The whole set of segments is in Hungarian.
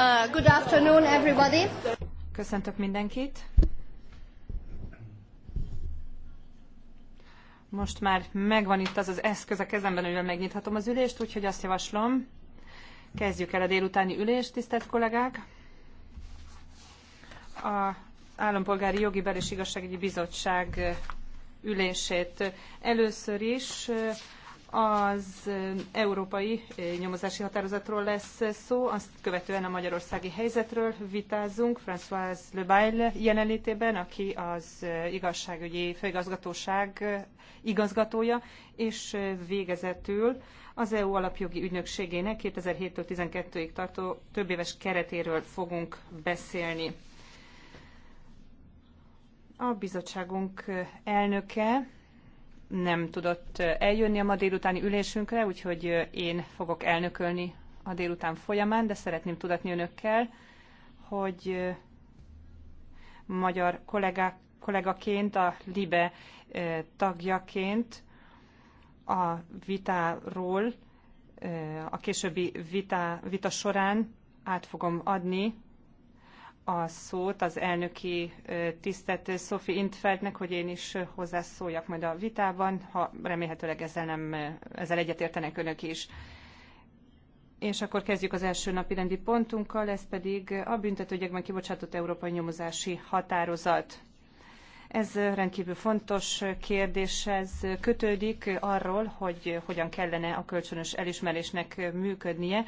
Uh, good afternoon, everybody. Köszöntök mindenkit. Most már megvan itt az az eszköz a kezemben, amivel megnyithatom az ülést, úgyhogy azt javaslom, kezdjük el a délutáni ülést, tisztelt kollégák. A Állampolgári Jogi Bel és Igazságügyi Bizottság ülését először is az eh, európai eh, nyomozási határozatról lesz szó, azt követően a magyarországi helyzetről vitázunk François Le Bail jelenlétében, aki az eh, igazságügyi főigazgatóság igazgatója, és végezetül az EU alapjogi ügynökségének 2007-től 12-ig tartó többéves keretéről fogunk beszélni. A bizottságunk elnöke nem tudott eljönni a ma délutáni ülésünkre, úgyhogy én fogok elnökölni a délután folyamán, de szeretném tudatni önökkel, hogy magyar kollégák, kollégaként, a LIBE tagjaként a vitáról, a későbbi vita, vita során át fogom adni a szót az elnöki tisztet Sophie Intfeldnek, hogy én is hozzászóljak majd a vitában, ha remélhetőleg ezzel, nem, ezzel egyetértenek önök is. És akkor kezdjük az első napi rendi pontunkkal, ez pedig a büntetőgyekben kibocsátott európai nyomozási határozat. Ez rendkívül fontos kérdéshez kötődik arról, hogy hogyan kellene a kölcsönös elismerésnek működnie,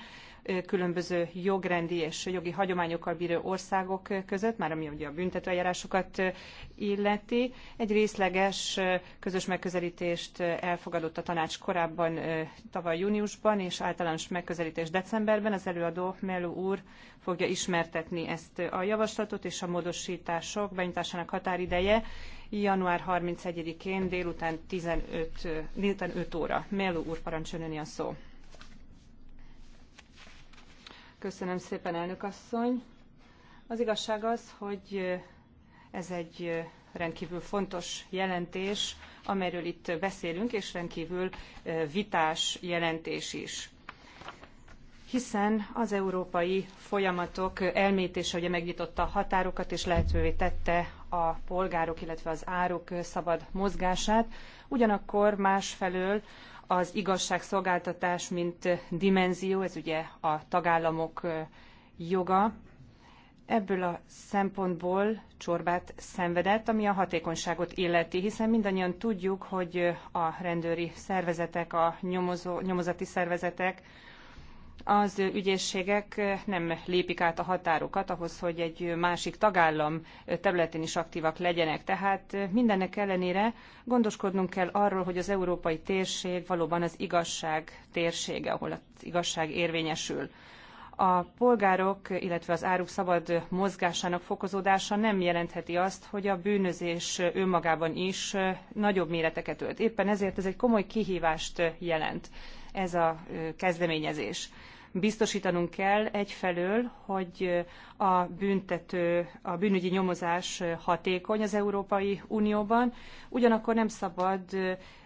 különböző jogrendi és jogi hagyományokkal bíró országok között, már ami ugye a büntetőeljárásokat illeti. Egy részleges közös megközelítést elfogadott a tanács korábban tavaly júniusban, és általános megközelítés decemberben. Az előadó Melu úr fogja ismertetni ezt a javaslatot, és a módosítások benyújtásának határideje január 31-én délután 15, délután 5 óra. Melu úr parancsolni a szó. Köszönöm szépen, elnök asszony. Az igazság az, hogy ez egy rendkívül fontos jelentés, amelyről itt beszélünk, és rendkívül vitás jelentés is hiszen az európai folyamatok elmétése ugye megnyitotta a határokat és lehetővé tette a polgárok, illetve az áruk szabad mozgását, ugyanakkor másfelől az igazságszolgáltatás, mint dimenzió, ez ugye a tagállamok joga. Ebből a szempontból csorbát szenvedett, ami a hatékonyságot illeti, hiszen mindannyian tudjuk, hogy a rendőri szervezetek, a nyomozó, nyomozati szervezetek az ügyészségek nem lépik át a határokat ahhoz, hogy egy másik tagállam területén is aktívak legyenek. Tehát mindennek ellenére gondoskodnunk kell arról, hogy az európai térség valóban az igazság térsége, ahol az igazság érvényesül. A polgárok, illetve az áruk szabad mozgásának fokozódása nem jelentheti azt, hogy a bűnözés önmagában is nagyobb méreteket ölt. Éppen ezért ez egy komoly kihívást jelent ez a kezdeményezés. Biztosítanunk kell egyfelől, hogy a büntető, a bűnügyi nyomozás hatékony az Európai Unióban, ugyanakkor nem szabad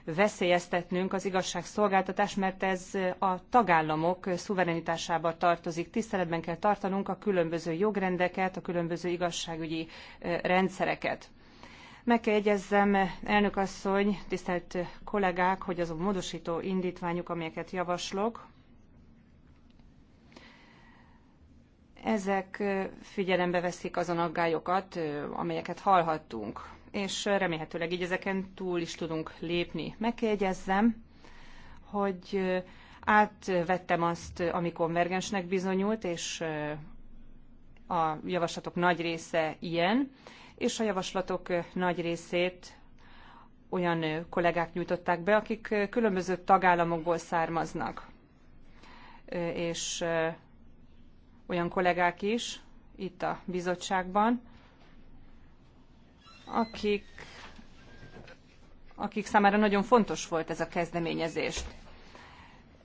veszélyeztetnünk az igazságszolgáltatás, mert ez a tagállamok szuverenitásába tartozik. Tiszteletben kell tartanunk a különböző jogrendeket, a különböző igazságügyi rendszereket. Meg kell jegyezzem, elnök asszony, tisztelt kollégák, hogy azok módosító indítványok, amelyeket javaslok, Ezek figyelembe veszik azon aggályokat, amelyeket hallhattunk, és remélhetőleg így ezeken túl is tudunk lépni. Megjegyezzem, hogy átvettem azt, ami konvergensnek bizonyult, és a javaslatok nagy része ilyen, és a javaslatok nagy részét olyan kollégák nyújtották be, akik különböző tagállamokból származnak, és olyan kollégák is itt a bizottságban, akik, akik számára nagyon fontos volt ez a kezdeményezés.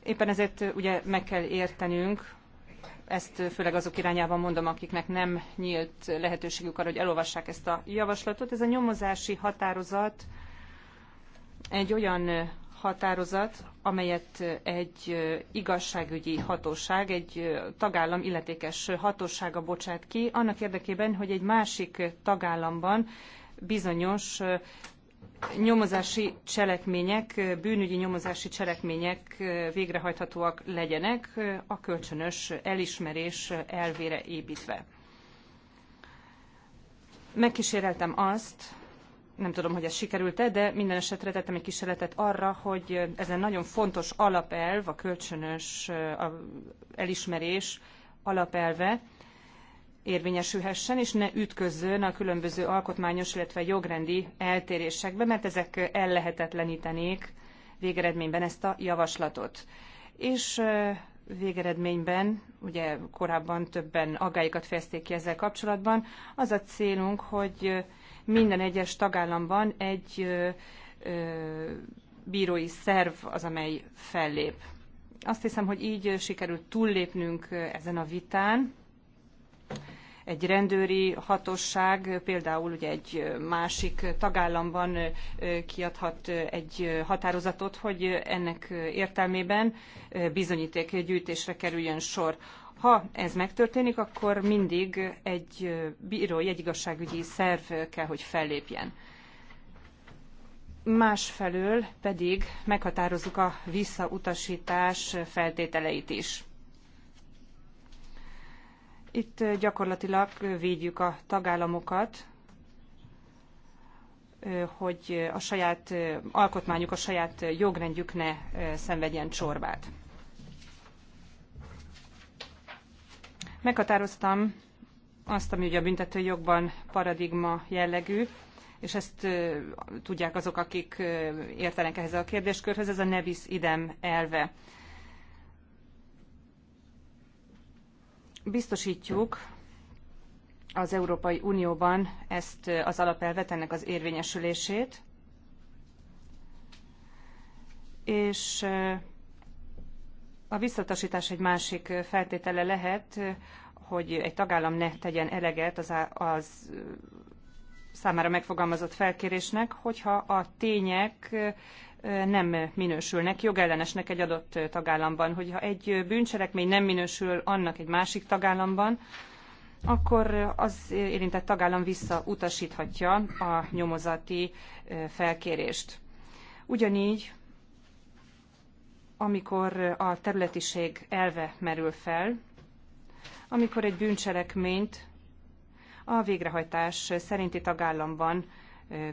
Éppen ezért ugye meg kell értenünk, ezt főleg azok irányában mondom, akiknek nem nyílt lehetőségük arra, hogy elolvassák ezt a javaslatot. Ez a nyomozási határozat egy olyan határozat, amelyet egy igazságügyi hatóság, egy tagállam illetékes hatósága bocsát ki, annak érdekében, hogy egy másik tagállamban bizonyos nyomozási cselekmények, bűnügyi nyomozási cselekmények végrehajthatóak legyenek a kölcsönös elismerés elvére építve. Megkíséreltem azt, nem tudom, hogy ez sikerült-e, de minden esetre tettem egy kísérletet arra, hogy ezen nagyon fontos alapelv, a kölcsönös a elismerés alapelve érvényesülhessen, és ne ütközzön a különböző alkotmányos, illetve jogrendi eltérésekbe, mert ezek ellehetetlenítenék végeredményben ezt a javaslatot. És végeredményben, ugye korábban többen aggályokat fejezték ki ezzel kapcsolatban, az a célunk, hogy minden egyes tagállamban egy bírói szerv az, amely fellép. Azt hiszem, hogy így sikerült túllépnünk ezen a vitán. Egy rendőri hatóság például ugye egy másik tagállamban kiadhat egy határozatot, hogy ennek értelmében bizonyíték gyűjtésre kerüljön sor. Ha ez megtörténik, akkor mindig egy bírói, egy igazságügyi szerv kell, hogy fellépjen. Másfelől pedig meghatározzuk a visszautasítás feltételeit is. Itt gyakorlatilag védjük a tagállamokat, hogy a saját alkotmányuk, a saját jogrendjük ne szenvedjen csorbát. Meghatároztam azt, ami ugye a büntetőjogban paradigma jellegű, és ezt tudják azok, akik értenek ehhez a kérdéskörhöz, ez a nevis idem elve. Biztosítjuk az Európai Unióban ezt az alapelvet, ennek az érvényesülését, és a visszatasítás egy másik feltétele lehet, hogy egy tagállam ne tegyen eleget az, az számára megfogalmazott felkérésnek, hogyha a tények nem minősülnek jogellenesnek egy adott tagállamban. Hogyha egy bűncselekmény nem minősül annak egy másik tagállamban, akkor az érintett tagállam visszautasíthatja a nyomozati felkérést. Ugyanígy amikor a területiség elve merül fel, amikor egy bűncselekményt a végrehajtás szerinti tagállamban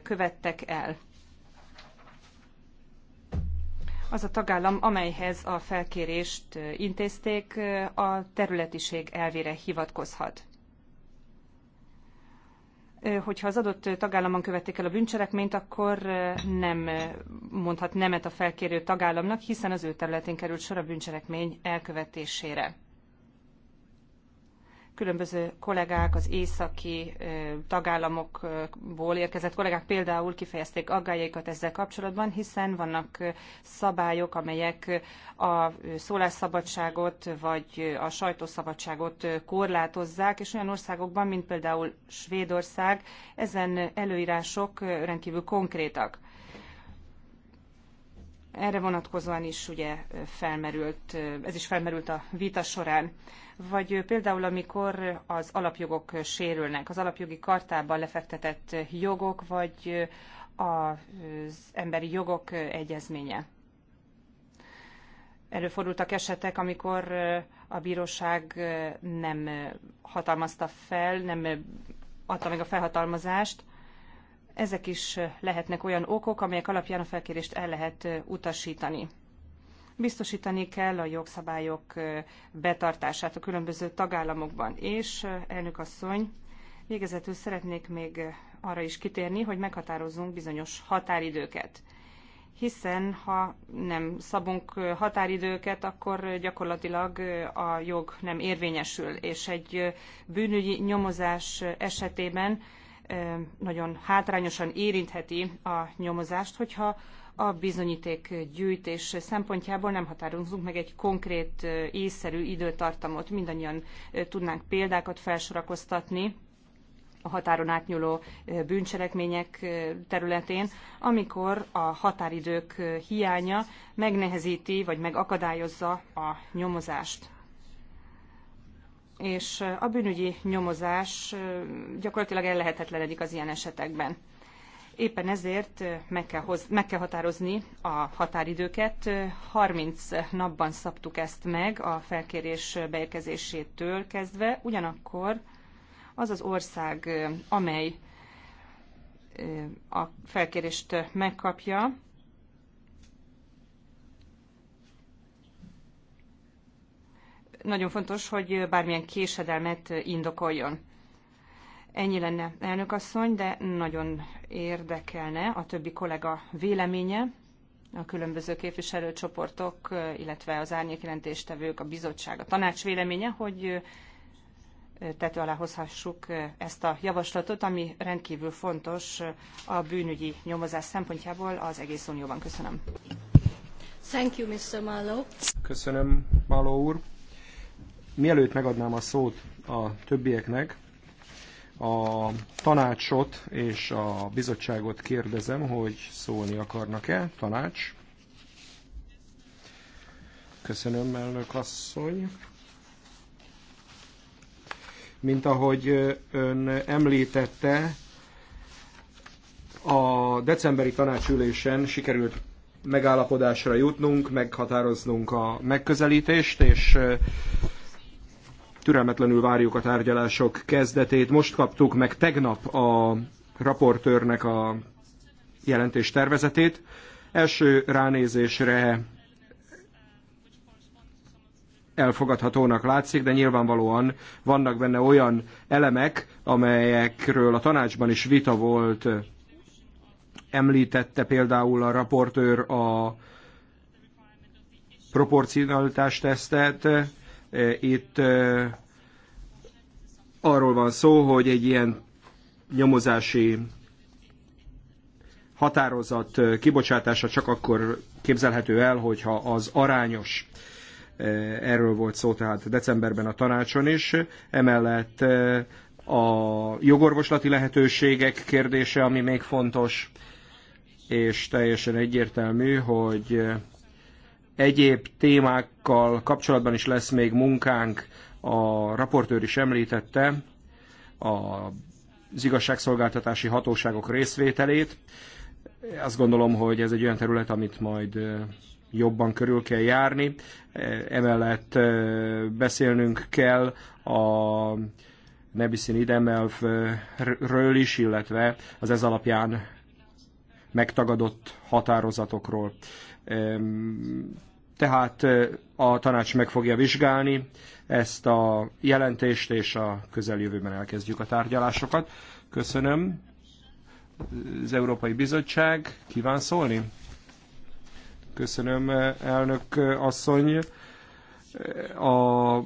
követtek el. Az a tagállam, amelyhez a felkérést intézték, a területiség elvére hivatkozhat hogyha az adott tagállamon követték el a bűncselekményt, akkor nem mondhat nemet a felkérő tagállamnak, hiszen az ő területén került sor a bűncselekmény elkövetésére különböző kollégák, az északi tagállamokból érkezett kollégák például kifejezték aggájaikat ezzel kapcsolatban, hiszen vannak szabályok, amelyek a szólásszabadságot vagy a sajtószabadságot korlátozzák, és olyan országokban, mint például Svédország, ezen előírások rendkívül konkrétak. Erre vonatkozóan is ugye felmerült, ez is felmerült a vita során vagy például amikor az alapjogok sérülnek, az alapjogi kartában lefektetett jogok, vagy az emberi jogok egyezménye. Előfordultak esetek, amikor a bíróság nem hatalmazta fel, nem adta meg a felhatalmazást. Ezek is lehetnek olyan okok, amelyek alapján a felkérést el lehet utasítani. Biztosítani kell a jogszabályok betartását a különböző tagállamokban. És, elnök asszony, végezetül szeretnék még arra is kitérni, hogy meghatározunk bizonyos határidőket hiszen ha nem szabunk határidőket, akkor gyakorlatilag a jog nem érvényesül, és egy bűnügyi nyomozás esetében nagyon hátrányosan érintheti a nyomozást, hogyha a bizonyíték gyűjtés szempontjából nem határozunk meg egy konkrét észszerű időtartamot. Mindannyian tudnánk példákat felsorakoztatni a határon átnyúló bűncselekmények területén, amikor a határidők hiánya megnehezíti vagy megakadályozza a nyomozást és a bűnügyi nyomozás gyakorlatilag ellehetetlenedik az ilyen esetekben. Éppen ezért meg kell, hoz, meg kell határozni a határidőket. 30 napban szabtuk ezt meg a felkérés beérkezésétől kezdve, ugyanakkor az az ország, amely a felkérést megkapja, nagyon fontos, hogy bármilyen késedelmet indokoljon. Ennyi lenne, elnök asszony, de nagyon érdekelne a többi kollega véleménye, a különböző képviselőcsoportok, illetve az árnyékjelentéstevők, a bizottság, a tanács véleménye, hogy tető alá hozhassuk ezt a javaslatot, ami rendkívül fontos a bűnügyi nyomozás szempontjából az egész Unióban. Köszönöm. Thank you, Mr. Malo. Köszönöm, Malo úr. Mielőtt megadnám a szót a többieknek, a tanácsot és a bizottságot kérdezem, hogy szólni akarnak-e. Tanács. Köszönöm, elnök asszony. Mint ahogy ön említette, a decemberi tanácsülésen sikerült megállapodásra jutnunk, meghatároznunk a megközelítést, és Türelmetlenül várjuk a tárgyalások kezdetét. Most kaptuk meg tegnap a raportőrnek a jelentés tervezetét. Első ránézésre elfogadhatónak látszik, de nyilvánvalóan vannak benne olyan elemek, amelyekről a tanácsban is vita volt. Említette például a raportőr a proporcionalitás tesztet, E, itt e, arról van szó, hogy egy ilyen nyomozási határozat e, kibocsátása csak akkor képzelhető el, hogyha az arányos. Erről volt szó tehát decemberben a tanácson is. Emellett a jogorvoslati lehetőségek kérdése, ami még fontos, és teljesen egyértelmű, hogy Egyéb témákkal kapcsolatban is lesz még munkánk, a raportőr is említette az igazságszolgáltatási hatóságok részvételét. Azt gondolom, hogy ez egy olyan terület, amit majd jobban körül kell járni. Emellett beszélnünk kell a Nebiszin idemelvről is, illetve az ez alapján megtagadott határozatokról. Tehát a tanács meg fogja vizsgálni ezt a jelentést, és a közeljövőben elkezdjük a tárgyalásokat. Köszönöm. Az Európai Bizottság kíván szólni? Köszönöm, elnök asszony a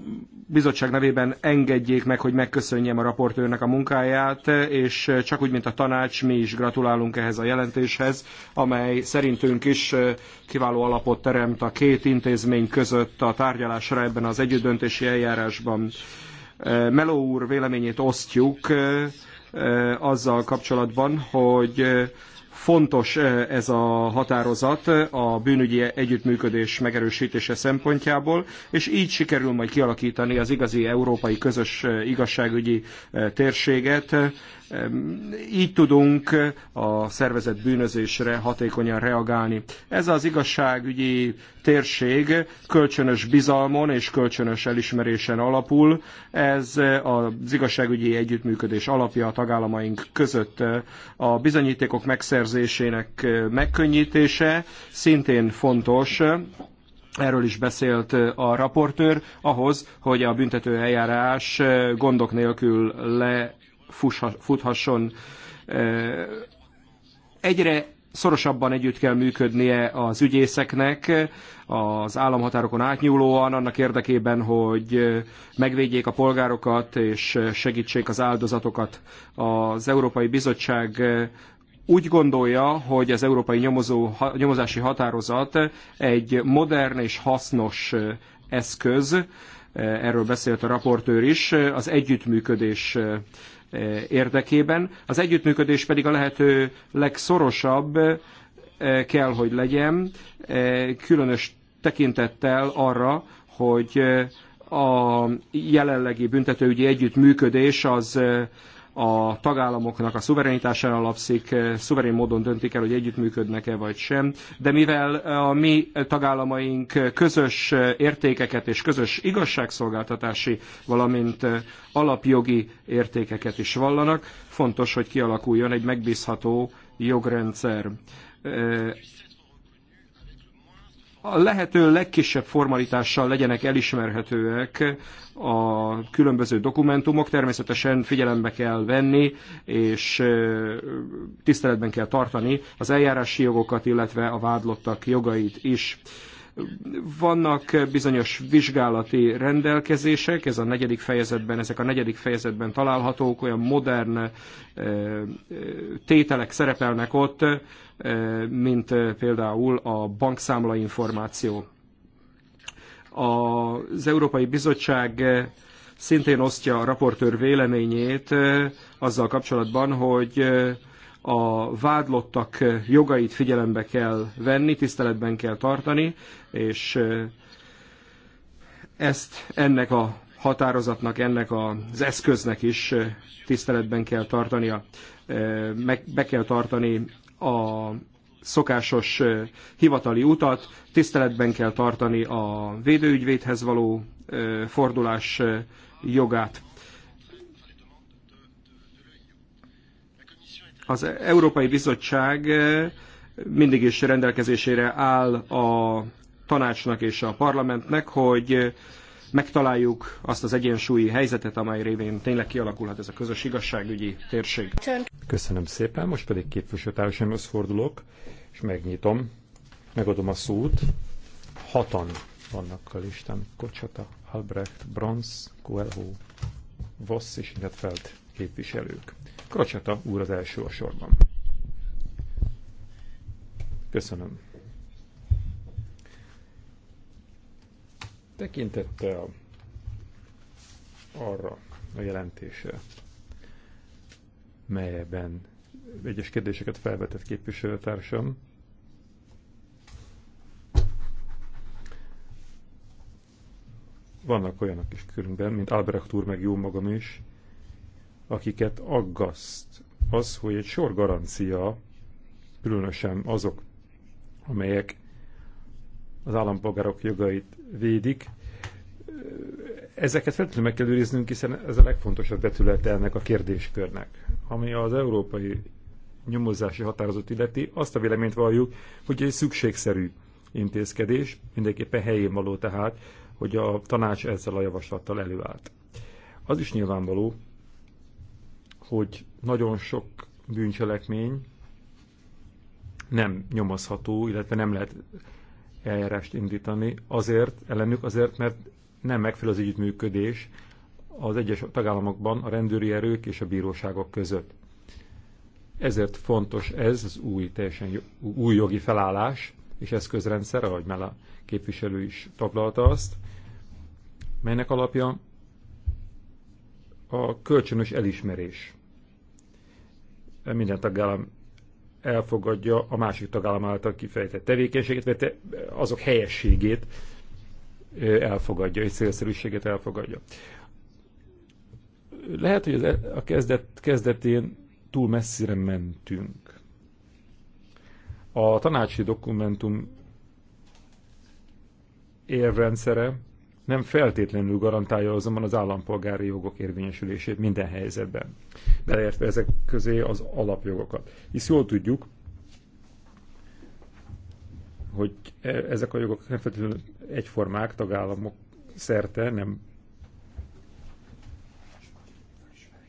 bizottság nevében engedjék meg, hogy megköszönjem a raportőrnek a munkáját, és csak úgy, mint a tanács, mi is gratulálunk ehhez a jelentéshez, amely szerintünk is kiváló alapot teremt a két intézmény között a tárgyalásra ebben az együttdöntési eljárásban. Meló úr véleményét osztjuk azzal kapcsolatban, hogy Fontos eh, ez a határozat eh, a bűnügyi együttműködés megerősítése szempontjából, és így sikerül majd kialakítani az igazi európai közös eh, igazságügyi térséget, így tudunk a szervezett bűnözésre hatékonyan reagálni. Ez az igazságügyi térség kölcsönös bizalmon és kölcsönös elismerésen alapul. Ez az igazságügyi együttműködés alapja a tagállamaink között. A bizonyítékok megszerzésének megkönnyítése szintén fontos erről is beszélt a raportőr, ahhoz, hogy a büntető eljárás gondok nélkül le futhasson. Egyre szorosabban együtt kell működnie az ügyészeknek, az államhatárokon átnyúlóan, annak érdekében, hogy megvédjék a polgárokat és segítsék az áldozatokat. Az Európai Bizottság úgy gondolja, hogy az európai nyomozó, nyomozási határozat egy modern és hasznos eszköz, erről beszélt a raportőr is, az együttműködés Eh, érdekében. Az együttműködés pedig a lehető legszorosabb eh, kell, hogy legyen, eh, különös tekintettel arra, hogy a jelenlegi büntetőügyi együttműködés az a tagállamoknak a szuverenitásán alapszik, eh, szuverén módon döntik el, hogy együttműködnek-e vagy sem, de mivel eh, a mi tagállamaink eh, közös értékeket és közös igazságszolgáltatási, valamint alapjogi értékeket is vallanak, fontos, hogy kialakuljon egy megbízható jogrendszer a lehető legkisebb formalitással legyenek elismerhetőek a különböző dokumentumok. Természetesen figyelembe kell venni, és tiszteletben kell tartani az eljárási jogokat, illetve a vádlottak jogait is. Vannak bizonyos vizsgálati rendelkezések, ez a negyedik fejezetben, ezek a negyedik fejezetben találhatók, olyan modern eh, eh, tételek szerepelnek ott, eh, mint például a bankszámla információ. Az Európai Bizottság szintén osztja a raportőr véleményét azzal kapcsolatban, hogy a vádlottak jogait figyelembe kell venni, tiszteletben kell tartani, és ezt ennek a határozatnak, ennek az eszköznek is tiszteletben kell tartania. be kell tartani a szokásos hivatali utat, tiszteletben kell tartani a védőügyvédhez való fordulás jogát. Az Európai Bizottság eh, mindig is rendelkezésére áll a tanácsnak és a parlamentnek, hogy eh, megtaláljuk azt az egyensúlyi helyzetet, amely révén tényleg kialakulhat ez a közös igazságügyi térség. Köszönöm szépen, most pedig képviselőtársamhoz fordulok, és megnyitom, megadom a szót. Hatan vannak a listán, Kocsata, Albrecht, Brons, Kuelho, Voss és Nedfeld képviselők. Kracsata úr az első a sorban. Köszönöm. Tekintettel arra a jelentése, melyben egyes kérdéseket felvetett képviselőtársam, vannak olyanok is körünkben, mint Albrecht úr, meg jó magam is, akiket aggaszt az, hogy egy sor garancia, különösen azok, amelyek az állampolgárok jogait védik, ezeket feltétlenül meg kell őriznünk, hiszen ez a legfontosabb betülete ennek a kérdéskörnek. Ami az európai nyomozási határozat illeti, azt a véleményt valljuk, hogy egy szükségszerű intézkedés, mindenképpen helyén való tehát, hogy a tanács ezzel a javaslattal előállt. Az is nyilvánvaló, hogy nagyon sok bűncselekmény nem nyomozható, illetve nem lehet eljárást indítani azért, ellenük azért, mert nem megfelelő az együttműködés az egyes tagállamokban a rendőri erők és a bíróságok között. Ezért fontos ez az új, teljesen új jogi felállás és eszközrendszer, ahogy már a képviselő is taglalta azt, melynek alapja a kölcsönös elismerés minden tagállam elfogadja a másik tagállam által kifejtett tevékenységet, vagy azok helyességét elfogadja, és célszerűséget elfogadja. Lehet, hogy e- a kezdet, kezdetén túl messzire mentünk. A tanácsi dokumentum érrendszere nem feltétlenül garantálja azonban az állampolgári jogok érvényesülését minden helyzetben beleértve ezek közé az alapjogokat. Hisz jól tudjuk, hogy e- ezek a jogok nem feltétlenül egyformák tagállamok szerte, nem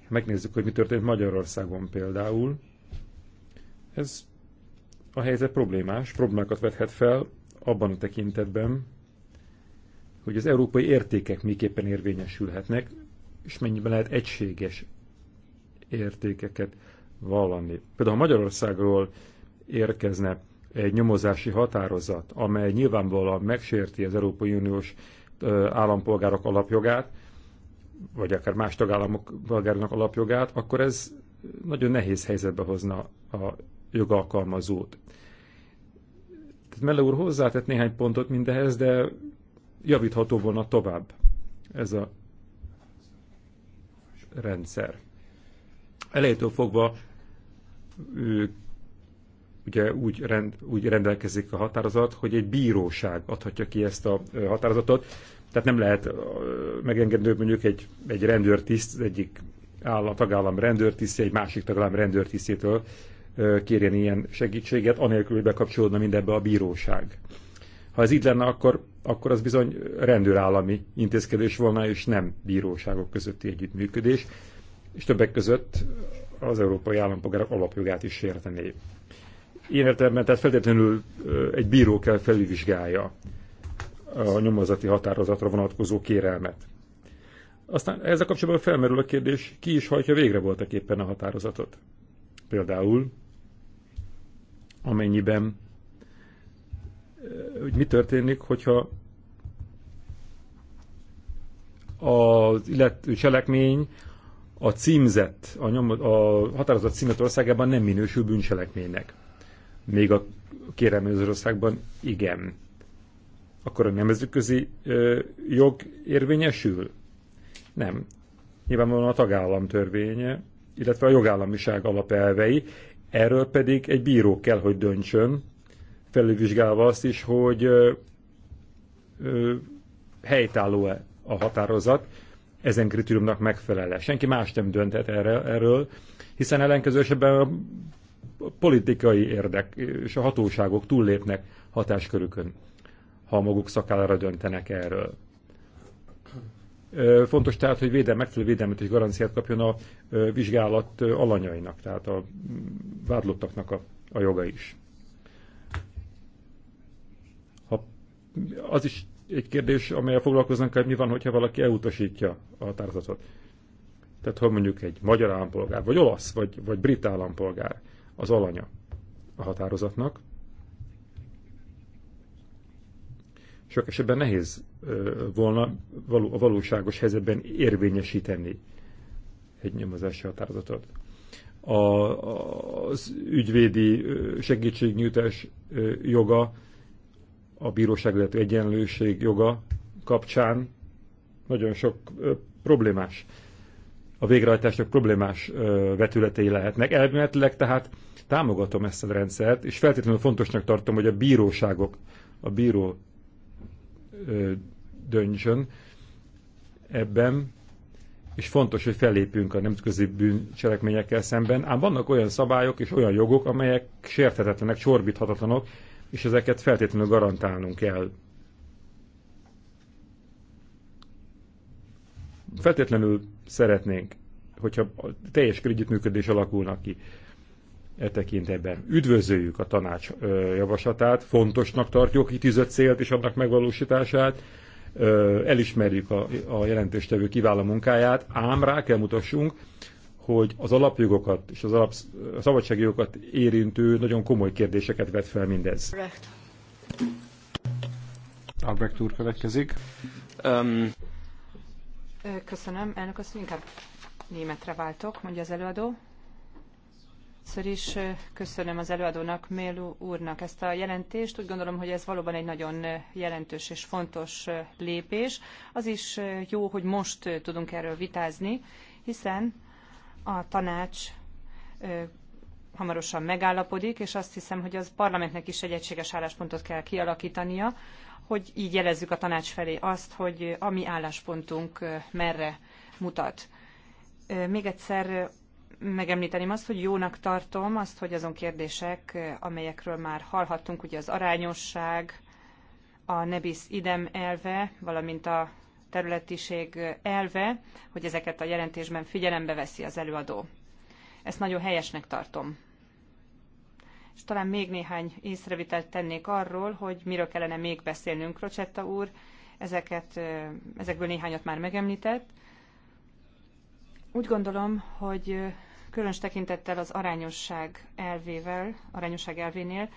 megnézzük, hogy mi történt Magyarországon például. Ez a helyzet problémás, problémákat vethet fel abban a tekintetben, hogy az európai értékek miképpen érvényesülhetnek, és mennyiben lehet egységes értékeket vallani. Például Magyarországról érkezne egy nyomozási határozat, amely nyilvánvalóan megsérti az Európai Uniós állampolgárok alapjogát, vagy akár más tagállamok polgárnak alapjogát, akkor ez nagyon nehéz helyzetbe hozna a jogalkalmazót. Tehát Melle úr hozzátett néhány pontot mindehez, de javítható volna tovább ez a rendszer elejétől fogva ő, ugye úgy, rend, úgy rendelkezik a határozat, hogy egy bíróság adhatja ki ezt a határozatot, tehát nem lehet megengedni mondjuk egy, egy rendőrtiszt, egyik állam, tagállam rendőrtisztje, egy másik tagállam rendőrtisztjétől kérjen ilyen segítséget, anélkül, hogy bekapcsolódna mindebbe a bíróság. Ha ez így lenne, akkor, akkor az bizony rendőrállami intézkedés volna, és nem bíróságok közötti együttműködés és többek között az európai állampolgárok alapjogát is sértené. Én értelemben, tehát feltétlenül egy bíró kell felülvizsgálja a nyomozati határozatra vonatkozó kérelmet. Aztán ezzel kapcsolatban felmerül a kérdés, ki is hajtja végre voltak éppen a határozatot. Például, amennyiben, hogy mi történik, hogyha az illető cselekmény a címzett, a, nyom, a határozott címet országában nem minősül bűncselekménynek. Még a kérelmező országban igen. Akkor a nemzetközi jog érvényesül? Nem. Nyilvánvalóan a tagállam törvénye, illetve a jogállamiság alapelvei, erről pedig egy bíró kell, hogy döntsön, felülvizsgálva azt is, hogy ö, helytálló-e a határozat, ezen kritériumnak megfelele. Senki más nem dönthet erre, erről, hiszen ellenkező esetben a politikai érdek és a hatóságok túllépnek hatáskörükön, ha maguk szakállára döntenek erről. Fontos tehát, hogy védel, megfelelő védelmet és garanciát kapjon a vizsgálat alanyainak, tehát a vádlottaknak a, a joga is. Ha az is egy kérdés, amelyel foglalkoznak, hogy mi van, hogyha valaki elutasítja a határozatot. Tehát ha mondjuk egy magyar állampolgár, vagy olasz, vagy, vagy brit állampolgár az alanya a határozatnak, sok esetben nehéz volna a valóságos helyzetben érvényesíteni egy nyomozási határozatot. A, az ügyvédi segítségnyújtás joga a bíróság illető egyenlőség joga kapcsán nagyon sok ö, problémás, a végrehajtásnak problémás ö, vetületei lehetnek. Elméletileg tehát támogatom ezt a rendszert, és feltétlenül fontosnak tartom, hogy a bíróságok, a bíró ö, döntsön ebben, és fontos, hogy fellépjünk a nemzetközi bűncselekményekkel szemben, ám vannak olyan szabályok és olyan jogok, amelyek sérthetetlenek, csorbíthatatlanok, és ezeket feltétlenül garantálnunk kell. Feltétlenül szeretnénk, hogyha a teljes együttműködés alakulna ki e tekintetben. Üdvözöljük a tanács javaslatát, fontosnak tartjuk tűzött célt és annak megvalósítását, elismerjük a, a jelentéstevő kiváló munkáját, ám rá kell mutassunk, hogy az alapjogokat és az alap érintő nagyon komoly kérdéseket vet fel mindez. Albrecht úr következik. Um. Köszönöm, elnök azt inkább németre váltok, mondja az előadó. Először is köszönöm az előadónak, Mélu úrnak ezt a jelentést. Úgy gondolom, hogy ez valóban egy nagyon jelentős és fontos lépés. Az is jó, hogy most tudunk erről vitázni, hiszen a tanács hamarosan megállapodik, és azt hiszem, hogy az parlamentnek is egy egységes álláspontot kell kialakítania, hogy így jelezzük a tanács felé azt, hogy a mi álláspontunk merre mutat. Még egyszer megemlíteném azt, hogy jónak tartom azt, hogy azon kérdések, amelyekről már hallhattunk, ugye az arányosság, a nebis idem elve, valamint a területiség elve, hogy ezeket a jelentésben figyelembe veszi az előadó. Ezt nagyon helyesnek tartom. És talán még néhány észrevitelt tennék arról, hogy miről kellene még beszélnünk, Rocsetta úr. Ezeket, ezekből néhányat már megemlített. Úgy gondolom, hogy különös tekintettel az arányosság elvével, arányosság elvénél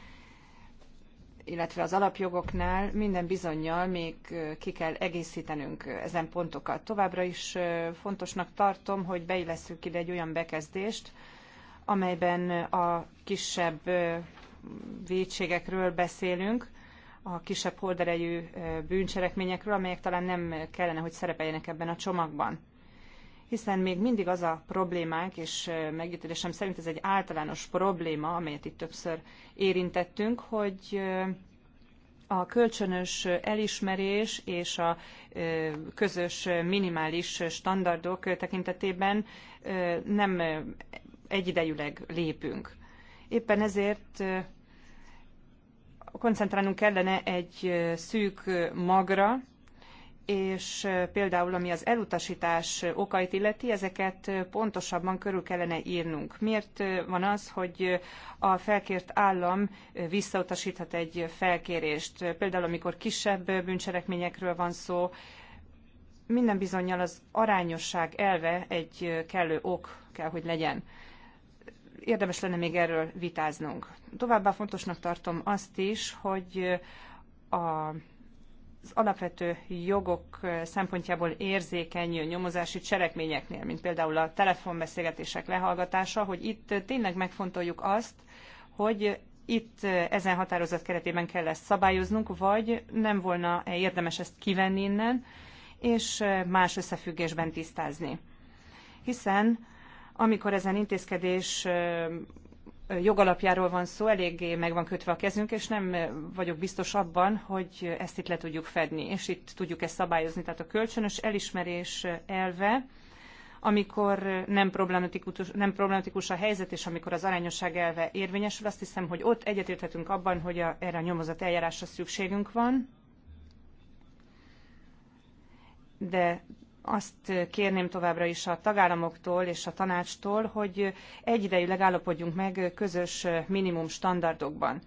illetve az alapjogoknál minden bizonyal még ki kell egészítenünk ezen pontokat. Továbbra is fontosnak tartom, hogy beillesszük ide egy olyan bekezdést, amelyben a kisebb védségekről beszélünk, a kisebb horderejű bűncselekményekről, amelyek talán nem kellene, hogy szerepeljenek ebben a csomagban hiszen még mindig az a problémánk, és megítélésem szerint ez egy általános probléma, amelyet itt többször érintettünk, hogy a kölcsönös elismerés és a közös minimális standardok tekintetében nem egyidejűleg lépünk. Éppen ezért koncentrálnunk kellene egy szűk magra, és például ami az elutasítás okait illeti, ezeket pontosabban körül kellene írnunk. Miért van az, hogy a felkért állam visszautasíthat egy felkérést? Például amikor kisebb bűncselekményekről van szó, minden bizonyal az arányosság elve egy kellő ok kell, hogy legyen. Érdemes lenne még erről vitáznunk. Továbbá fontosnak tartom azt is, hogy a az alapvető jogok szempontjából érzékeny nyomozási cselekményeknél, mint például a telefonbeszélgetések lehallgatása, hogy itt tényleg megfontoljuk azt, hogy itt ezen határozat keretében kell ezt szabályoznunk, vagy nem volna -e érdemes ezt kivenni innen, és más összefüggésben tisztázni. Hiszen amikor ezen intézkedés jogalapjáról van szó, eléggé meg van kötve a kezünk, és nem vagyok biztos abban, hogy ezt itt le tudjuk fedni, és itt tudjuk ezt szabályozni. Tehát a kölcsönös elismerés elve, amikor nem problematikus, nem problematikus a helyzet, és amikor az arányosság elve érvényesül, azt hiszem, hogy ott egyetérthetünk abban, hogy a, erre a nyomozat eljárásra szükségünk van, de azt kérném továbbra is a tagállamoktól és a tanácstól, hogy egyidejűleg állapodjunk meg közös minimum standardokban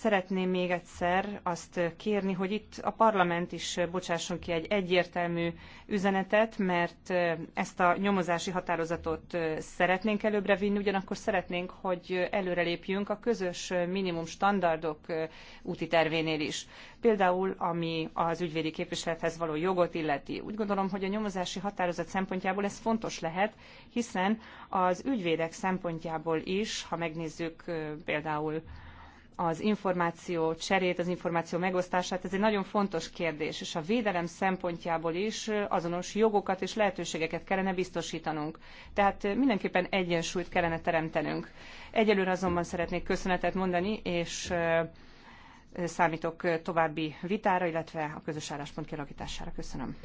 Szeretném még egyszer azt kérni, hogy itt a parlament is bocsásson ki egy egyértelmű üzenetet, mert ezt a nyomozási határozatot szeretnénk előbbre vinni, ugyanakkor szeretnénk, hogy előrelépjünk a közös minimum standardok úti tervénél is. Például, ami az ügyvédi képviselethez való jogot illeti. Úgy gondolom, hogy a nyomozási határozat szempontjából ez fontos lehet, hiszen az ügyvédek szempontjából is, ha megnézzük például az információ cserét, az információ megosztását, ez egy nagyon fontos kérdés, és a védelem szempontjából is azonos jogokat és lehetőségeket kellene biztosítanunk. Tehát mindenképpen egyensúlyt kellene teremtenünk. Egyelőre azonban szeretnék köszönetet mondani, és számítok további vitára, illetve a közös álláspont kialakítására. Köszönöm.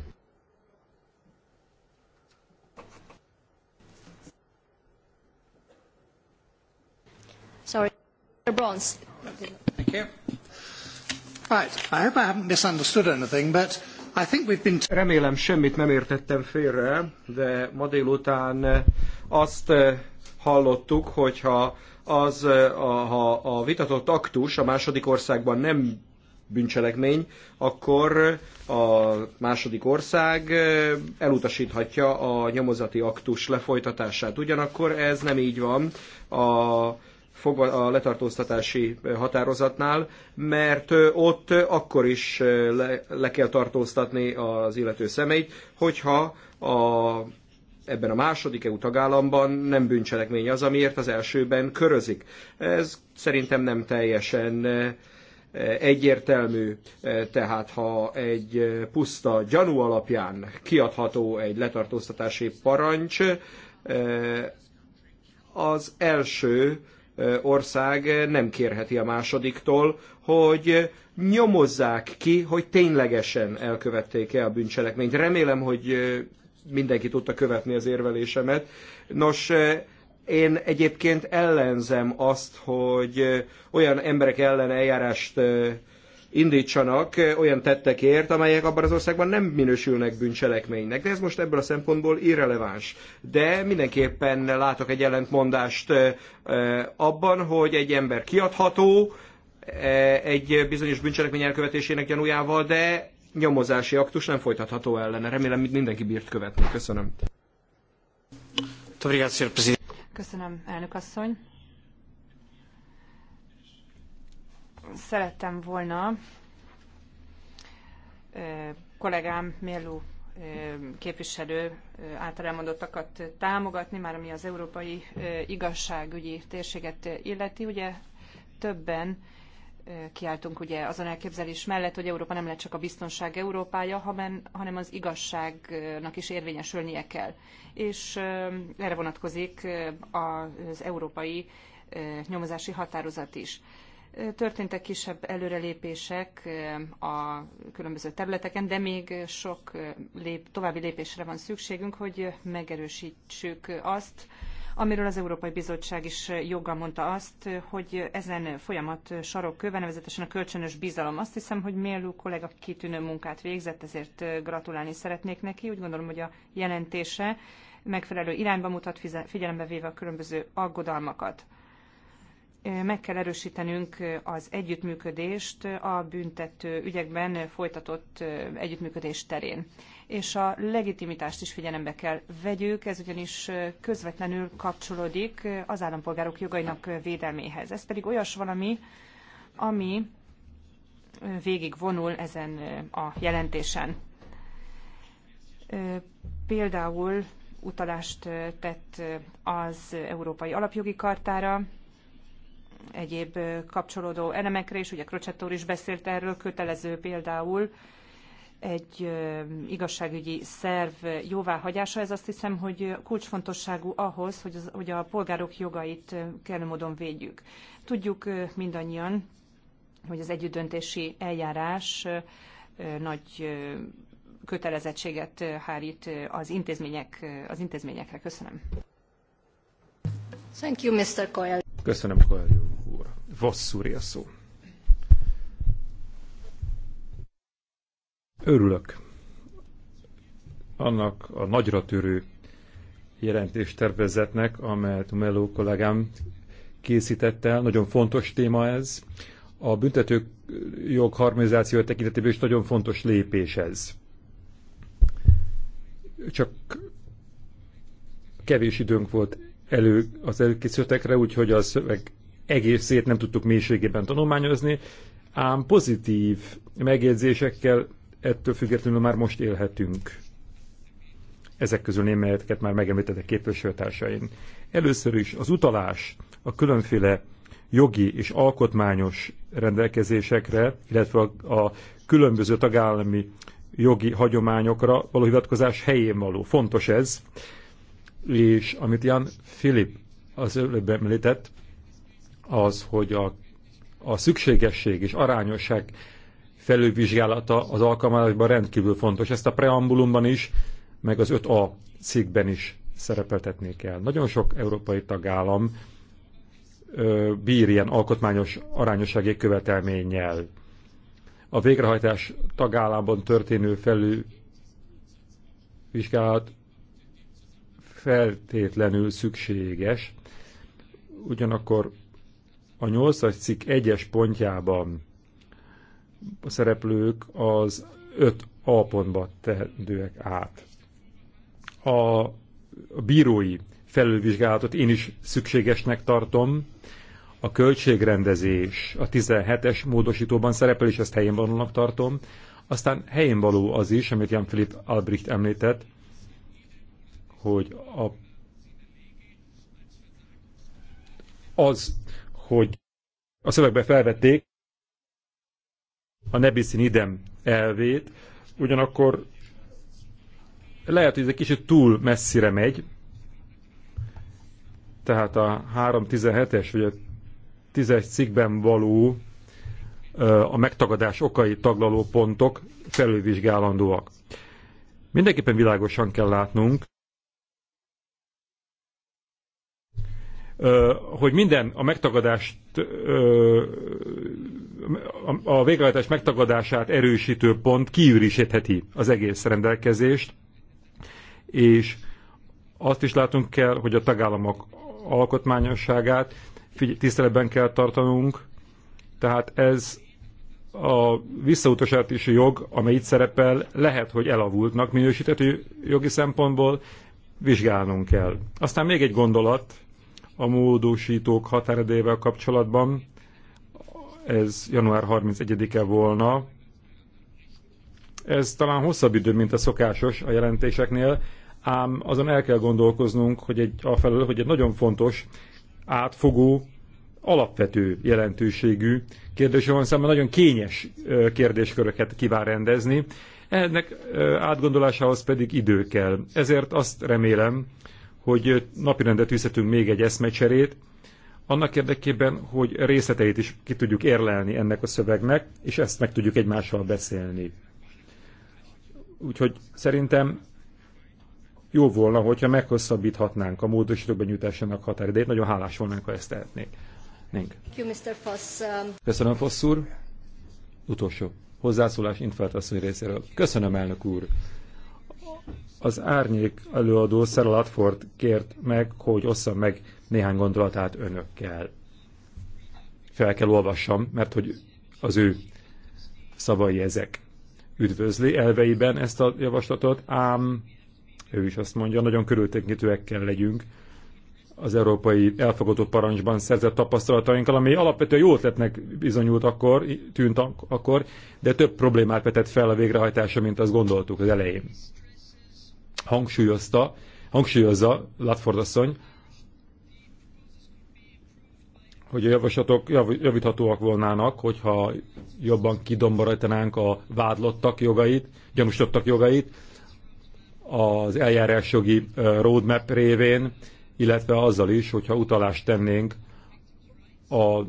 Sorry. Bronze. Thank you. Right. I hope I haven't misunderstood anything, but I think we've been... Remélem semmit nem értettem félre, de ma délután azt eh, hallottuk, hogyha az, eh, ha a vitatott aktus a második országban nem bűncselekmény, akkor a második ország eh, elutasíthatja a nyomozati aktus lefolytatását. Ugyanakkor ez nem így van. A Fogva a letartóztatási határozatnál, mert ott akkor is le, le kell tartóztatni az illető személyt, hogyha a ebben a második EU tagállamban nem bűncselekmény az, amiért az elsőben körözik. Ez szerintem nem teljesen egyértelmű, tehát ha egy puszta gyanú alapján kiadható egy letartóztatási parancs, az első ország nem kérheti a másodiktól, hogy nyomozzák ki, hogy ténylegesen elkövették-e a bűncselekményt. Remélem, hogy mindenki tudta követni az érvelésemet. Nos, én egyébként ellenzem azt, hogy olyan emberek ellen eljárást indítsanak eh, olyan tettekért, amelyek abban az országban nem minősülnek bűncselekménynek. De ez most ebből a szempontból irreleváns. De mindenképpen látok egy ellentmondást eh, eh, abban, hogy egy ember kiadható egy bizonyos bűncselekmény elkövetésének gyanújával, de nyomozási aktus nem folytatható ellene. Remélem, mindenki bírt követni. Köszönöm. Köszönöm, elnök asszony. szerettem volna kollégám Mélu képviselő által elmondottakat támogatni, már ami az európai igazságügyi térséget illeti. Ugye többen kiáltunk ugye azon elképzelés mellett, hogy Európa nem lehet csak a biztonság Európája, hanem az igazságnak is érvényesülnie kell. És erre vonatkozik az európai nyomozási határozat is. Történtek kisebb előrelépések a különböző területeken, de még sok lép, további lépésre van szükségünk, hogy megerősítsük azt, amiről az Európai Bizottság is joggal mondta azt, hogy ezen folyamat sarokköve, nevezetesen a kölcsönös bizalom. Azt hiszem, hogy Mélú kollega kitűnő munkát végzett, ezért gratulálni szeretnék neki. Úgy gondolom, hogy a jelentése megfelelő irányba mutat, figyelembe véve a különböző aggodalmakat meg kell erősítenünk az együttműködést a büntető ügyekben folytatott együttműködés terén. És a legitimitást is figyelembe kell vegyük, ez ugyanis közvetlenül kapcsolódik az állampolgárok jogainak védelméhez. Ez pedig olyas valami, ami végig vonul ezen a jelentésen. Például utalást tett az Európai Alapjogi Kartára, egyéb kapcsolódó elemekre, és ugye Krocsettor is beszélt erről, kötelező például egy igazságügyi szerv jóváhagyása. Ez azt hiszem, hogy kulcsfontosságú ahhoz, hogy, az, hogy a polgárok jogait kellő módon védjük. Tudjuk mindannyian, hogy az együttdöntési eljárás nagy kötelezettséget hárít az, intézmények, az intézményekre. Köszönöm. Thank you, Mr. Coyle. Köszönöm, Coyle Vasszúri a szó. Örülök annak a nagyra törő jelentéstervezetnek, amelyet a Melo kollégám készített el. Nagyon fontos téma ez. A büntetők jog harmonizáció tekintetében is nagyon fontos lépés ez. Csak kevés időnk volt elő az előkészületekre, úgyhogy a szöveg egészét nem tudtuk mélységében tanulmányozni, ám pozitív megjegyzésekkel ettől függetlenül már most élhetünk. Ezek közül némelyeket már megemlítettek képviselőtársaim. Először is az utalás a különféle jogi és alkotmányos rendelkezésekre, illetve a, a különböző tagállami jogi hagyományokra való hivatkozás helyén való. Fontos ez, és amit Jan Filip az előbb említett, az, hogy a, a szükségesség és arányosság felülvizsgálata az alkalmazásban rendkívül fontos. Ezt a preambulumban is, meg az 5A cikkben is szerepeltetni kell. Nagyon sok európai tagállam ö, bír ilyen alkotmányos arányossági követelménnyel. A végrehajtás tagállamban történő felülvizsgálat feltétlenül szükséges, ugyanakkor a 8 cikk egyes pontjában a szereplők az 5A pontba tehetőek át. A bírói felülvizsgálatot én is szükségesnek tartom. A költségrendezés a 17-es módosítóban szerepel, és ezt helyén valónak tartom. Aztán helyén való az is, amit Jan Philipp Albrecht említett, hogy a, az hogy a szövegbe felvették a nebiszin idem elvét, ugyanakkor lehet, hogy ez egy kicsit túl messzire megy, tehát a 3.17-es vagy a 10-es cikkben való a megtagadás okai taglaló pontok felülvizsgálandóak. Mindenképpen világosan kell látnunk, hogy minden a megtagadást, a végrehajtás megtagadását erősítő pont kiürisítheti az egész rendelkezést, és azt is látunk kell, hogy a tagállamok alkotmányosságát tiszteletben kell tartanunk, tehát ez a visszautasítási jog, amely itt szerepel, lehet, hogy elavultnak minősíthető jogi szempontból, vizsgálnunk kell. Aztán még egy gondolat, a módosítók határedével kapcsolatban. Ez január 31-e volna. Ez talán hosszabb idő, mint a szokásos a jelentéseknél, ám azon el kell gondolkoznunk, hogy egy, a felelő, hogy egy nagyon fontos, átfogó, alapvető jelentőségű kérdés van, számomra nagyon kényes kérdésköröket kíván rendezni. Ennek átgondolásához pedig idő kell. Ezért azt remélem, hogy napirendet üzhetünk még egy eszmecserét, annak érdekében, hogy részleteit is ki tudjuk érlelni ennek a szövegnek, és ezt meg tudjuk egymással beszélni. Úgyhogy szerintem jó volna, hogyha meghosszabbíthatnánk a módosítók benyújtásának határidét. Nagyon hálás volnánk, ha ezt tehetnék. Nénk. Um, Köszönöm, Fossz úr. Utolsó hozzászólás Infelt asszony részéről. Köszönöm, elnök úr. Az árnyék előadó Sarah Latford kért meg, hogy osszam meg néhány gondolatát önökkel. Fel kell olvassam, mert hogy az ő szavai ezek. Üdvözli elveiben ezt a javaslatot, ám ő is azt mondja, nagyon körültekintőek kell legyünk az európai elfogadó parancsban szerzett tapasztalatainkkal, ami alapvetően jó ötletnek bizonyult akkor, tűnt akkor, de több problémát vetett fel a végrehajtása, mint azt gondoltuk az elején hangsúlyozta, hangsúlyozza Latford asszony, hogy a javaslatok javíthatóak volnának, hogyha jobban kidombarajtanánk a vádlottak jogait, gyanúsítottak jogait az eljárásjogi roadmap révén, illetve azzal is, hogyha utalást tennénk az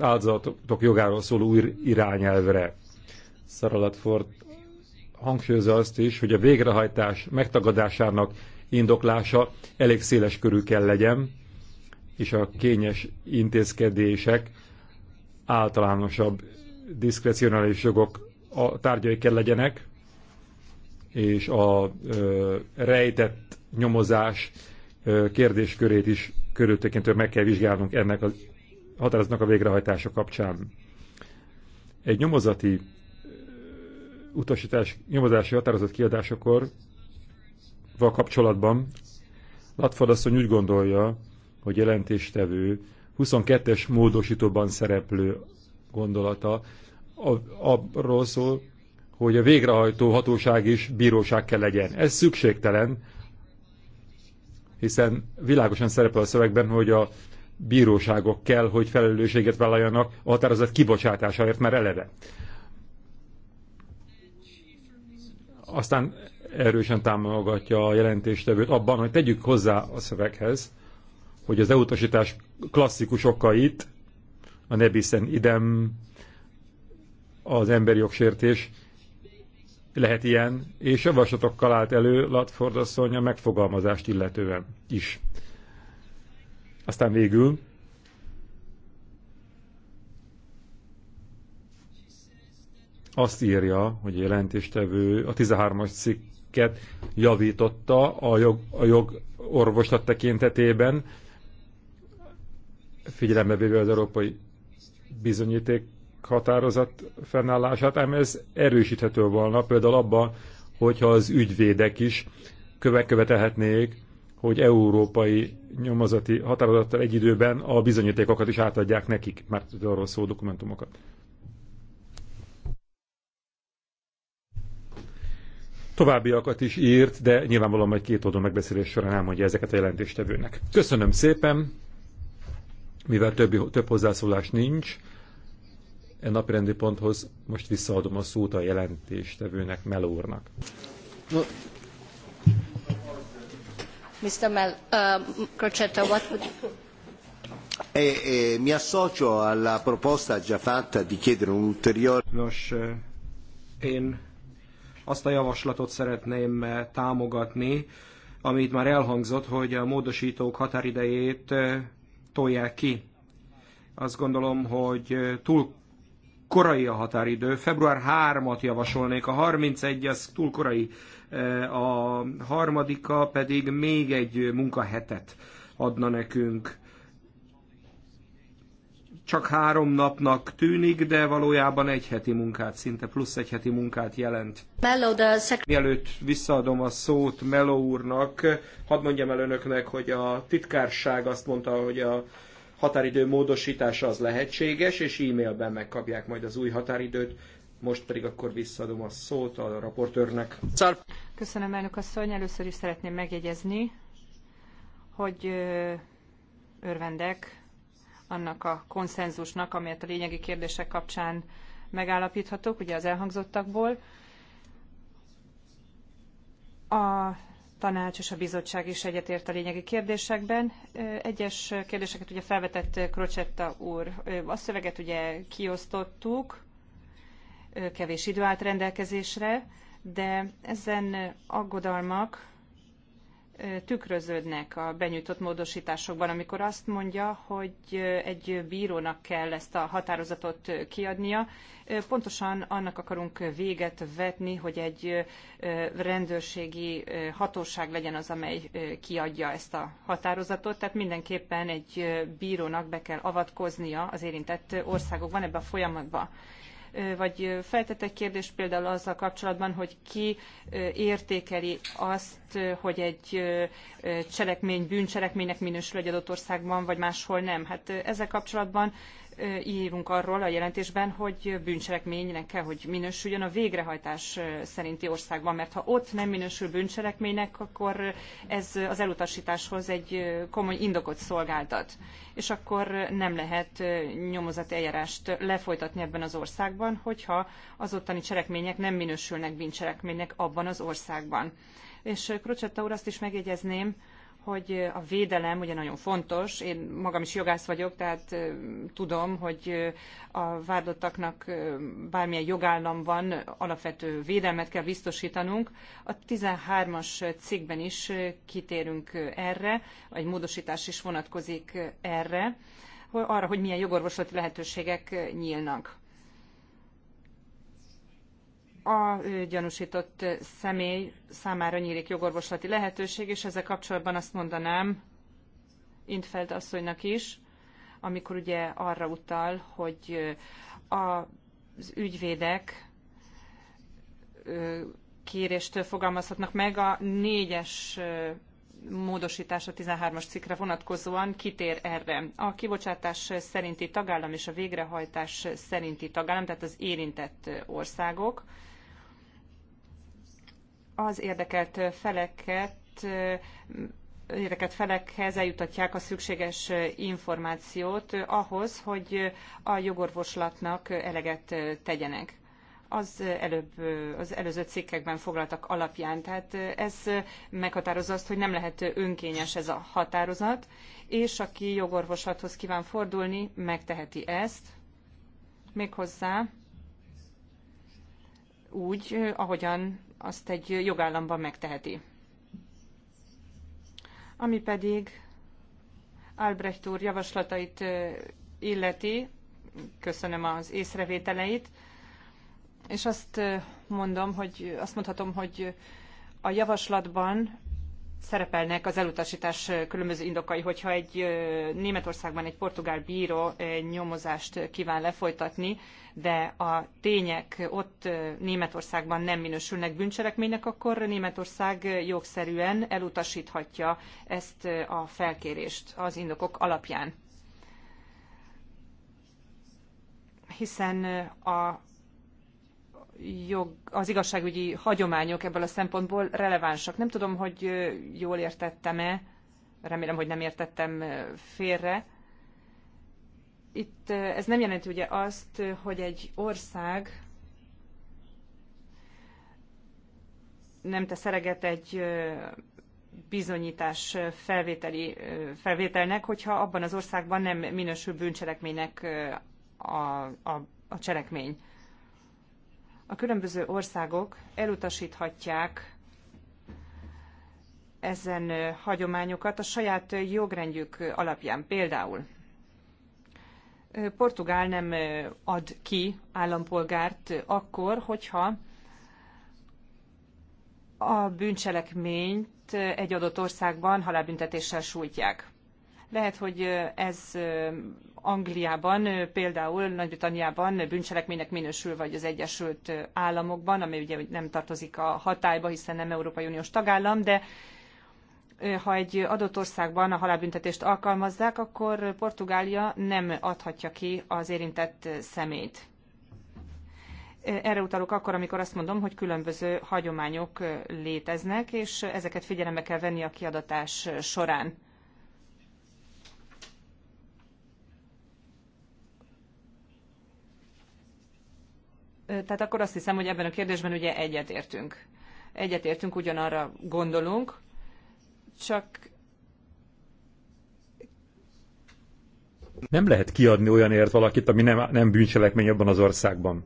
áldozatok jogáról szóló új irányelvre. Szaralatford hangsúlyozza azt is, hogy a végrehajtás megtagadásának indoklása elég széles körű kell legyen, és a kényes intézkedések általánosabb diszkrecionális jogok a tárgyai kell legyenek, és a ö, rejtett nyomozás ö, kérdéskörét is körültekintően meg kell vizsgálnunk ennek a határoznak a végrehajtása kapcsán. Egy nyomozati utasítás, nyomozási határozat kiadásakor val kapcsolatban Latford asszony úgy gondolja, hogy jelentéstevő 22-es módosítóban szereplő gondolata arról szól, hogy a végrehajtó hatóság is bíróság kell legyen. Ez szükségtelen, hiszen világosan szerepel a szövegben, hogy a bíróságok kell, hogy felelősséget vállaljanak a határozat kibocsátásáért már eleve. aztán erősen támogatja a jelentéstevőt abban, hogy tegyük hozzá a szöveghez, hogy az elutasítás klasszikus okait, a nebiszen idem, az emberi jogsértés lehet ilyen, és javaslatokkal állt elő Latford asszony a megfogalmazást illetően is. Aztán végül azt írja, hogy jelentéstevő a 13-as cikket javította a, jog, a jogorvoslat tekintetében, figyelembe véve az európai bizonyíték határozat fennállását, ám ez erősíthető volna például abban, hogyha az ügyvédek is követelhetnék, hogy európai nyomozati határozattal egy időben a bizonyítékokat is átadják nekik, mert arról szó dokumentumokat. Továbbiakat is írt, de nyilvánvalóan majd két oldal megbeszélés során elmondja ezeket a jelentéstevőnek. Köszönöm szépen, mivel többi, több hozzászólás nincs, e napirendi ponthoz most visszaadom a szót a jelentéstevőnek, Melórnak. Mr. Mel, uh, Crocetta, what would... E, e, mi associo alla proposta già fatta di chiedere un ulteriore... Nos, eh, én azt a javaslatot szeretném eh, támogatni, amit már elhangzott, hogy a módosítók határidejét eh, tolják ki. Azt gondolom, hogy eh, túl korai a határidő. Február 3-at javasolnék, a 31 az túl korai, a harmadika pedig még egy munkahetet adna nekünk csak három napnak tűnik, de valójában egy heti munkát, szinte plusz egy heti munkát jelent. Mello, de szek- Mielőtt visszaadom a szót Mello úrnak, hadd mondjam el önöknek, hogy a titkárság azt mondta, hogy a határidő módosítása az lehetséges, és e-mailben megkapják majd az új határidőt. Most pedig akkor visszadom a szót a raportőrnek. Köszönöm, elnök asszony. Először is szeretném megjegyezni, hogy örvendek annak a konszenzusnak, amelyet a lényegi kérdések kapcsán megállapíthatok, ugye az elhangzottakból. A tanács és a bizottság is egyetért a lényegi kérdésekben. Egyes kérdéseket ugye felvetett Krocsetta úr. A szöveget ugye kiosztottuk, kevés idő állt rendelkezésre, de ezen aggodalmak tükröződnek a benyújtott módosításokban, amikor azt mondja, hogy egy bírónak kell ezt a határozatot kiadnia. Pontosan annak akarunk véget vetni, hogy egy rendőrségi hatóság legyen az, amely kiadja ezt a határozatot. Tehát mindenképpen egy bírónak be kell avatkoznia az érintett országokban ebbe a folyamatba vagy feltett egy kérdést például azzal kapcsolatban, hogy ki értékeli azt, hogy egy cselekmény bűncselekménynek minősül egy adott országban, vagy máshol nem. Hát ezzel kapcsolatban írunk arról a jelentésben, hogy bűncselekménynek kell, hogy minősüljön a végrehajtás szerinti országban, mert ha ott nem minősül bűncselekménynek, akkor ez az elutasításhoz egy komoly indokot szolgáltat. És akkor nem lehet nyomozati eljárást lefolytatni ebben az országban, hogyha az ottani cselekmények nem minősülnek bűncselekménynek abban az országban. És Krucsetta úr, azt is megjegyezném, hogy a védelem ugye nagyon fontos. Én magam is jogász vagyok, tehát tudom, hogy a vádlottaknak bármilyen jogállam van, alapvető védelmet kell biztosítanunk. A 13-as cikkben is kitérünk erre, egy módosítás is vonatkozik erre, arra, hogy milyen jogorvoslati lehetőségek nyílnak a gyanúsított személy számára nyílik jogorvoslati lehetőség, és ezzel kapcsolatban azt mondanám Intfeld asszonynak is, amikor ugye arra utal, hogy az ügyvédek kérést fogalmazhatnak meg a négyes módosítás a 13-as cikkre vonatkozóan kitér erre. A kibocsátás szerinti tagállam és a végrehajtás szerinti tagállam, tehát az érintett országok, az érdekelt feleket érdeket felekhez eljutatják a szükséges információt ahhoz, hogy a jogorvoslatnak eleget tegyenek az, előbb, az előző cikkekben foglaltak alapján. Tehát ez meghatározza azt, hogy nem lehet önkényes ez a határozat, és aki jogorvoslathoz kíván fordulni, megteheti ezt, méghozzá úgy, ahogyan azt egy jogállamban megteheti. Ami pedig Albrecht úr javaslatait illeti, köszönöm az észrevételeit, és azt mondom, hogy azt mondhatom, hogy a javaslatban szerepelnek az elutasítás különböző indokai, hogyha egy Németországban egy portugál bíró nyomozást kíván lefolytatni, de a tények ott Németországban nem minősülnek bűncselekménynek, akkor Németország jogszerűen elutasíthatja ezt a felkérést az indokok alapján. Hiszen a jog, az igazságügyi hagyományok ebből a szempontból relevánsak. Nem tudom, hogy jól értettem-e, remélem, hogy nem értettem félre. Itt ez nem jelenti ugye azt, hogy egy ország nem tesz szereget egy bizonyítás felvételi, felvételnek, hogyha abban az országban nem minősül bűncselekménynek a, a, a cselekmény a különböző országok elutasíthatják ezen hagyományokat a saját jogrendjük alapján. Például Portugál nem ad ki állampolgárt akkor, hogyha a bűncselekményt egy adott országban halálbüntetéssel sújtják. Lehet, hogy ez Angliában, például Nagy-Britanniában bűncselekménynek minősül, vagy az Egyesült Államokban, ami ugye nem tartozik a hatályba, hiszen nem Európai Uniós tagállam, de ha egy adott országban a halálbüntetést alkalmazzák, akkor Portugália nem adhatja ki az érintett szemét. Erre utalok akkor, amikor azt mondom, hogy különböző hagyományok léteznek, és ezeket figyelembe kell venni a kiadatás során Tehát akkor azt hiszem, hogy ebben a kérdésben ugye egyetértünk. Egyetértünk, ugyanarra gondolunk, csak Nem lehet kiadni ért valakit, ami nem, nem bűncselekmény abban az országban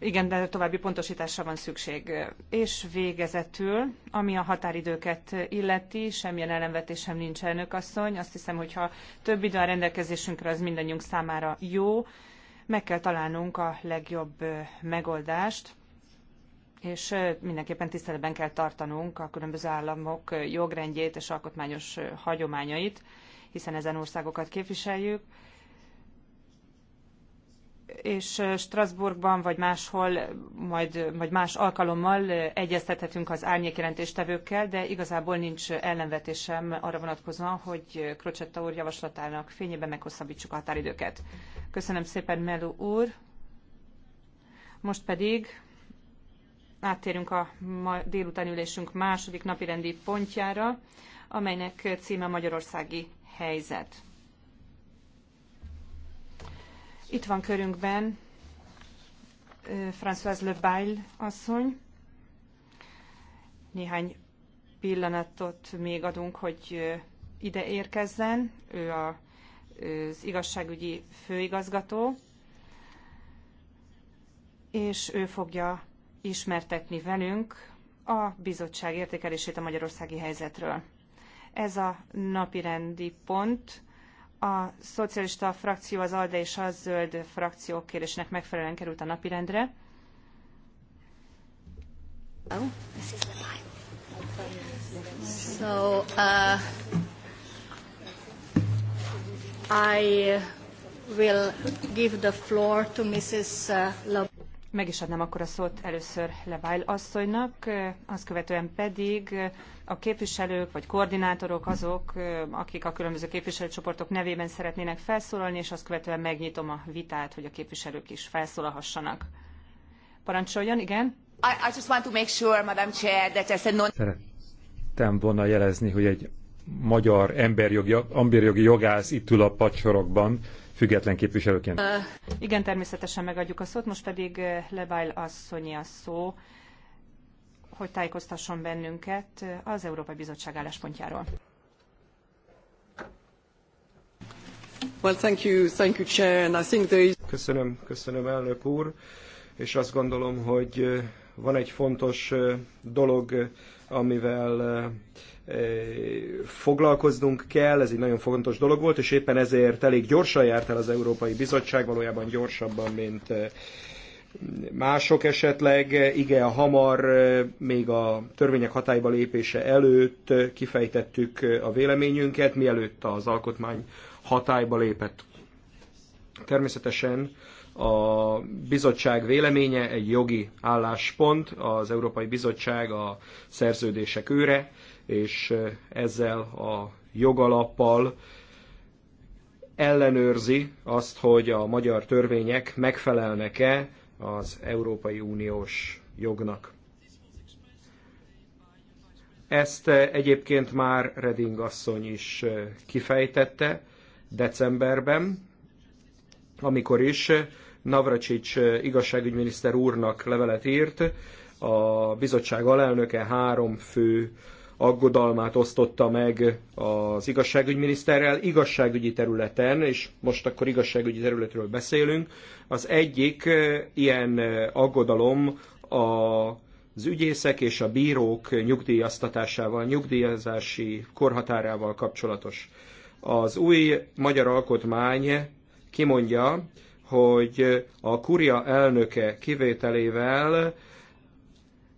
igen, de további pontosításra van szükség. És végezetül, ami a határidőket illeti, semmilyen ellenvetésem nincs elnökasszony. Azt hiszem, hogy ha több idő a rendelkezésünkre, az mindannyiunk számára jó. Meg kell találnunk a legjobb megoldást, és mindenképpen tiszteletben kell tartanunk a különböző államok jogrendjét és alkotmányos hagyományait, hiszen ezen országokat képviseljük és Strasbourgban vagy máshol, majd, vagy más alkalommal egyeztethetünk az jelentéstevőkkel, de igazából nincs ellenvetésem arra vonatkozóan, hogy Krocsetta úr javaslatának fényében meghosszabbítsuk a határidőket. Köszönöm szépen, Melu úr. Most pedig áttérünk a ma délután ülésünk második napirendi pontjára, amelynek címe Magyarországi helyzet. Itt van körünkben Françoise Le Bail asszony. Néhány pillanatot még adunk, hogy ide érkezzen. Ő a, az igazságügyi főigazgató, és ő fogja ismertetni velünk a bizottság értékelését a magyarországi helyzetről. Ez a napirendi pont a szocialista frakció, az ALDE és a zöld frakciók kérésének megfelelően került a napirendre. Oh, this is the So, uh, I will give the floor to Mrs. Uh, meg is adnám akkor a szót először Levájl asszonynak, azt követően pedig a képviselők vagy koordinátorok azok, akik a különböző képviselőcsoportok nevében szeretnének felszólalni, és azt követően megnyitom a vitát, hogy a képviselők is felszólalhassanak. Parancsoljon, igen? I, I just want to make sure, Madam Chair, that there's a non... Szerettem volna jelezni, hogy egy magyar emberjogi, emberjogi jogász itt ül a pacsorokban, független képviselőként. Igen, természetesen megadjuk a szót, most pedig Levájl asszonyi a szó, hogy tájékoztasson bennünket az Európai Bizottság álláspontjáról. Well, thank you, thank you, Chair, and I think there is... Köszönöm, köszönöm, elnök úr, és azt gondolom, hogy van egy fontos dolog, amivel eh, eh, foglalkoznunk kell, ez egy nagyon fontos dolog volt, és éppen ezért elég gyorsan járt el az Európai Bizottság, valójában gyorsabban, mint eh, mások esetleg. Igen, hamar, még a törvények hatályba lépése előtt kifejtettük a véleményünket, mielőtt az alkotmány hatályba lépett. Természetesen a bizottság véleménye, egy jogi álláspont, az Európai Bizottság a szerződések őre, és eh, ezzel a jogalappal ellenőrzi azt, hogy a magyar törvények megfelelnek-e az Európai Uniós jognak. Ezt eh, egyébként már Reding asszony is eh, kifejtette decemberben, amikor is Navracsics eh, igazságügyminiszter úrnak levelet írt, a bizottság alelnöke három fő aggodalmát osztotta meg az igazságügyminiszterrel igazságügyi területen, és most akkor igazságügyi területről beszélünk. Az egyik eh, ilyen eh, aggodalom a az ügyészek és a bírók nyugdíjaztatásával, nyugdíjazási korhatárával kapcsolatos. Az új magyar alkotmány kimondja, hogy a kuria elnöke kivételével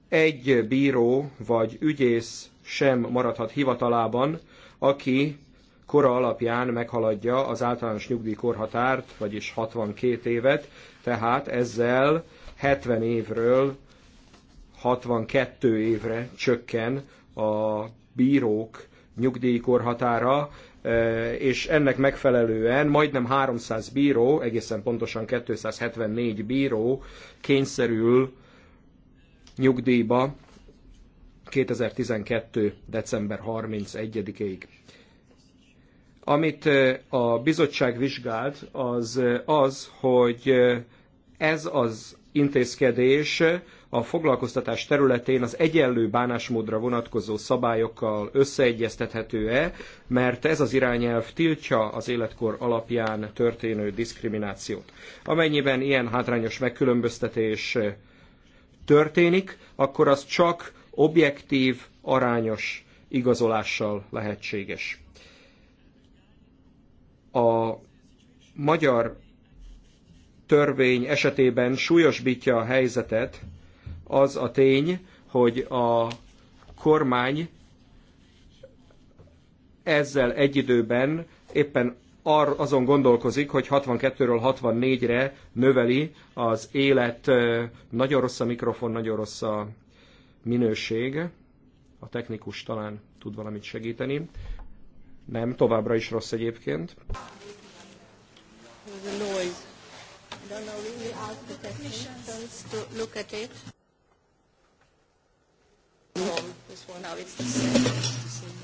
egy bíró vagy ügyész sem maradhat hivatalában, aki kora alapján meghaladja az általános nyugdíjkorhatárt, vagyis 62 évet, tehát ezzel 70 évről 62 évre csökken a bírók nyugdíjkorhatára, és ennek megfelelően majdnem 300 bíró, egészen pontosan 274 bíró kényszerül nyugdíjba 2012. december 31-ig. Amit a bizottság vizsgált, az az, hogy ez az intézkedés a foglalkoztatás területén az egyenlő bánásmódra vonatkozó szabályokkal összeegyeztethető-e, mert ez az irányelv tiltja az életkor alapján történő diszkriminációt. Amennyiben ilyen hátrányos megkülönböztetés történik, akkor az csak objektív, arányos igazolással lehetséges. A magyar törvény esetében súlyosbítja a helyzetet az a tény, hogy a kormány ezzel egy időben éppen ar, azon gondolkozik, hogy 62-ről 64-re növeli az élet. Nagyon rossz a mikrofon, nagyon rossz a minőség. A technikus talán tud valamit segíteni. Nem, továbbra is rossz egyébként. The noise. I don't know, we ask the technicians to look at it home, this one now, it's the second.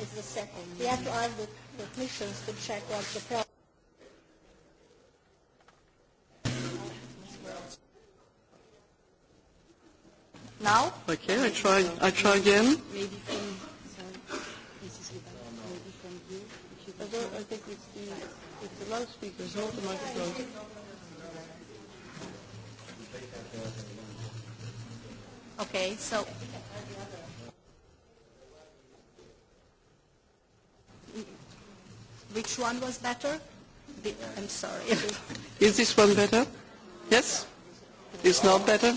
It's the second. We have to ask the, technicians to check what's the problem. Now? Okay, I try, I try again. Maybe from, sorry, maybe from you. I, don't, I think it's the, it's the loudspeakers, not the microphone. Okay, so Which one was better? The, I'm sorry. Is this one better? Yes? It's not better?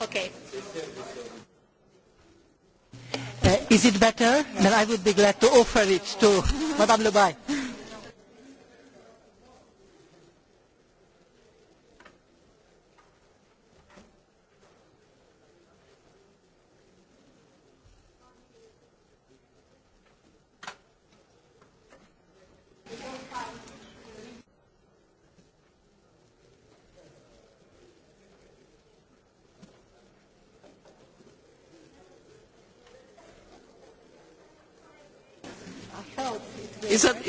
Okay. Uh, is it better? Then I would be glad to offer it to Madame Lebaille.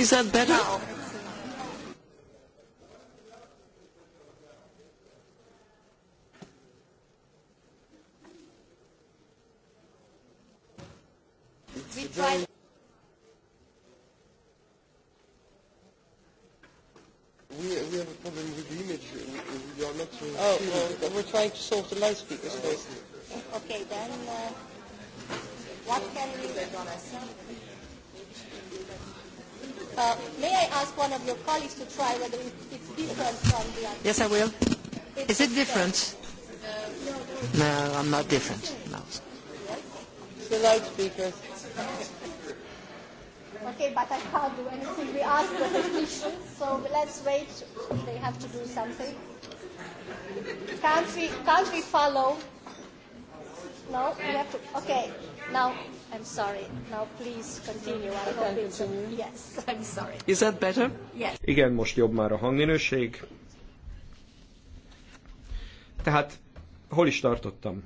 Is that better? No. We try. We, we have a problem with the image. We, we are not. oh, well, we're trying to solve the loudspeakers first. Okay, then. Uh, what can we do? Uh, may I ask one of your colleagues to try whether it's different from the other? Yes, I will. It's Is it different? different? No, no, I'm not different. No. It's the loudspeaker. Okay, but I can't do anything. We asked the technicians, so let's wait. They have to do something. Can't we, can't we follow? No, we have to. Okay, now I'm sorry. Now please continue. I hope it's... Yes, I'm sorry. Is that better? Yes. Igen, most jobb már a hangminőség. Tehát, hol is tartottam?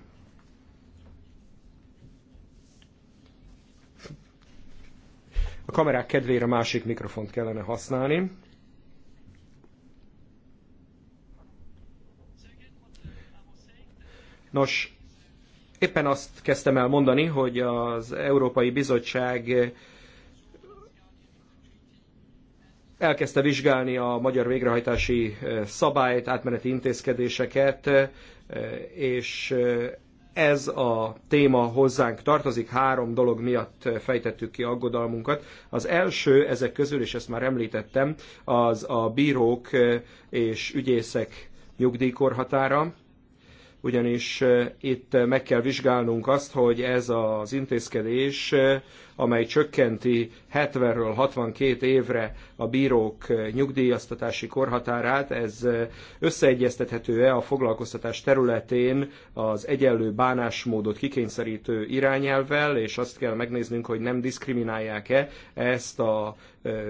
A kamerák kedvére másik mikrofont kellene használni. Nos, éppen azt kezdtem el mondani, hogy az Európai Bizottság elkezdte vizsgálni a magyar végrehajtási eh, szabályt, átmeneti intézkedéseket, eh, és eh, ez a téma hozzánk tartozik. Három dolog miatt fejtettük ki aggodalmunkat. Az első ezek közül, és ezt már említettem, az a bírók és ügyészek nyugdíjkorhatára, ugyanis eh, itt eh, meg kell vizsgálnunk azt, hogy ez az intézkedés eh, amely csökkenti 70-ről 62 évre a bírók nyugdíjaztatási korhatárát, ez összeegyeztethető-e a foglalkoztatás területén az egyenlő bánásmódot kikényszerítő irányelvvel, és azt kell megnéznünk, hogy nem diszkriminálják-e ezt a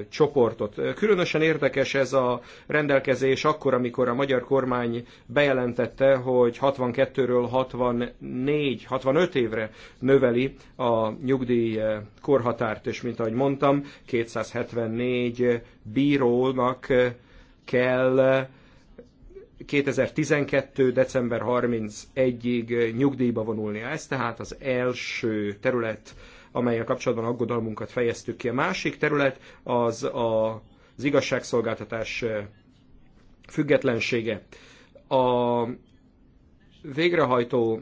csoportot. Különösen érdekes ez a rendelkezés akkor, amikor a magyar kormány bejelentette, hogy 62-ről 64, 65 évre növeli a nyugdíj korhatárt, és mint ahogy mondtam, 274 bírónak kell 2012. december 31-ig nyugdíjba vonulnia. Ez tehát az első terület, amelyel kapcsolatban aggodalmunkat fejeztük ki. A másik terület az a, az igazságszolgáltatás függetlensége. A végrehajtó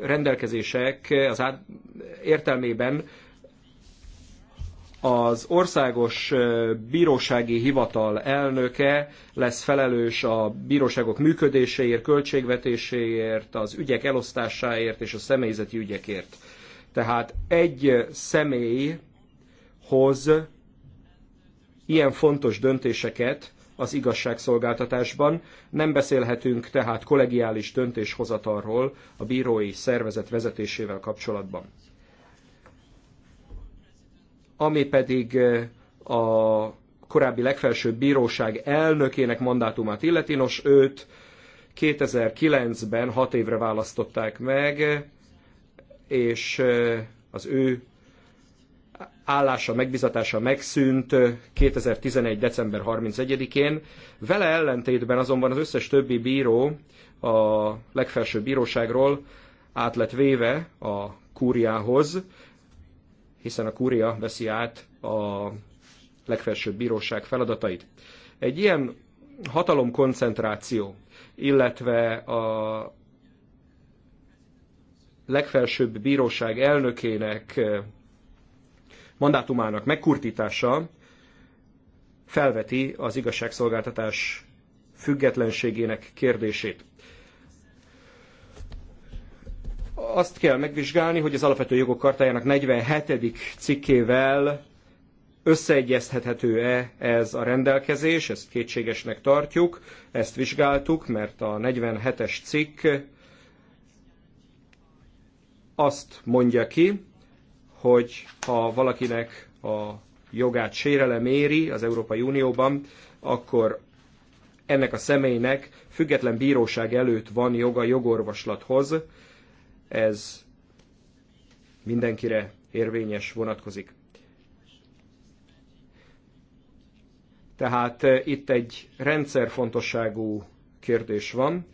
rendelkezések az át, értelmében az országos bírósági hivatal elnöke lesz felelős a bíróságok működéséért, költségvetéséért, az ügyek elosztásáért és a személyzeti ügyekért. Tehát egy személyhoz ilyen fontos döntéseket az igazságszolgáltatásban. Nem beszélhetünk tehát kollegiális döntéshozatalról a bírói szervezet vezetésével kapcsolatban ami pedig a korábbi legfelsőbb bíróság elnökének mandátumát illeti, nos őt 2009-ben hat évre választották meg, és az ő állása, megbizatása megszűnt 2011. december 31-én. Vele ellentétben azonban az összes többi bíró a legfelsőbb bíróságról át lett véve a kúriához, hiszen a kúria veszi át a legfelsőbb bíróság feladatait. Egy ilyen hatalomkoncentráció, illetve a legfelsőbb bíróság elnökének mandátumának megkurtítása felveti az igazságszolgáltatás függetlenségének kérdését. azt kell megvizsgálni, hogy az alapvető jogok kartájának 47. cikkével összeegyeztethető-e ez a rendelkezés, ezt kétségesnek tartjuk, ezt vizsgáltuk, mert a 47-es cikk azt mondja ki, hogy ha valakinek a jogát sérelem éri az Európai Unióban, akkor ennek a személynek független bíróság előtt van joga jogorvoslathoz, ez mindenkire érvényes, vonatkozik. Tehát eh, itt egy rendszerfontosságú kérdés van,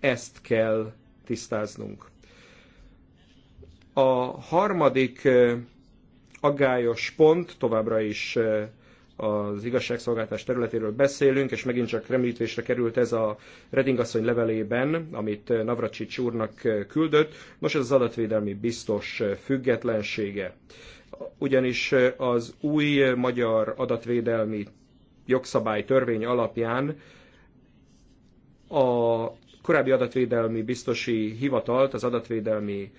ezt kell tisztáznunk. A harmadik eh, aggályos pont továbbra is eh, az igazságszolgáltás területéről beszélünk, és megint csak remítésre került ez a Reding asszony levelében, amit Navracsics úrnak küldött. Nos, ez az adatvédelmi biztos függetlensége. Ugyanis az új magyar adatvédelmi jogszabály törvény alapján a korábbi adatvédelmi biztosi hivatalt, az adatvédelmi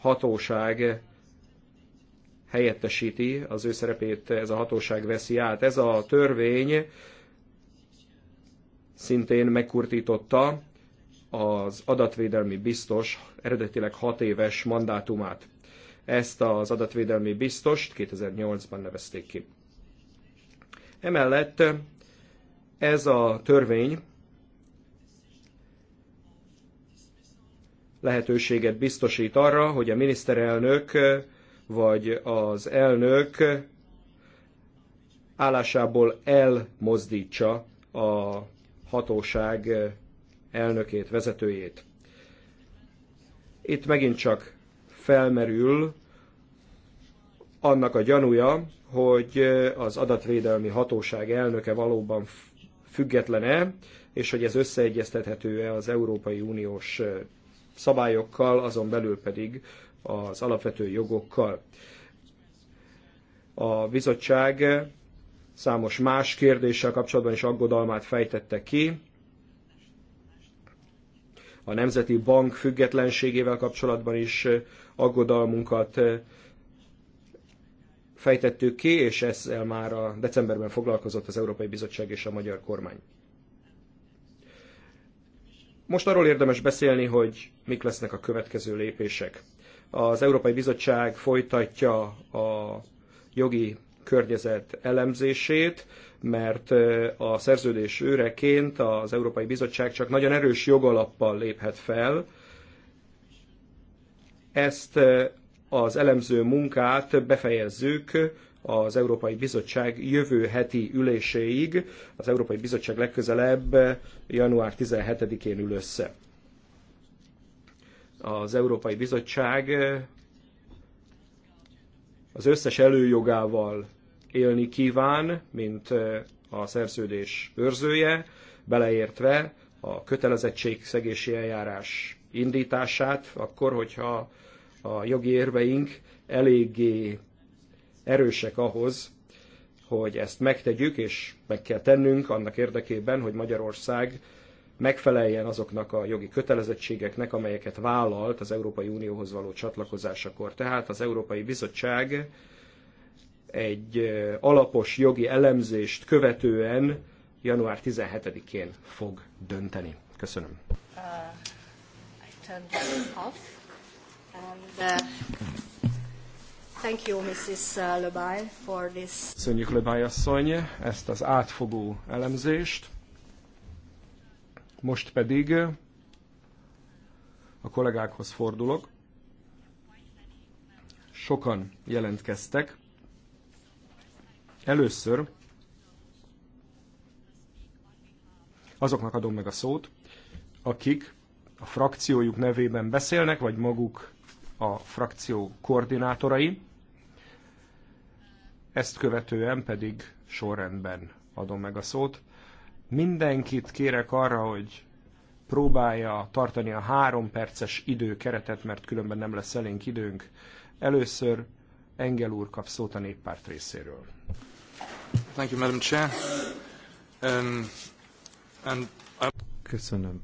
hatóság helyettesíti, az ő szerepét ez a hatóság veszi át. Ez a törvény szintén megkurtította az adatvédelmi biztos eredetileg hat éves mandátumát. Ezt az adatvédelmi biztost 2008-ban nevezték ki. Emellett ez a törvény lehetőséget biztosít arra, hogy a miniszterelnök vagy az elnök állásából elmozdítsa a hatóság elnökét, vezetőjét. Itt megint csak felmerül annak a gyanúja, hogy az adatvédelmi hatóság elnöke valóban függetlene, és hogy ez összeegyeztethető-e az Európai Uniós szabályokkal, azon belül pedig az alapvető jogokkal. A bizottság számos más kérdéssel kapcsolatban is aggodalmát fejtette ki, a Nemzeti Bank függetlenségével kapcsolatban is aggodalmunkat eh, fejtettük ki, és ezzel már a decemberben foglalkozott az Európai Bizottság és a magyar kormány. Most arról érdemes beszélni, hogy mik lesznek a következő lépések. Az Európai Bizottság folytatja a jogi környezet elemzését, mert a szerződés őreként az Európai Bizottság csak nagyon erős jogalappal léphet fel. Ezt az elemző munkát befejezzük az Európai Bizottság jövő heti üléséig. Az Európai Bizottság legközelebb január 17-én ül össze az Európai Bizottság eh, az összes előjogával élni kíván, mint eh, a szerződés őrzője, beleértve a kötelezettségszegési eljárás indítását, akkor, hogyha a jogi érveink eléggé erősek ahhoz, hogy ezt megtegyük, és meg kell tennünk annak érdekében, hogy Magyarország megfeleljen azoknak a jogi kötelezettségeknek, amelyeket vállalt az Európai Unióhoz való csatlakozásakor. Tehát az Európai Bizottság egy alapos jogi elemzést követően január 17-én fog dönteni. Köszönöm. Uh, uh, uh, Köszönjük, Lebály asszony, ezt az átfogó elemzést. Most pedig a kollégákhoz fordulok. Sokan jelentkeztek. Először azoknak adom meg a szót, akik a frakciójuk nevében beszélnek, vagy maguk a frakció koordinátorai. Ezt követően pedig sorrendben adom meg a szót. Mindenkit kérek arra, hogy próbálja tartani a három perces időkeretet, mert különben nem lesz elénk időnk. Először Engel úr kap szót a néppárt részéről. Thank you, Madam Chair. Um, and I... Köszönöm,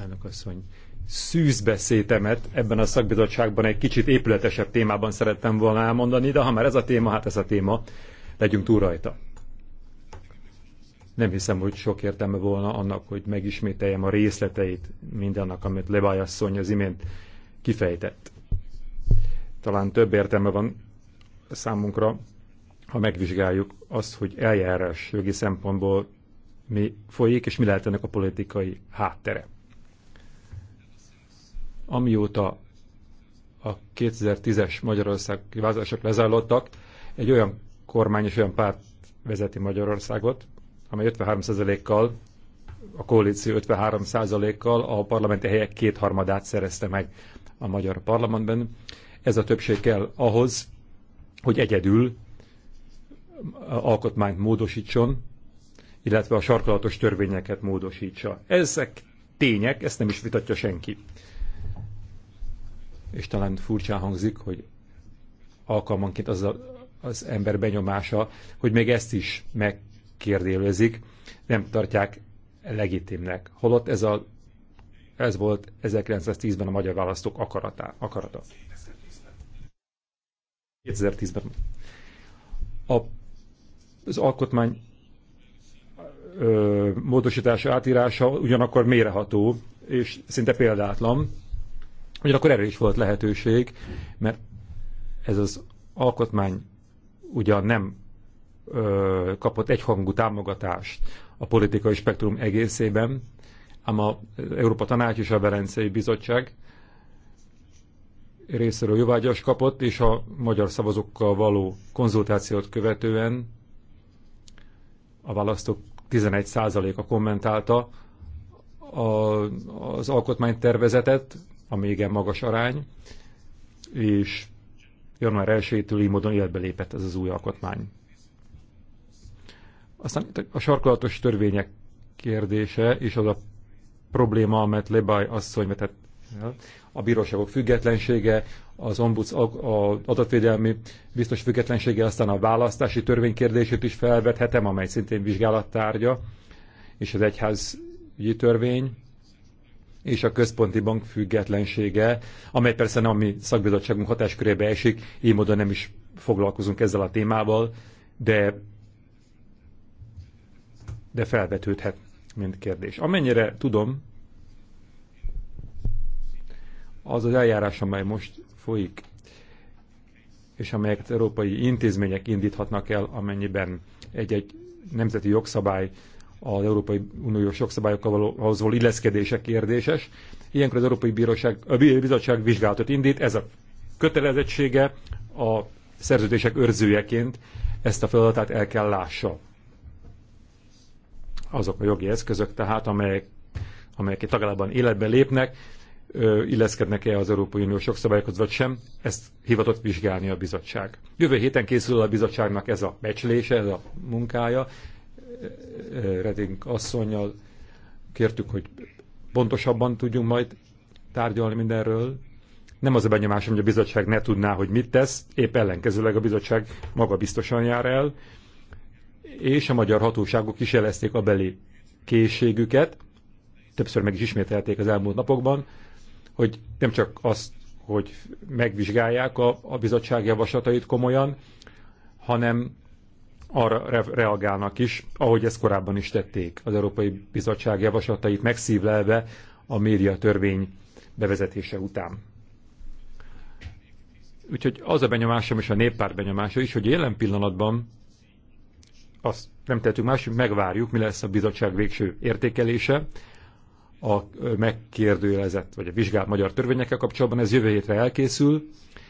elnök asszony. Szűzbeszétemet ebben a szakbizottságban egy kicsit épületesebb témában szerettem volna elmondani, de ha már ez a téma, hát ez a téma, legyünk túl rajta nem hiszem, hogy sok értelme volna annak, hogy megismételjem a részleteit mindannak, amit Lebály asszony az imént kifejtett. Talán több értelme van számunkra, ha megvizsgáljuk azt, hogy eljárás jogi szempontból mi folyik, és mi lehet ennek a politikai háttere. Amióta a 2010-es Magyarország kiválasztások lezállottak, egy olyan kormány és olyan párt vezeti Magyarországot, amely 53%-kal, a koalíció 53%-kal a parlamenti helyek kétharmadát szerezte meg a magyar parlamentben. Ez a többség kell ahhoz, hogy egyedül alkotmányt módosítson, illetve a sarkalatos törvényeket módosítsa. Ezek tények, ezt nem is vitatja senki. És talán furcsán hangzik, hogy alkalmanként az, a, az ember benyomása, hogy még ezt is meg megkérdőjelezik, nem tartják legitimnek. Holott ez, a, ez volt 1910-ben a magyar választók akaratá, akarata. 2010-ben. A, az alkotmány ö, módosítása, átírása ugyanakkor méreható, és szinte példátlan. Ugyanakkor erre is volt lehetőség, mert ez az alkotmány ugyan nem kapott egyhangú támogatást a politikai spektrum egészében, ám a Európa Tanács és a Velencei Bizottság részéről jóvágyas kapott, és a magyar szavazókkal való konzultációt követően a választók 11%-a kommentálta a, az alkotmánytervezetet, ami igen magas arány, és január 1-től így módon életbe lépett ez az új alkotmány. Aztán a sarkalatos törvények kérdése és az a probléma, amit Lebaj asszony vetett a bíróságok függetlensége, az ombuds az adatvédelmi biztos függetlensége, aztán a választási törvény kérdését is felvethetem, amely szintén vizsgálattárgya, és az egyházügyi törvény, és a központi bank függetlensége, amely persze nem a mi szakbizottságunk hatáskörébe esik, így módon nem is foglalkozunk ezzel a témával, de de felvetődhet, mint kérdés. Amennyire tudom, az az eljárás, amely most folyik, és amelyeket európai intézmények indíthatnak el, amennyiben egy-egy nemzeti jogszabály az Európai Uniós jogszabályokkal való, ahhoz való illeszkedése kérdéses. Ilyenkor az Európai Bíróság, a Bizottság vizsgálatot indít, ez a kötelezettsége a szerződések őrzőjeként ezt a feladatát el kell lássa azok a jogi eszközök, tehát amelyek, amelyek egy életbe lépnek, illeszkednek-e az Európai Uniós jogszabályokhoz vagy sem, ezt hivatott vizsgálni a bizottság. Jövő héten készül a bizottságnak ez a becslése, ez a munkája. Redink asszonynal kértük, hogy pontosabban tudjunk majd tárgyalni mindenről. Nem az a benyomásom, hogy a bizottság ne tudná, hogy mit tesz, épp ellenkezőleg a bizottság maga biztosan jár el, és a magyar hatóságok is jelezték a beli készségüket, többször meg is ismételték az elmúlt napokban, hogy nem csak azt, hogy megvizsgálják a, a bizottság javaslatait komolyan, hanem arra re reagálnak is, ahogy ezt korábban is tették, az Európai Bizottság javaslatait megszívlelve a médiatörvény bevezetése után. Úgyhogy az a benyomásom és a néppárt benyomása is, hogy jelen pillanatban azt nem tehetünk más, hogy megvárjuk, mi lesz a bizottság végső értékelése a megkérdőjelezett, vagy a vizsgált magyar törvényekkel kapcsolatban. Ez jövő hétre elkészül,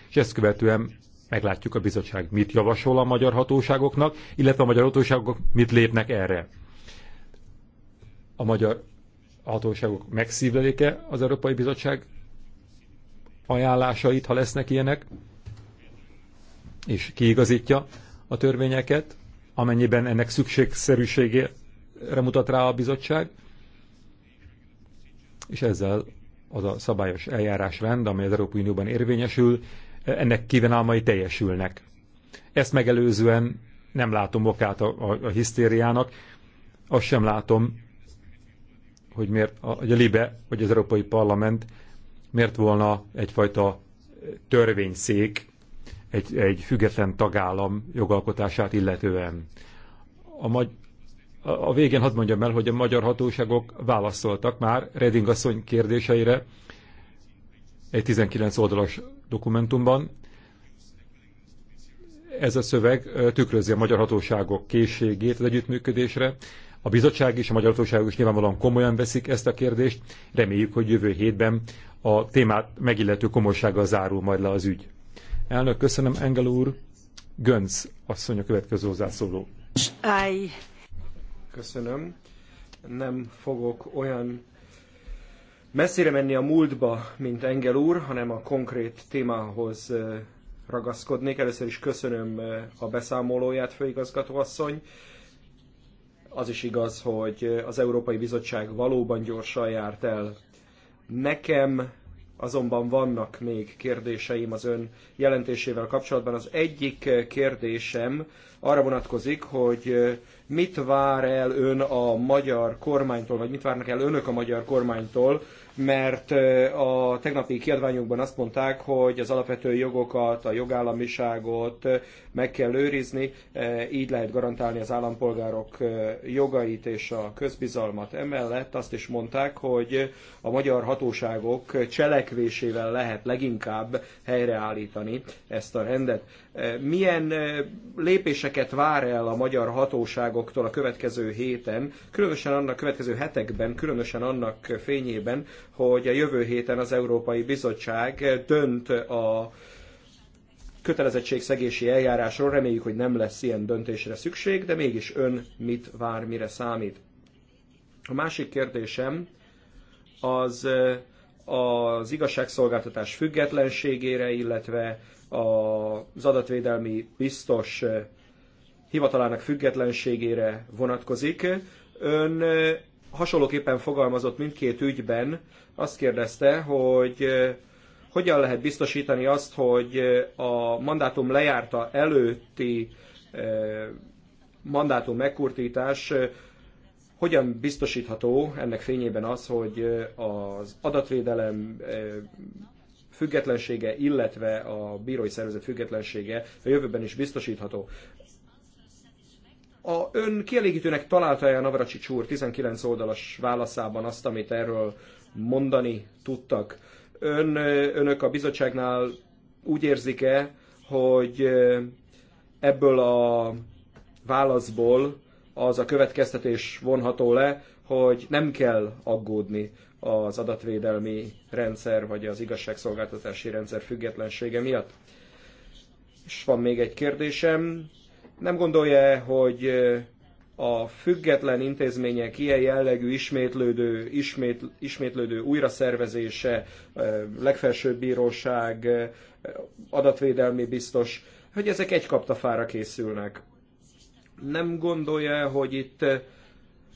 és ezt követően meglátjuk a bizottság mit javasol a magyar hatóságoknak, illetve a magyar hatóságok mit lépnek erre. A magyar hatóságok megszívleléke az Európai Bizottság ajánlásait, ha lesznek ilyenek, és kiigazítja a törvényeket, amennyiben ennek szükségszerűségére mutat rá a bizottság, és ezzel az a szabályos eljárásrend, amely az Európai Unióban érvényesül, ennek kívánalmai teljesülnek. Ezt megelőzően nem látom okát a, a, a hisztériának, azt sem látom, hogy miért a, hogy a LIBE, vagy az Európai Parlament miért volna egyfajta törvényszék egy, egy független tagállam jogalkotását illetően. A, magy- a végén hadd mondjam el, hogy a magyar hatóságok válaszoltak már Reding asszony kérdéseire egy 19 oldalas dokumentumban. Ez a szöveg tükrözi a magyar hatóságok készségét az együttműködésre. A bizottság és a magyar hatóságok is nyilvánvalóan komolyan veszik ezt a kérdést. Reméljük, hogy jövő hétben a témát megillető komolysággal zárul majd le az ügy. Elnök, köszönöm, Engel úr. Gönc asszony a következő hozzászóló. I... Köszönöm. Nem fogok olyan messzire menni a múltba, mint Engel úr, hanem a konkrét témához ragaszkodnék. Először is köszönöm a beszámolóját, főigazgató asszony. Az is igaz, hogy az Európai Bizottság valóban gyorsan járt el. Nekem azonban vannak még kérdéseim az ön jelentésével kapcsolatban. Az egyik kérdésem arra vonatkozik, hogy mit vár el ön a magyar kormánytól, vagy mit várnak el önök a magyar kormánytól mert a tegnapi kiadványokban azt mondták, hogy az alapvető jogokat, a jogállamiságot meg kell őrizni, így lehet garantálni az állampolgárok jogait és a közbizalmat. Emellett azt is mondták, hogy a magyar hatóságok cselekvésével lehet leginkább helyreállítani ezt a rendet. Milyen lépéseket vár el a magyar hatóságoktól a következő héten, különösen annak következő hetekben, különösen annak fényében, hogy a jövő héten az Európai Bizottság dönt a kötelezettségszegési eljárásról. Reméljük, hogy nem lesz ilyen döntésre szükség, de mégis ön mit vár, mire számít. A másik kérdésem az e, az igazságszolgáltatás függetlenségére, illetve az adatvédelmi biztos e, hivatalának függetlenségére vonatkozik. Ön e, hasonlóképpen fogalmazott mindkét ügyben, azt kérdezte, hogy hogyan lehet biztosítani azt, hogy a mandátum lejárta előtti mandátum megkurtítás hogyan biztosítható ennek fényében az, hogy az adatvédelem függetlensége, illetve a bírói szervezet függetlensége a jövőben is biztosítható. A ön kielégítőnek találta e a Navracsics úr 19 oldalas válaszában azt, amit erről mondani tudtak. Ön, önök a bizottságnál úgy érzik-e, hogy ebből a válaszból az a következtetés vonható le, hogy nem kell aggódni az adatvédelmi rendszer vagy az igazságszolgáltatási rendszer függetlensége miatt. És van még egy kérdésem. Nem gondolja, hogy a független intézmények ilyen jellegű ismétlődő, ismét, ismétlődő újraszervezése, e, legfelsőbb bíróság, e, adatvédelmi biztos, hogy ezek egy kaptafára készülnek. Nem gondolja, hogy itt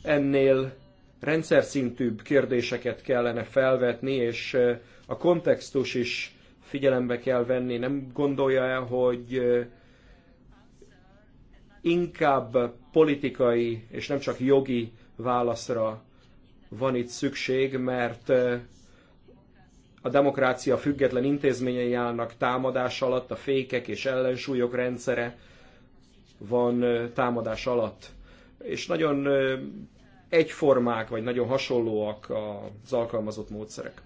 ennél rendszer szintűbb kérdéseket kellene felvetni, és e, a kontextus is figyelembe kell venni. Nem gondolja el, hogy inkább politikai és nem csak jogi válaszra van itt szükség, mert eh, a demokrácia független intézményei állnak támadás alatt, a fékek és ellensúlyok rendszere van eh, támadás alatt. És nagyon eh, egyformák, vagy nagyon hasonlóak az alkalmazott módszerek.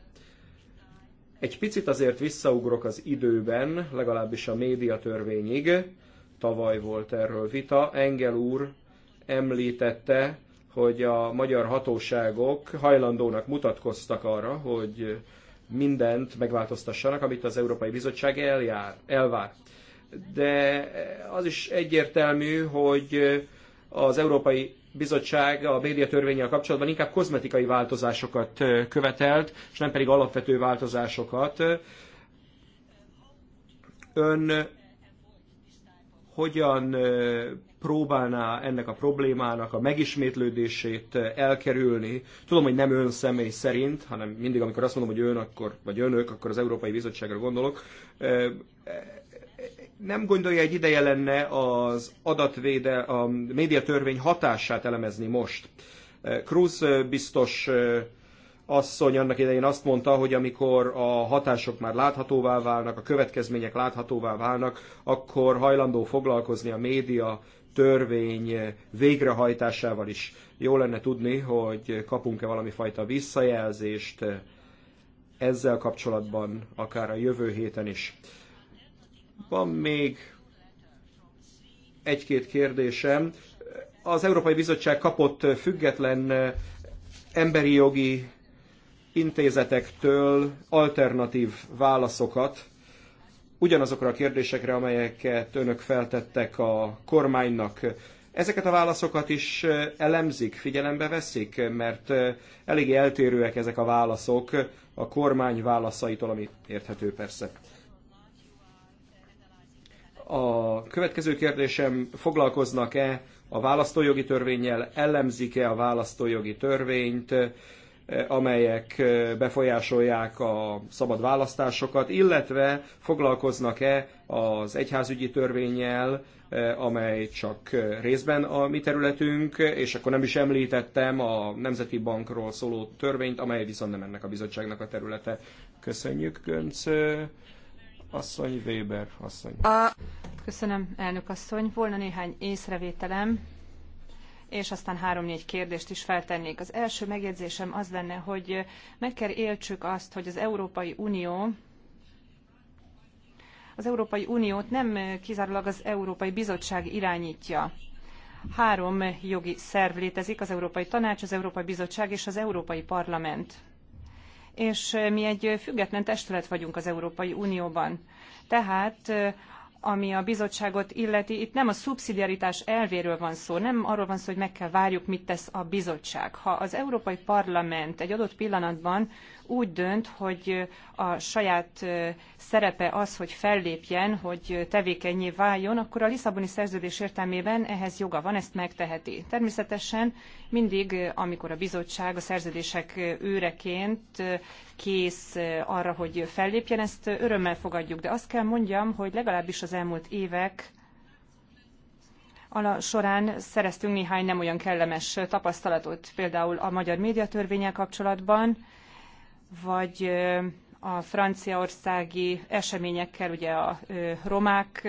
Egy picit azért visszaugrok az időben, legalábbis a médiatörvényig, tavaly volt erről vita. Engel úr említette, hogy a magyar hatóságok hajlandónak mutatkoztak arra, hogy mindent megváltoztassanak, amit az Európai Bizottság eljár, elvár. De az is egyértelmű, hogy az Európai Bizottság a médiatörvényel kapcsolatban inkább kozmetikai változásokat követelt, és nem pedig alapvető változásokat. Ön hogyan próbálná ennek a problémának a megismétlődését elkerülni. Tudom, hogy nem ön személy szerint, hanem mindig, amikor azt mondom, hogy ön, akkor, vagy önök, akkor az Európai Bizottságra gondolok. Nem gondolja, egy ideje lenne az adatvéde, a médiatörvény hatását elemezni most. Cruz biztos asszony annak idején azt mondta, hogy amikor a hatások már láthatóvá válnak, a következmények láthatóvá válnak, akkor hajlandó foglalkozni a média törvény végrehajtásával is. Jó lenne tudni, hogy kapunk-e valami fajta visszajelzést ezzel kapcsolatban, akár a jövő héten is. Van még egy-két kérdésem. Az Európai Bizottság kapott független emberi jogi intézetektől alternatív válaszokat ugyanazokra a kérdésekre, amelyeket önök feltettek a kormánynak. Ezeket a válaszokat is elemzik, figyelembe veszik, mert eléggé eltérőek ezek a válaszok a kormány válaszaitól, ami érthető persze. A következő kérdésem, foglalkoznak-e a választójogi törvényel, elemzik-e a választójogi törvényt, Eh, amelyek eh, befolyásolják a szabad választásokat, illetve foglalkoznak-e az egyházügyi törvényel, eh, amely csak részben a mi területünk, és akkor nem is említettem a Nemzeti Bankról szóló törvényt, amely viszont nem ennek a bizottságnak a területe. Köszönjük, Gönc asszony, Weber asszony. A... Köszönöm, elnök asszony. Volna néhány észrevételem és aztán három-négy kérdést is feltennék. Az első megjegyzésem az lenne, hogy meg kell értsük azt, hogy az Európai Unió az Európai Uniót nem kizárólag az Európai Bizottság irányítja. Három jogi szerv létezik, az Európai Tanács, az Európai Bizottság és az Európai Parlament. És mi egy független testület vagyunk az Európai Unióban. Tehát ami a bizottságot illeti, itt nem a szubszidiaritás elvéről van szó, nem arról van szó, hogy meg kell várjuk, mit tesz a bizottság. Ha az Európai Parlament egy adott pillanatban úgy dönt, hogy a saját szerepe az, hogy fellépjen, hogy tevékenyé váljon, akkor a Lisszaboni szerződés értelmében ehhez joga van, ezt megteheti. Természetesen mindig, amikor a bizottság a szerződések őreként kész arra, hogy fellépjen, ezt örömmel fogadjuk. De azt kell mondjam, hogy legalábbis az elmúlt évek során szereztünk néhány nem olyan kellemes tapasztalatot, például a magyar médiatörvényel kapcsolatban, vagy a franciaországi eseményekkel, ugye a romák,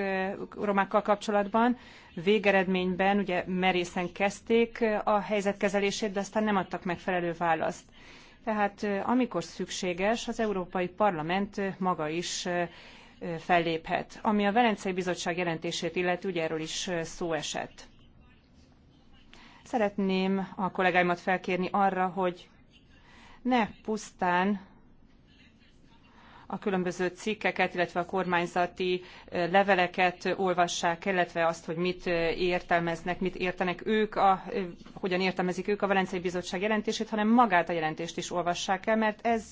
romákkal kapcsolatban. Végeredményben ugye merészen kezdték a helyzet kezelését, de aztán nem adtak megfelelő választ. Tehát amikor szükséges, az Európai Parlament maga is felléphet. Ami a Velencei Bizottság jelentését illeti, ugye erről is szó esett. Szeretném a kollégáimat felkérni arra, hogy ne pusztán a különböző cikkeket, illetve a kormányzati leveleket olvassák, illetve azt, hogy mit értelmeznek, mit értenek ők, a, hogyan értelmezik ők a Velencei Bizottság jelentését, hanem magát a jelentést is olvassák el, mert ez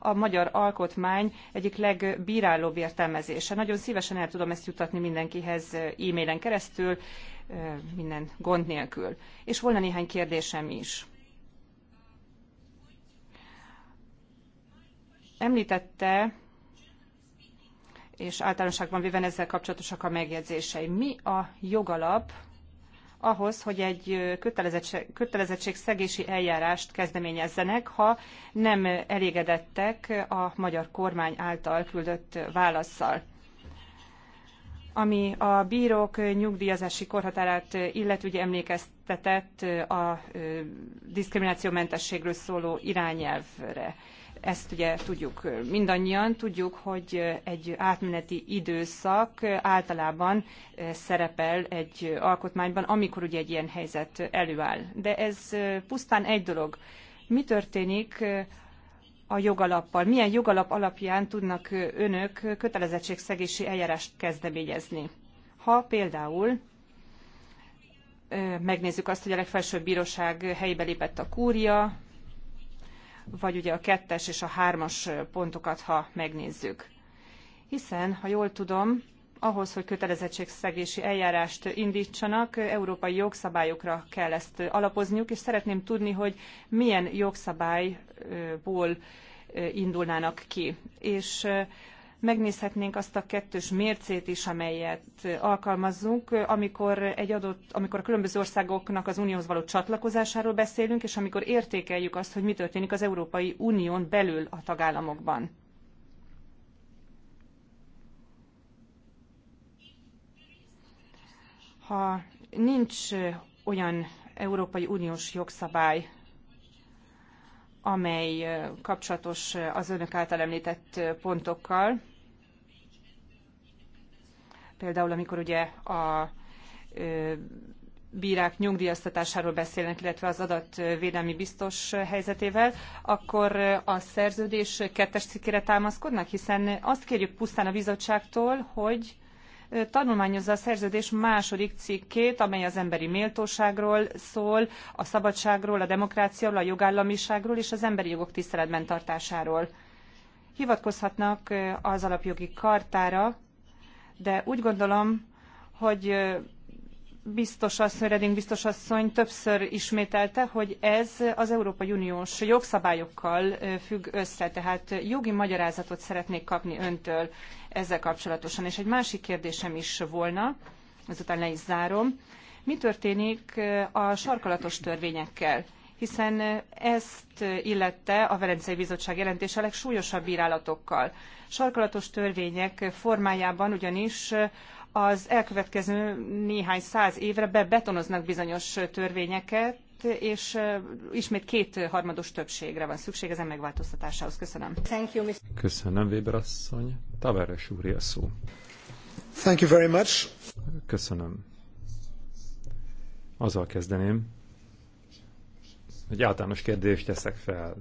a magyar alkotmány egyik legbírálóbb értelmezése. Nagyon szívesen el tudom ezt jutatni mindenkihez e-mailen keresztül, minden gond nélkül. És volna néhány kérdésem is. Említette, és általánosságban véven ezzel kapcsolatosak a megjegyzései. Mi a jogalap ahhoz, hogy egy kötelezettség, szegési eljárást kezdeményezzenek, ha nem elégedettek a magyar kormány által küldött válaszsal? ami a bírók nyugdíjazási korhatárát ugye emlékeztetett a diszkriminációmentességről szóló irányelvre. Ezt ugye tudjuk mindannyian, tudjuk, hogy egy átmeneti időszak általában szerepel egy alkotmányban, amikor ugye egy ilyen helyzet előáll. De ez pusztán egy dolog. Mi történik a jogalappal? Milyen jogalap alapján tudnak önök kötelezettségszegési eljárást kezdeményezni? Ha például megnézzük azt, hogy a legfelsőbb bíróság helyébe lépett a kúria, vagy ugye a kettes és a hármas pontokat, ha megnézzük. Hiszen, ha jól tudom, ahhoz, hogy kötelezettségszegési eljárást indítsanak, európai jogszabályokra kell ezt alapozniuk, és szeretném tudni, hogy milyen jogszabályból indulnának ki. És megnézhetnénk azt a kettős mércét is, amelyet alkalmazzunk, amikor, egy adott, amikor a különböző országoknak az unióhoz való csatlakozásáról beszélünk, és amikor értékeljük azt, hogy mi történik az Európai Unión belül a tagállamokban. Ha nincs olyan Európai Uniós jogszabály, amely kapcsolatos az önök által említett pontokkal. Például, amikor ugye a bírák nyugdíjaztatásáról beszélnek, illetve az adatvédelmi biztos helyzetével, akkor a szerződés kettes cikkére támaszkodnak, hiszen azt kérjük pusztán a bizottságtól, hogy tanulmányozza a szerződés második cikkét, amely az emberi méltóságról szól, a szabadságról, a demokráciáról, a jogállamiságról és az emberi jogok tiszteletben tartásáról. Hivatkozhatnak az alapjogi kartára, de úgy gondolom, hogy biztos asszony, Reding biztos asszony többször ismételte, hogy ez az Európai Uniós jogszabályokkal függ össze, tehát jogi magyarázatot szeretnék kapni öntől ezzel kapcsolatosan. És egy másik kérdésem is volna, ezután le is zárom. Mi történik a sarkalatos törvényekkel? hiszen ezt illette a Velencei Bizottság jelentése legsúlyosabb bírálatokkal. Sarkalatos törvények formájában ugyanis az elkövetkező néhány száz évre bebetonoznak bizonyos törvényeket, és ismét két harmados többségre van szükség ezen megváltoztatásához. Köszönöm. Thank you, Mr. Köszönöm, Weber asszony. Taveres úr, a szó. Thank you very much. Köszönöm. Azzal kezdeném, hogy általános kérdést teszek fel.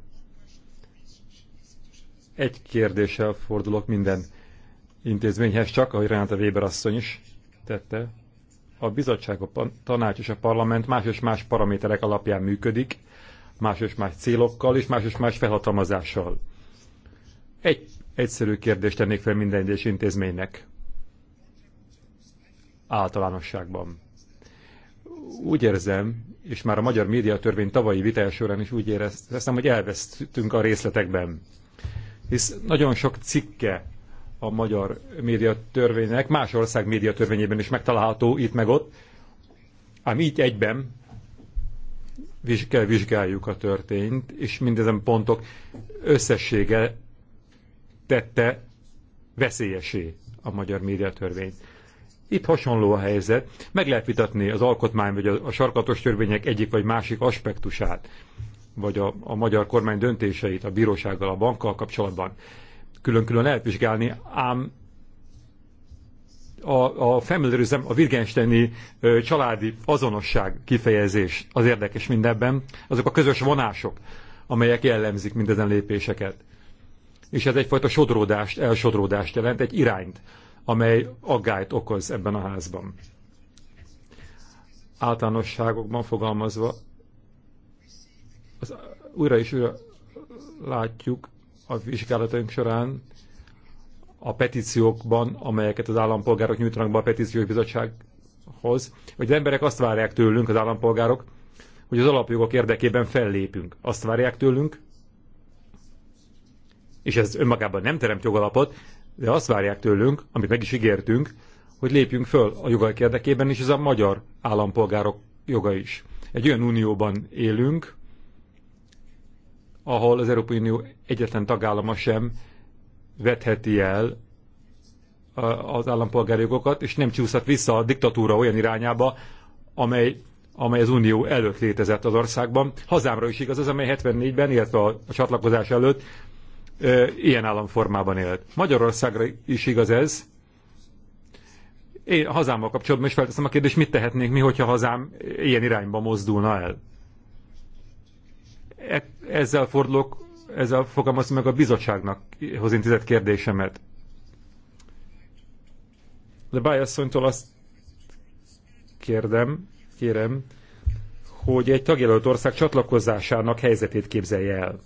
Egy kérdéssel fordulok minden intézményhez csak, ahogy Renáta Weber asszony is tette, a bizottság, a tanács és a parlament más és más paraméterek alapján működik, más és más célokkal és más és más felhatalmazással. Egy egyszerű kérdést tennék fel minden egyes intézménynek. Általánosságban. Úgy érzem, és már a magyar médiatörvény tavalyi vitája során is úgy éreztem, hogy elvesztünk a részletekben. Hisz nagyon sok cikke a magyar médiatörvénynek, más ország médiatörvényében is megtalálható itt meg ott, ám így egyben kell vizsgáljuk a történt, és mindezen pontok összessége tette veszélyesé a magyar médiatörvényt. Itt hasonló a helyzet. Meg lehet vitatni az alkotmány vagy a, a sarkatos törvények egyik vagy másik aspektusát, vagy a, a magyar kormány döntéseit a bírósággal, a bankkal kapcsolatban külön-külön lehet vizsgálni, ám a, a familiarism, a Wittgensteini családi azonosság kifejezés az érdekes mindebben, azok a közös vonások, amelyek jellemzik mindezen lépéseket. És ez egyfajta sodródást, elsodródást jelent, egy irányt, amely aggályt okoz ebben a házban. Általánosságokban fogalmazva, az újra és újra látjuk, a vizsgálataink során a petíciókban, amelyeket az állampolgárok nyújtanak be a petíciós bizottsághoz, hogy az emberek azt várják tőlünk, az állampolgárok, hogy az alapjogok érdekében fellépünk. Azt várják tőlünk, és ez önmagában nem teremt jogalapot, de azt várják tőlünk, amit meg is ígértünk, hogy lépjünk föl a jogaik érdekében, és ez a magyar állampolgárok joga is. Egy olyan unióban élünk, ahol az Európai Unió egyetlen tagállama sem vetheti el az állampolgári jogokat, és nem csúszhat vissza a diktatúra olyan irányába, amely, amely az Unió előtt létezett az országban. Hazámra is igaz az, amely 74-ben, illetve a, csatlakozás előtt ilyen államformában élt. Magyarországra is igaz ez. Én hazámmal kapcsolatban is felteszem a kérdést, mit tehetnénk mi, hogyha hazám ilyen irányba mozdulna el. E- ezzel fordulok, ezzel fogalmazom meg a bizottságnak hoz intézett kérdésemet. De Bájasszonytól azt kérdem, kérem, hogy egy tagjelölt ország csatlakozásának helyzetét képzelje el.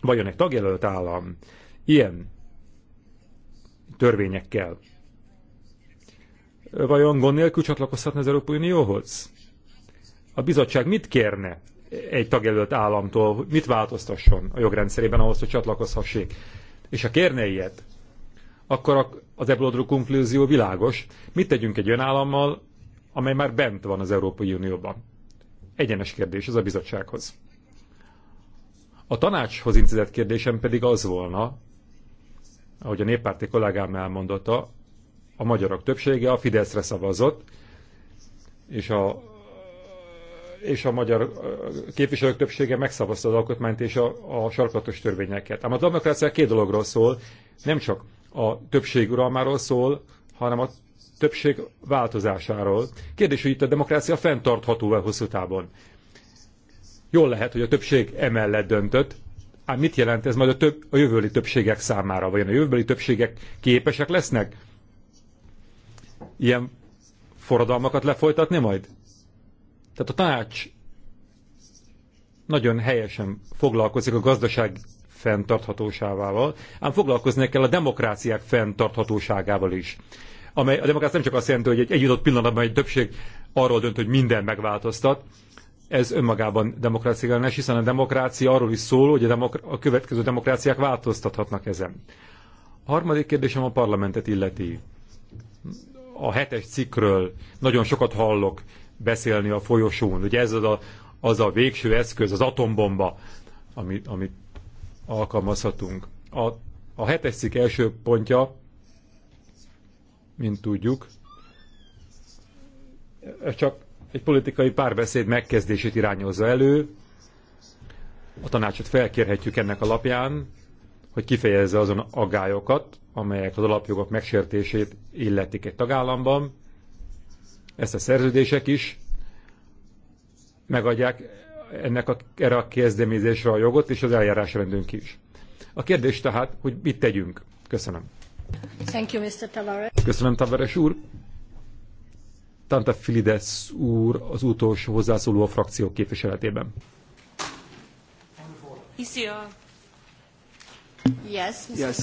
Vajon egy tagjelölt állam ilyen törvényekkel vajon gond nélkül csatlakozhatna az Európai Unióhoz? A bizottság mit kérne egy tagjelölt államtól, mit változtasson a jogrendszerében ahhoz, hogy csatlakozhassék. És ha kérne ilyet, akkor az ebből konklúzió világos. Mit tegyünk egy olyan állammal, amely már bent van az Európai Unióban? Egyenes kérdés, ez a bizottsághoz. A tanácshoz intézett kérdésem pedig az volna, ahogy a néppárti kollégám elmondotta, a magyarok többsége a Fideszre szavazott, és a és a magyar képviselők többsége megszavazta az alkotmányt és a, a sarkatos törvényeket. Ám a demokrácia két dologról szól, nem csak a többség uralmáról szól, hanem a többség változásáról. Kérdés, hogy itt a demokrácia fenntartható-e hosszú távon. Jól lehet, hogy a többség emellett döntött, ám mit jelent ez majd a, több, a jövőbeli többségek számára? Vajon a jövőbeli többségek képesek lesznek ilyen forradalmakat lefolytatni majd? Tehát a tanács nagyon helyesen foglalkozik a gazdaság fenntarthatóságával, ám foglalkozni kell a demokráciák fenntarthatóságával is. Amely, a demokrácia nem csak azt jelenti, hogy egy együtt pillanatban egy többség arról dönt, hogy minden megváltoztat, ez önmagában demokrácia ellenes, hiszen a demokrácia arról is szól, hogy a, a következő demokráciák változtathatnak ezen. A harmadik kérdésem a parlamentet illeti. A hetes cikkről nagyon sokat hallok, beszélni a folyosón. Ugye ez az a, az a végső eszköz, az atombomba, amit, amit alkalmazhatunk. A, a hetes cikk első pontja, mint tudjuk, ez csak egy politikai párbeszéd megkezdését irányozza elő. A tanácsot felkérhetjük ennek alapján, hogy kifejezze azon aggályokat, amelyek az alapjogok megsértését illetik egy tagállamban, ezt a szerződések is megadják ennek a, erre a kezdeményezésre a jogot, és az eljárásrendünk is. A kérdés tehát, hogy mit tegyünk. Köszönöm. Thank you, Mr. Tavares. Köszönöm, Tavares úr. Tanta Filides úr az utolsó hozzászóló a frakció képviseletében. Yes, Mr. Yes.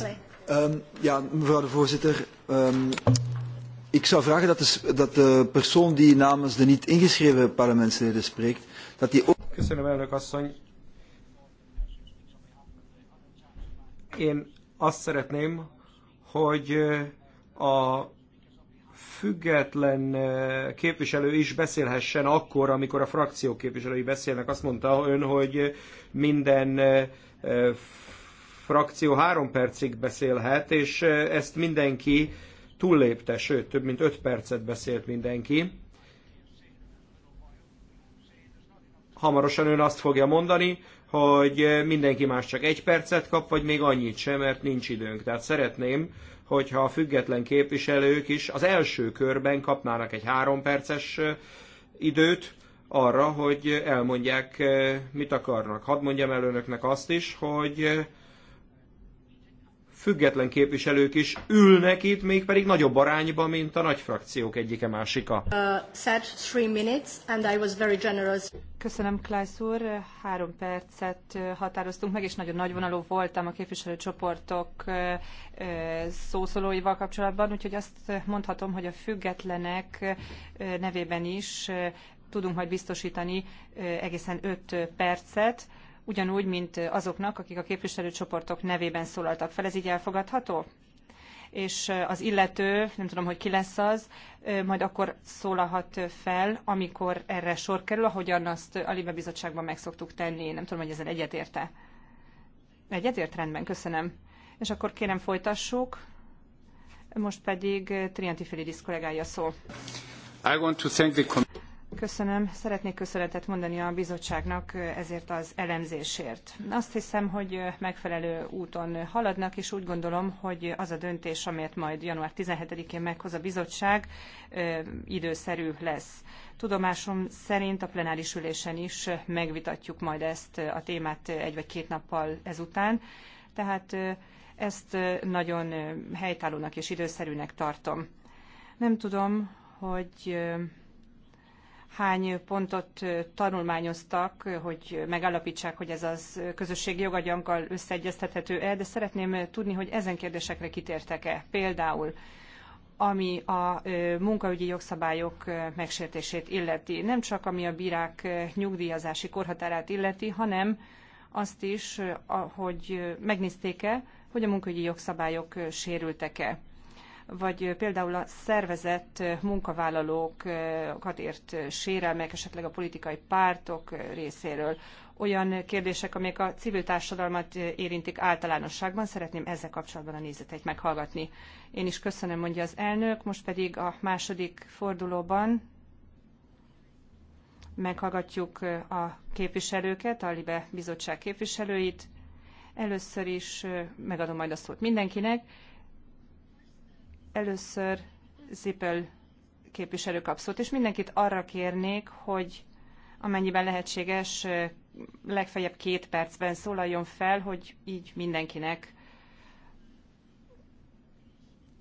Um, ja, mevrouw de voorzitter. Um, Ik zou vragen dat de, dat de persoon die namens de niet ingeschreven parlementsleden spreekt, dat die ook... Köszönöm, elnök asszony. Én azt szeretném, hogy a független képviselő is beszélhessen akkor, amikor a frakció képviselői beszélnek. Azt mondta ön, hogy minden frakció három percig beszélhet, és ezt mindenki túllépte, sőt, több mint 5 percet beszélt mindenki. Hamarosan ön azt fogja mondani, hogy mindenki más csak egy percet kap, vagy még annyit sem, mert nincs időnk. Tehát szeretném, hogyha a független képviselők is az első körben kapnának egy három perces időt arra, hogy elmondják, mit akarnak. Hadd mondjam el önöknek azt is, hogy független képviselők is ülnek itt, mégpedig nagyobb arányban, mint a nagy frakciók egyike másika. Uh, Köszönöm, Klász úr. Három percet uh, határoztunk meg, és nagyon nagyvonalú voltam a képviselőcsoportok uh, szószólóival kapcsolatban, úgyhogy azt mondhatom, hogy a függetlenek nevében is tudunk majd biztosítani egészen öt percet ugyanúgy, mint azoknak, akik a képviselőcsoportok nevében szólaltak fel. Ez így elfogadható? és az illető, nem tudom, hogy ki lesz az, majd akkor szólalhat fel, amikor erre sor kerül, ahogyan azt a Libe Bizottságban megszoktuk tenni. Nem tudom, hogy ezzel egyetérte. Egyetért rendben, köszönöm. És akkor kérem folytassuk. Most pedig Trianti Filidis kollégája szó. I want to thank the Köszönöm. Szeretnék köszönetet mondani a bizottságnak ezért az elemzésért. Azt hiszem, hogy megfelelő úton haladnak, és úgy gondolom, hogy az a döntés, amelyet majd január 17-én meghoz a bizottság, időszerű lesz. Tudomásom szerint a plenáris ülésen is megvitatjuk majd ezt a témát egy vagy két nappal ezután. Tehát ezt nagyon helytállónak és időszerűnek tartom. Nem tudom, hogy hány pontot tanulmányoztak, hogy megállapítsák, hogy ez az közösségi jogagyankkal összeegyeztethető el, de szeretném tudni, hogy ezen kérdésekre kitértek-e. Például ami a munkaügyi jogszabályok megsértését illeti. Nem csak ami a bírák nyugdíjazási korhatárát illeti, hanem azt is, hogy megnézték-e, hogy a munkaügyi jogszabályok sérültek-e vagy például a szervezett munkavállalókat ért sérelmek, esetleg a politikai pártok részéről. Olyan kérdések, amelyek a civil társadalmat érintik általánosságban. Szeretném ezzel kapcsolatban a nézeteit meghallgatni. Én is köszönöm, mondja az elnök. Most pedig a második fordulóban meghallgatjuk a képviselőket, a Libe Bizottság képviselőit. Először is megadom majd a szót mindenkinek Először Zipel képviselő kapszót, és mindenkit arra kérnék, hogy amennyiben lehetséges, legfeljebb két percben szólaljon fel, hogy így mindenkinek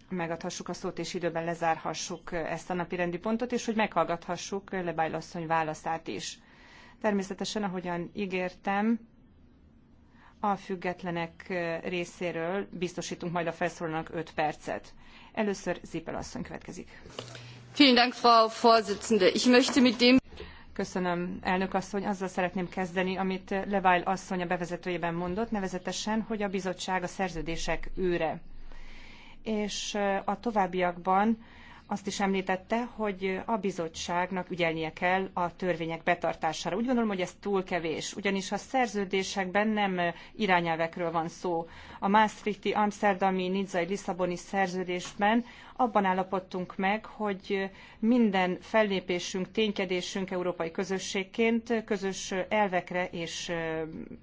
megadhassuk a szót, és időben lezárhassuk ezt a napi rendi pontot, és hogy meghallgathassuk Lebájlasszony válaszát is. Természetesen, ahogyan ígértem, a függetlenek részéről biztosítunk majd a felszólalónak 5 percet. Először Zipel asszony következik. Köszönöm, elnök asszony. Azzal szeretném kezdeni, amit Levail asszony a bevezetőjében mondott, nevezetesen, hogy a bizottság a szerződések őre. És a továbbiakban azt is említette, hogy a bizottságnak ügyelnie kell a törvények betartására. Úgy gondolom, hogy ez túl kevés, ugyanis a szerződésekben nem irányelvekről van szó. A Maastrichti, Amsterdami, Nizzai, Lisszaboni szerződésben abban állapodtunk meg, hogy minden fellépésünk, ténykedésünk európai közösségként közös elvekre és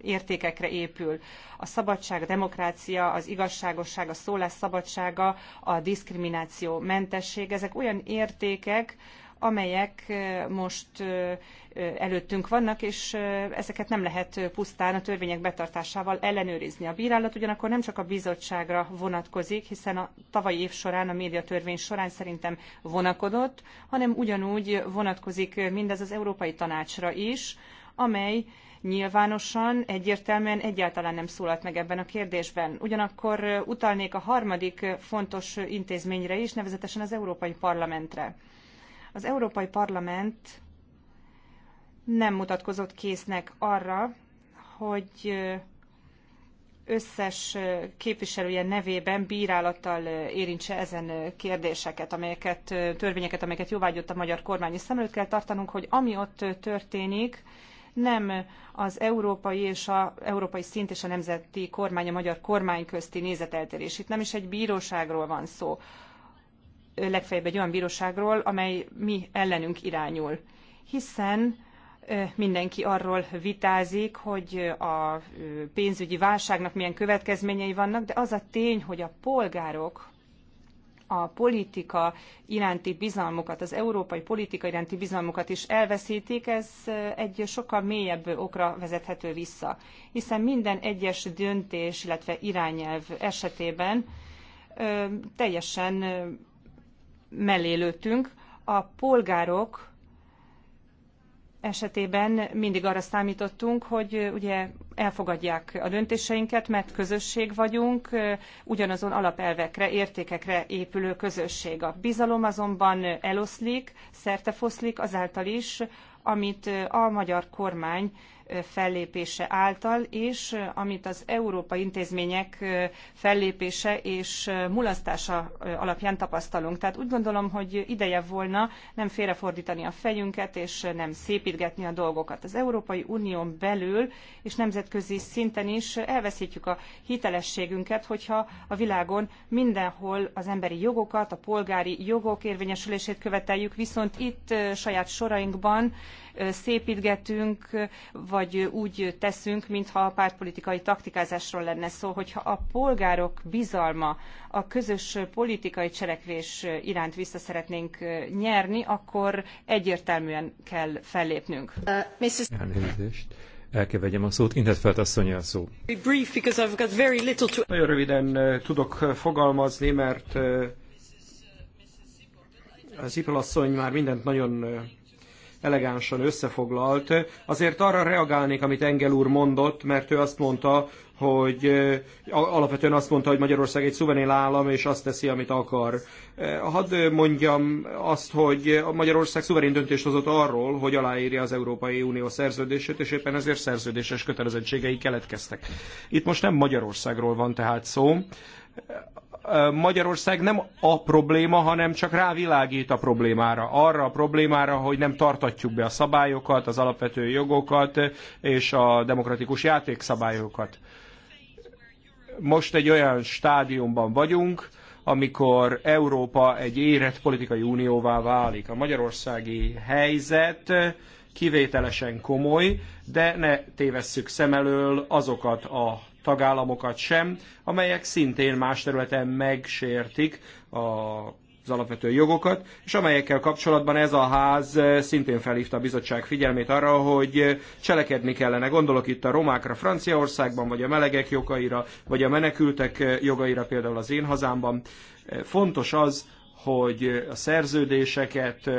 értékekre épül. A szabadság, a demokrácia, az igazságosság, a szólás szabadsága, a diszkrimináció mentessége, ezek olyan értékek, amelyek most előttünk vannak, és ezeket nem lehet pusztán a törvények betartásával ellenőrizni. A bírálat ugyanakkor nem csak a bizottságra vonatkozik, hiszen a tavalyi év során, a médiatörvény során szerintem vonakodott, hanem ugyanúgy vonatkozik mindez az Európai Tanácsra is, amely nyilvánosan, egyértelműen egyáltalán nem szólalt meg ebben a kérdésben. Ugyanakkor utalnék a harmadik fontos intézményre is, nevezetesen az Európai Parlamentre. Az Európai Parlament nem mutatkozott késznek arra, hogy összes képviselője nevében bírálattal érintse ezen kérdéseket, amelyeket, törvényeket, amelyeket jóvágyott a magyar kormány. És szem előtt kell tartanunk, hogy ami ott történik, nem az európai és a európai szint és a nemzeti kormány, a magyar kormány közti nézeteltérés. Itt nem is egy bíróságról van szó, legfeljebb egy olyan bíróságról, amely mi ellenünk irányul. Hiszen mindenki arról vitázik, hogy a pénzügyi válságnak milyen következményei vannak, de az a tény, hogy a polgárok a politika iránti bizalmukat, az európai politika iránti bizalmukat is elveszítik, ez eh, egy sokkal mélyebb okra vezethető vissza. Hiszen minden egyes döntés, illetve irányelv esetében eh, teljesen eh, mellélőtünk, a polgárok esetében mindig arra számítottunk, hogy ugye elfogadják a döntéseinket, mert közösség vagyunk, ugyanazon alapelvekre, értékekre épülő közösség. A bizalom azonban eloszlik, szertefoszlik azáltal is, amit a magyar kormány fellépése által, és amit az európai intézmények fellépése és mulasztása alapján tapasztalunk. Tehát úgy gondolom, hogy ideje volna nem félrefordítani a fejünket, és nem szépítgetni a dolgokat. Az Európai Unión belül és nemzetközi szinten is elveszítjük a hitelességünket, hogyha a világon mindenhol az emberi jogokat, a polgári jogok érvényesülését követeljük, viszont itt saját sorainkban szépítgetünk, vagy úgy teszünk, mintha a pártpolitikai taktikázásról lenne szó, hogyha a polgárok bizalma a közös politikai cselekvés iránt vissza szeretnénk nyerni, akkor egyértelműen kell fellépnünk. Uh, Mrs. Elnézést el kell vegyem a szót. Intett felt a szó. Nagyon röviden eh, tudok eh, fogalmazni, mert eh, az Ipolasszony már mindent nagyon elegánsan összefoglalt. Azért arra reagálnék, amit Engel úr mondott, mert ő azt mondta, hogy alapvetően azt mondta, hogy Magyarország egy szuvenél állam, és azt teszi, amit akar. Hadd mondjam azt, hogy Magyarország szuverén döntést hozott arról, hogy aláírja az Európai Unió szerződését, és éppen ezért szerződéses kötelezettségei keletkeztek. Itt most nem Magyarországról van tehát szó, Magyarország nem a probléma, hanem csak rávilágít a problémára. Arra a problémára, hogy nem tartatjuk be a szabályokat, az alapvető jogokat és a demokratikus játékszabályokat. Most egy olyan stádiumban vagyunk, amikor Európa egy érett politikai unióvá válik. A magyarországi helyzet kivételesen komoly, de ne tévesszük szem elől azokat a tagállamokat sem, amelyek szintén más területen megsértik a az alapvető jogokat, és amelyekkel kapcsolatban ez a ház eh, szintén felhívta a bizottság figyelmét arra, hogy eh, cselekedni kellene. Gondolok itt a romákra Franciaországban, vagy a melegek jogaira, vagy a menekültek eh, jogaira például az én hazámban. Fontos az, hogy a szerződéseket,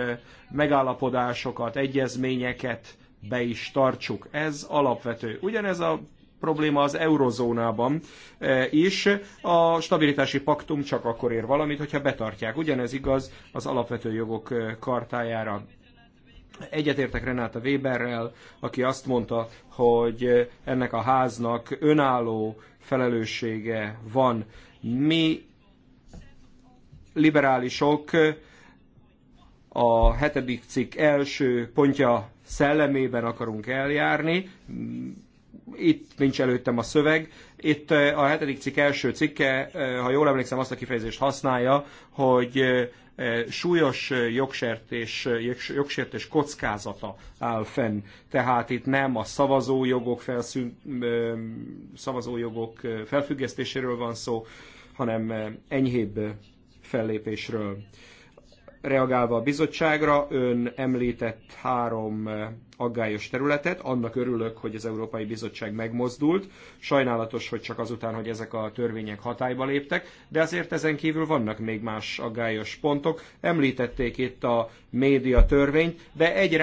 megállapodásokat, egyezményeket be is tartsuk. Ez alapvető. Ugyanez a probléma az eurozónában e, is. A stabilitási paktum csak akkor ér valamit, hogyha betartják. Ugyanez igaz az alapvető jogok e, kartájára. Egyetértek Renáta Weberrel, aki azt mondta, hogy ennek a háznak önálló felelőssége van. Mi liberálisok e, a hetedik cikk első pontja szellemében akarunk eljárni, itt nincs előttem a szöveg. Itt eh, a hetedik cikk első cikke, eh, ha jól emlékszem, azt a kifejezést használja, hogy eh, súlyos jogsértés, jogsértés kockázata áll fenn. Tehát itt nem a szavazójogok, felszűn, szavazójogok felfüggesztéséről van szó, hanem enyhébb fellépésről reagálva a bizottságra, ön említett három eh, aggályos területet. Annak örülök, hogy az Európai Bizottság megmozdult. Sajnálatos, hogy csak azután, hogy ezek a törvények hatályba léptek, de azért ezen kívül vannak még más aggályos pontok. Említették itt a média törvényt, de egy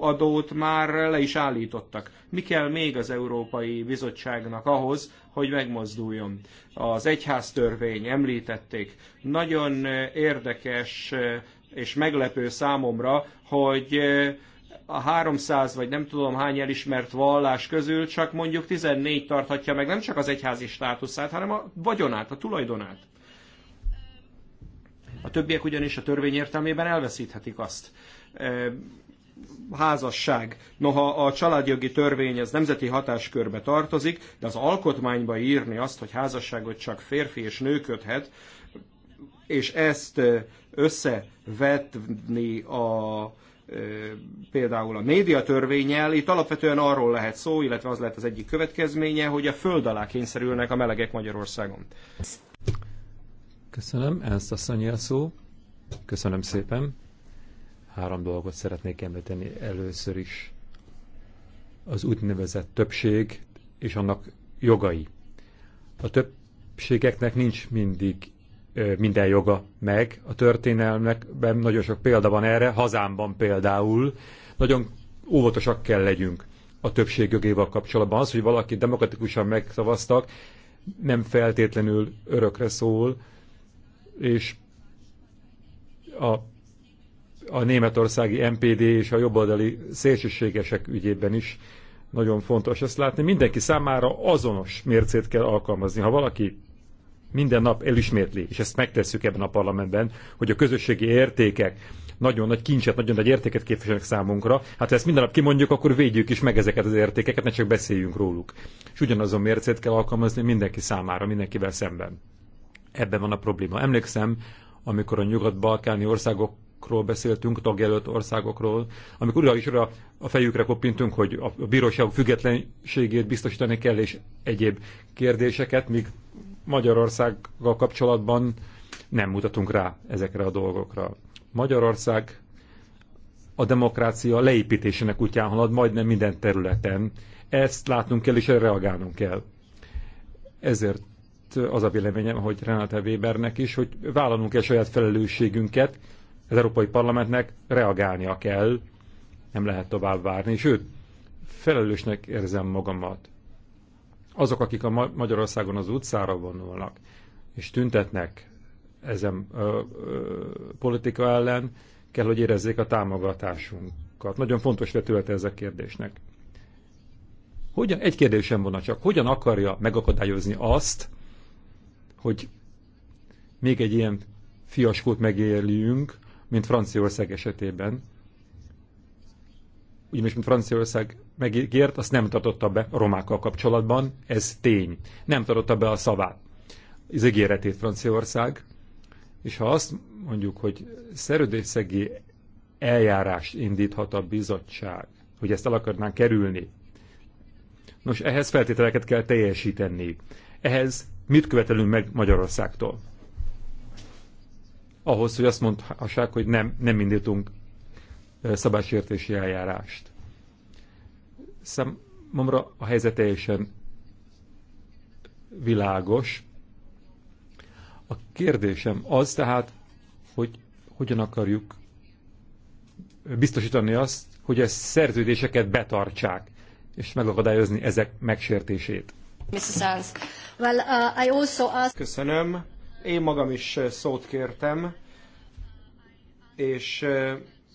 adót már le is állítottak. Mi kell még az Európai Bizottságnak ahhoz, hogy megmozduljon. Az egyháztörvény említették. Nagyon érdekes és meglepő számomra, hogy a 300 vagy nem tudom hány elismert vallás közül csak mondjuk 14 tarthatja meg nem csak az egyházi státuszát, hanem a vagyonát, a tulajdonát. A többiek ugyanis a törvény értelmében elveszíthetik azt házasság. Noha a családjogi törvény ez nemzeti hatáskörbe tartozik, de az alkotmányba írni azt, hogy házasságot csak férfi és nő köthet, és ezt összevetni a például a médiatörvényel, itt alapvetően arról lehet szó, illetve az lehet az egyik következménye, hogy a föld alá kényszerülnek a melegek Magyarországon. Köszönöm, Ernst asszony szó. Köszönöm szépen. Három dolgot szeretnék említeni először is. Az úgynevezett többség és annak jogai. A többségeknek nincs mindig minden joga meg. A történelmekben nagyon sok példa van erre, hazámban például. Nagyon óvatosak kell legyünk a többség jogéval kapcsolatban. Az, hogy valaki demokratikusan megszavaztak, nem feltétlenül örökre szól, és a a németországi MPD és a jobboldali szélsőségesek ügyében is nagyon fontos ezt látni. Mindenki számára azonos mércét kell alkalmazni. Ha valaki minden nap elismétli, és ezt megtesszük ebben a parlamentben, hogy a közösségi értékek nagyon nagy kincset, nagyon nagy értéket képviselnek számunkra. Hát ha ezt minden nap kimondjuk, akkor védjük is meg ezeket az értékeket, ne csak beszéljünk róluk. És ugyanazon mércét kell alkalmazni mindenki számára, mindenkivel szemben. Ebben van a probléma. Emlékszem, amikor a nyugat-balkáni országok országokról beszéltünk, tagjelölt országokról, amikor újra is újra a fejükre koppintunk, hogy a bíróság függetlenségét biztosítani kell, és egyéb kérdéseket, míg Magyarországgal kapcsolatban nem mutatunk rá ezekre a dolgokra. Magyarország a demokrácia leépítésének útján halad majdnem minden területen. Ezt látnunk kell, és erre reagálnunk kell. Ezért az a véleményem, hogy Renate Webernek is, hogy vállalunk-e saját felelősségünket, az Európai Parlamentnek reagálnia kell, nem lehet tovább várni. Sőt, felelősnek érzem magamat. Azok, akik a Magyarországon az utcára vonulnak, és tüntetnek ezen ö, ö, politika ellen, kell, hogy érezzék a támogatásunkat. Nagyon fontos vetülete ez a kérdésnek. Hogyan, egy kérdésem volna csak, hogyan akarja megakadályozni azt, hogy még egy ilyen fiaskót megéljünk, mint Franciaország esetében. Ugyanis, mint Franciaország megígért, azt nem tartotta be a romákkal kapcsolatban, ez tény. Nem tartotta be a szavát, az ígéretét Franciaország. És ha azt mondjuk, hogy szerződésszegi eljárást indíthat a bizottság, hogy ezt el akarnánk kerülni, Nos, ehhez feltételeket kell teljesíteni. Ehhez mit követelünk meg Magyarországtól? ahhoz, hogy azt mondhassák, hogy nem, nem indítunk szabásértési eljárást. Számomra a helyzet teljesen világos. A kérdésem az tehát, hogy hogyan akarjuk biztosítani azt, hogy a szerződéseket betartsák, és megakadályozni ezek megsértését. Mrs. Well, uh, I also ask... Köszönöm én magam is szót kértem, és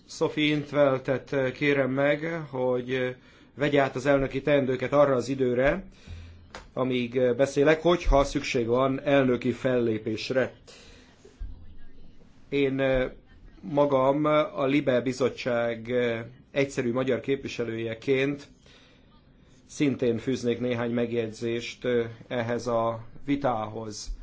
Sophie Intveltet kérem meg, hogy vegye át az elnöki teendőket arra az időre, amíg beszélek, hogyha szükség van elnöki fellépésre. Én magam a Libe Bizottság egyszerű magyar képviselőjeként szintén fűznék néhány megjegyzést ehhez a vitához.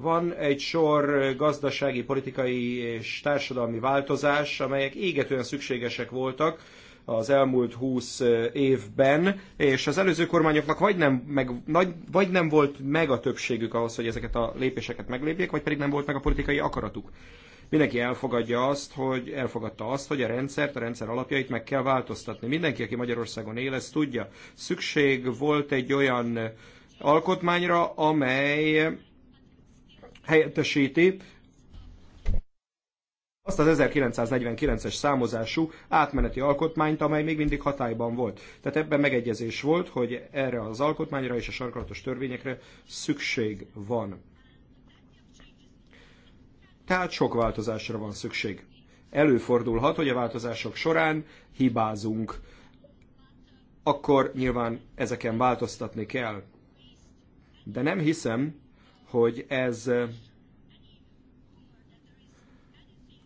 Van egy sor gazdasági, politikai és társadalmi változás, amelyek égetően szükségesek voltak az elmúlt 20 évben, és az előző kormányoknak vagy nem, meg, nagy, vagy nem volt meg a többségük ahhoz, hogy ezeket a lépéseket meglépjék, vagy pedig nem volt meg a politikai akaratuk mindenki elfogadja azt, hogy elfogadta azt, hogy a rendszert, a rendszer alapjait meg kell változtatni. Mindenki, aki Magyarországon él, ezt tudja. Szükség volt egy olyan alkotmányra, amely helyettesíti azt az 1949-es számozású átmeneti alkotmányt, amely még mindig hatályban volt. Tehát ebben megegyezés volt, hogy erre az alkotmányra és a sarkalatos törvényekre szükség van. Tehát sok változásra van szükség. Előfordulhat, hogy a változások során hibázunk. Akkor nyilván ezeken változtatni kell. De nem hiszem, hogy ez eh,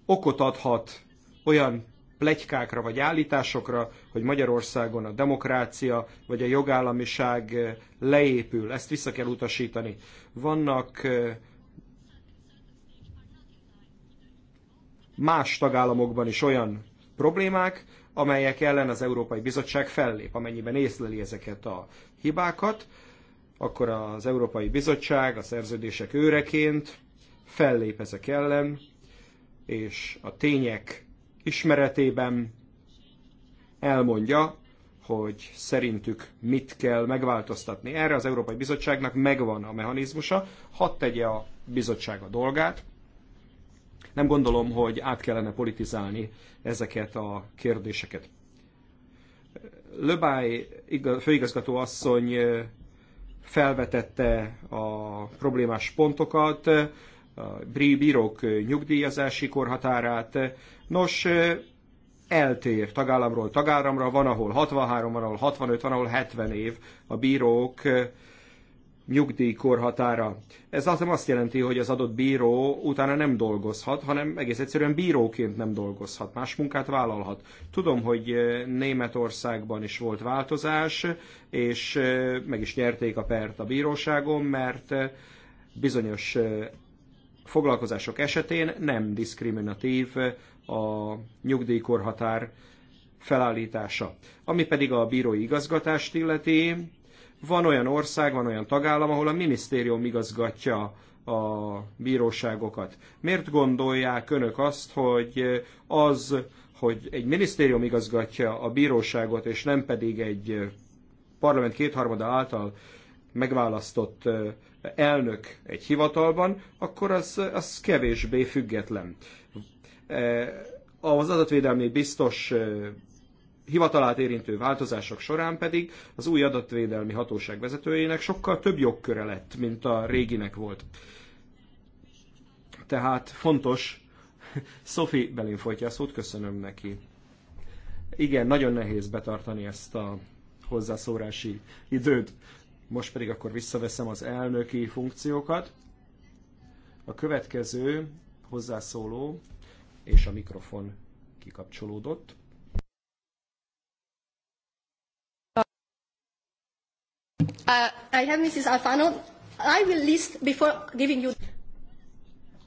okot adhat olyan plegykákra vagy állításokra, hogy Magyarországon a demokrácia vagy a jogállamiság eh, leépül. Ezt vissza kell utasítani. Vannak eh, más tagállamokban is olyan problémák, amelyek ellen az Európai Bizottság fellép, amennyiben észleli ezeket a hibákat akkor az Európai Bizottság a szerződések őreként fellép ezek ellen, és a tények ismeretében elmondja, hogy szerintük mit kell megváltoztatni. Erre az Európai Bizottságnak megvan a mechanizmusa, hadd tegye a bizottság a dolgát. Nem gondolom, hogy át kellene politizálni ezeket a kérdéseket. Löbály főigazgató asszony felvetette a problémás pontokat, a bírók nyugdíjazási korhatárát. Nos, eltér tagállamról tagállamra, van ahol 63, van ahol 65, van ahol 70 év a bírók nyugdíjkorhatára. Ez azt, azt jelenti, hogy az adott bíró utána nem dolgozhat, hanem egész egyszerűen bíróként nem dolgozhat, más munkát vállalhat. Tudom, hogy eh, Németországban is volt változás, és eh, meg is nyerték a pert a bíróságon, mert eh, bizonyos foglalkozások esetén nem diszkriminatív a nyugdíjkorhatár felállítása. Ami pedig a bírói igazgatást illeti, van olyan ország, van olyan tagállam, ahol a minisztérium igazgatja a bíróságokat. Miért gondolják önök azt, hogy az, hogy egy minisztérium igazgatja a bíróságot, és nem pedig egy parlament kétharmada által megválasztott eh, elnök egy hivatalban, akkor az, az kevésbé független. Eh, az adatvédelmi biztos eh, hivatalát érintő változások során pedig az új adatvédelmi hatóság vezetőjének sokkal több jogköre lett, mint a réginek volt. Tehát fontos, Sophie belén folytja a szót, köszönöm neki. Igen, nagyon nehéz betartani ezt a hozzászórási időt. Most pedig akkor visszaveszem az elnöki funkciókat. A következő hozzászóló és a mikrofon kikapcsolódott. Uh, I have Mrs. Alfano. I will list before giving you...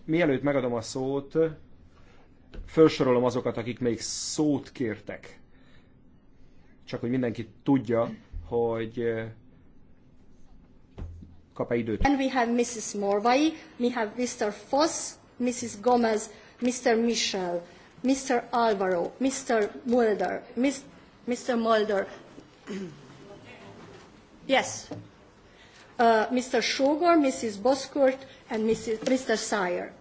Mielőtt megadom a szót, felsorolom azokat, akik még szót kértek. Csak hogy mindenki tudja, hogy uh, kap-e időt. And we have Mrs. Morvai, we have Mr. Foss, Mrs. Gomez, Mr. Michel, Mr. Alvaro, Mr. Mulder, Mr. Mulder, Yes. Uh, Mr. Sugar, Mrs. Boskurt, and Mrs. Mr. Sire.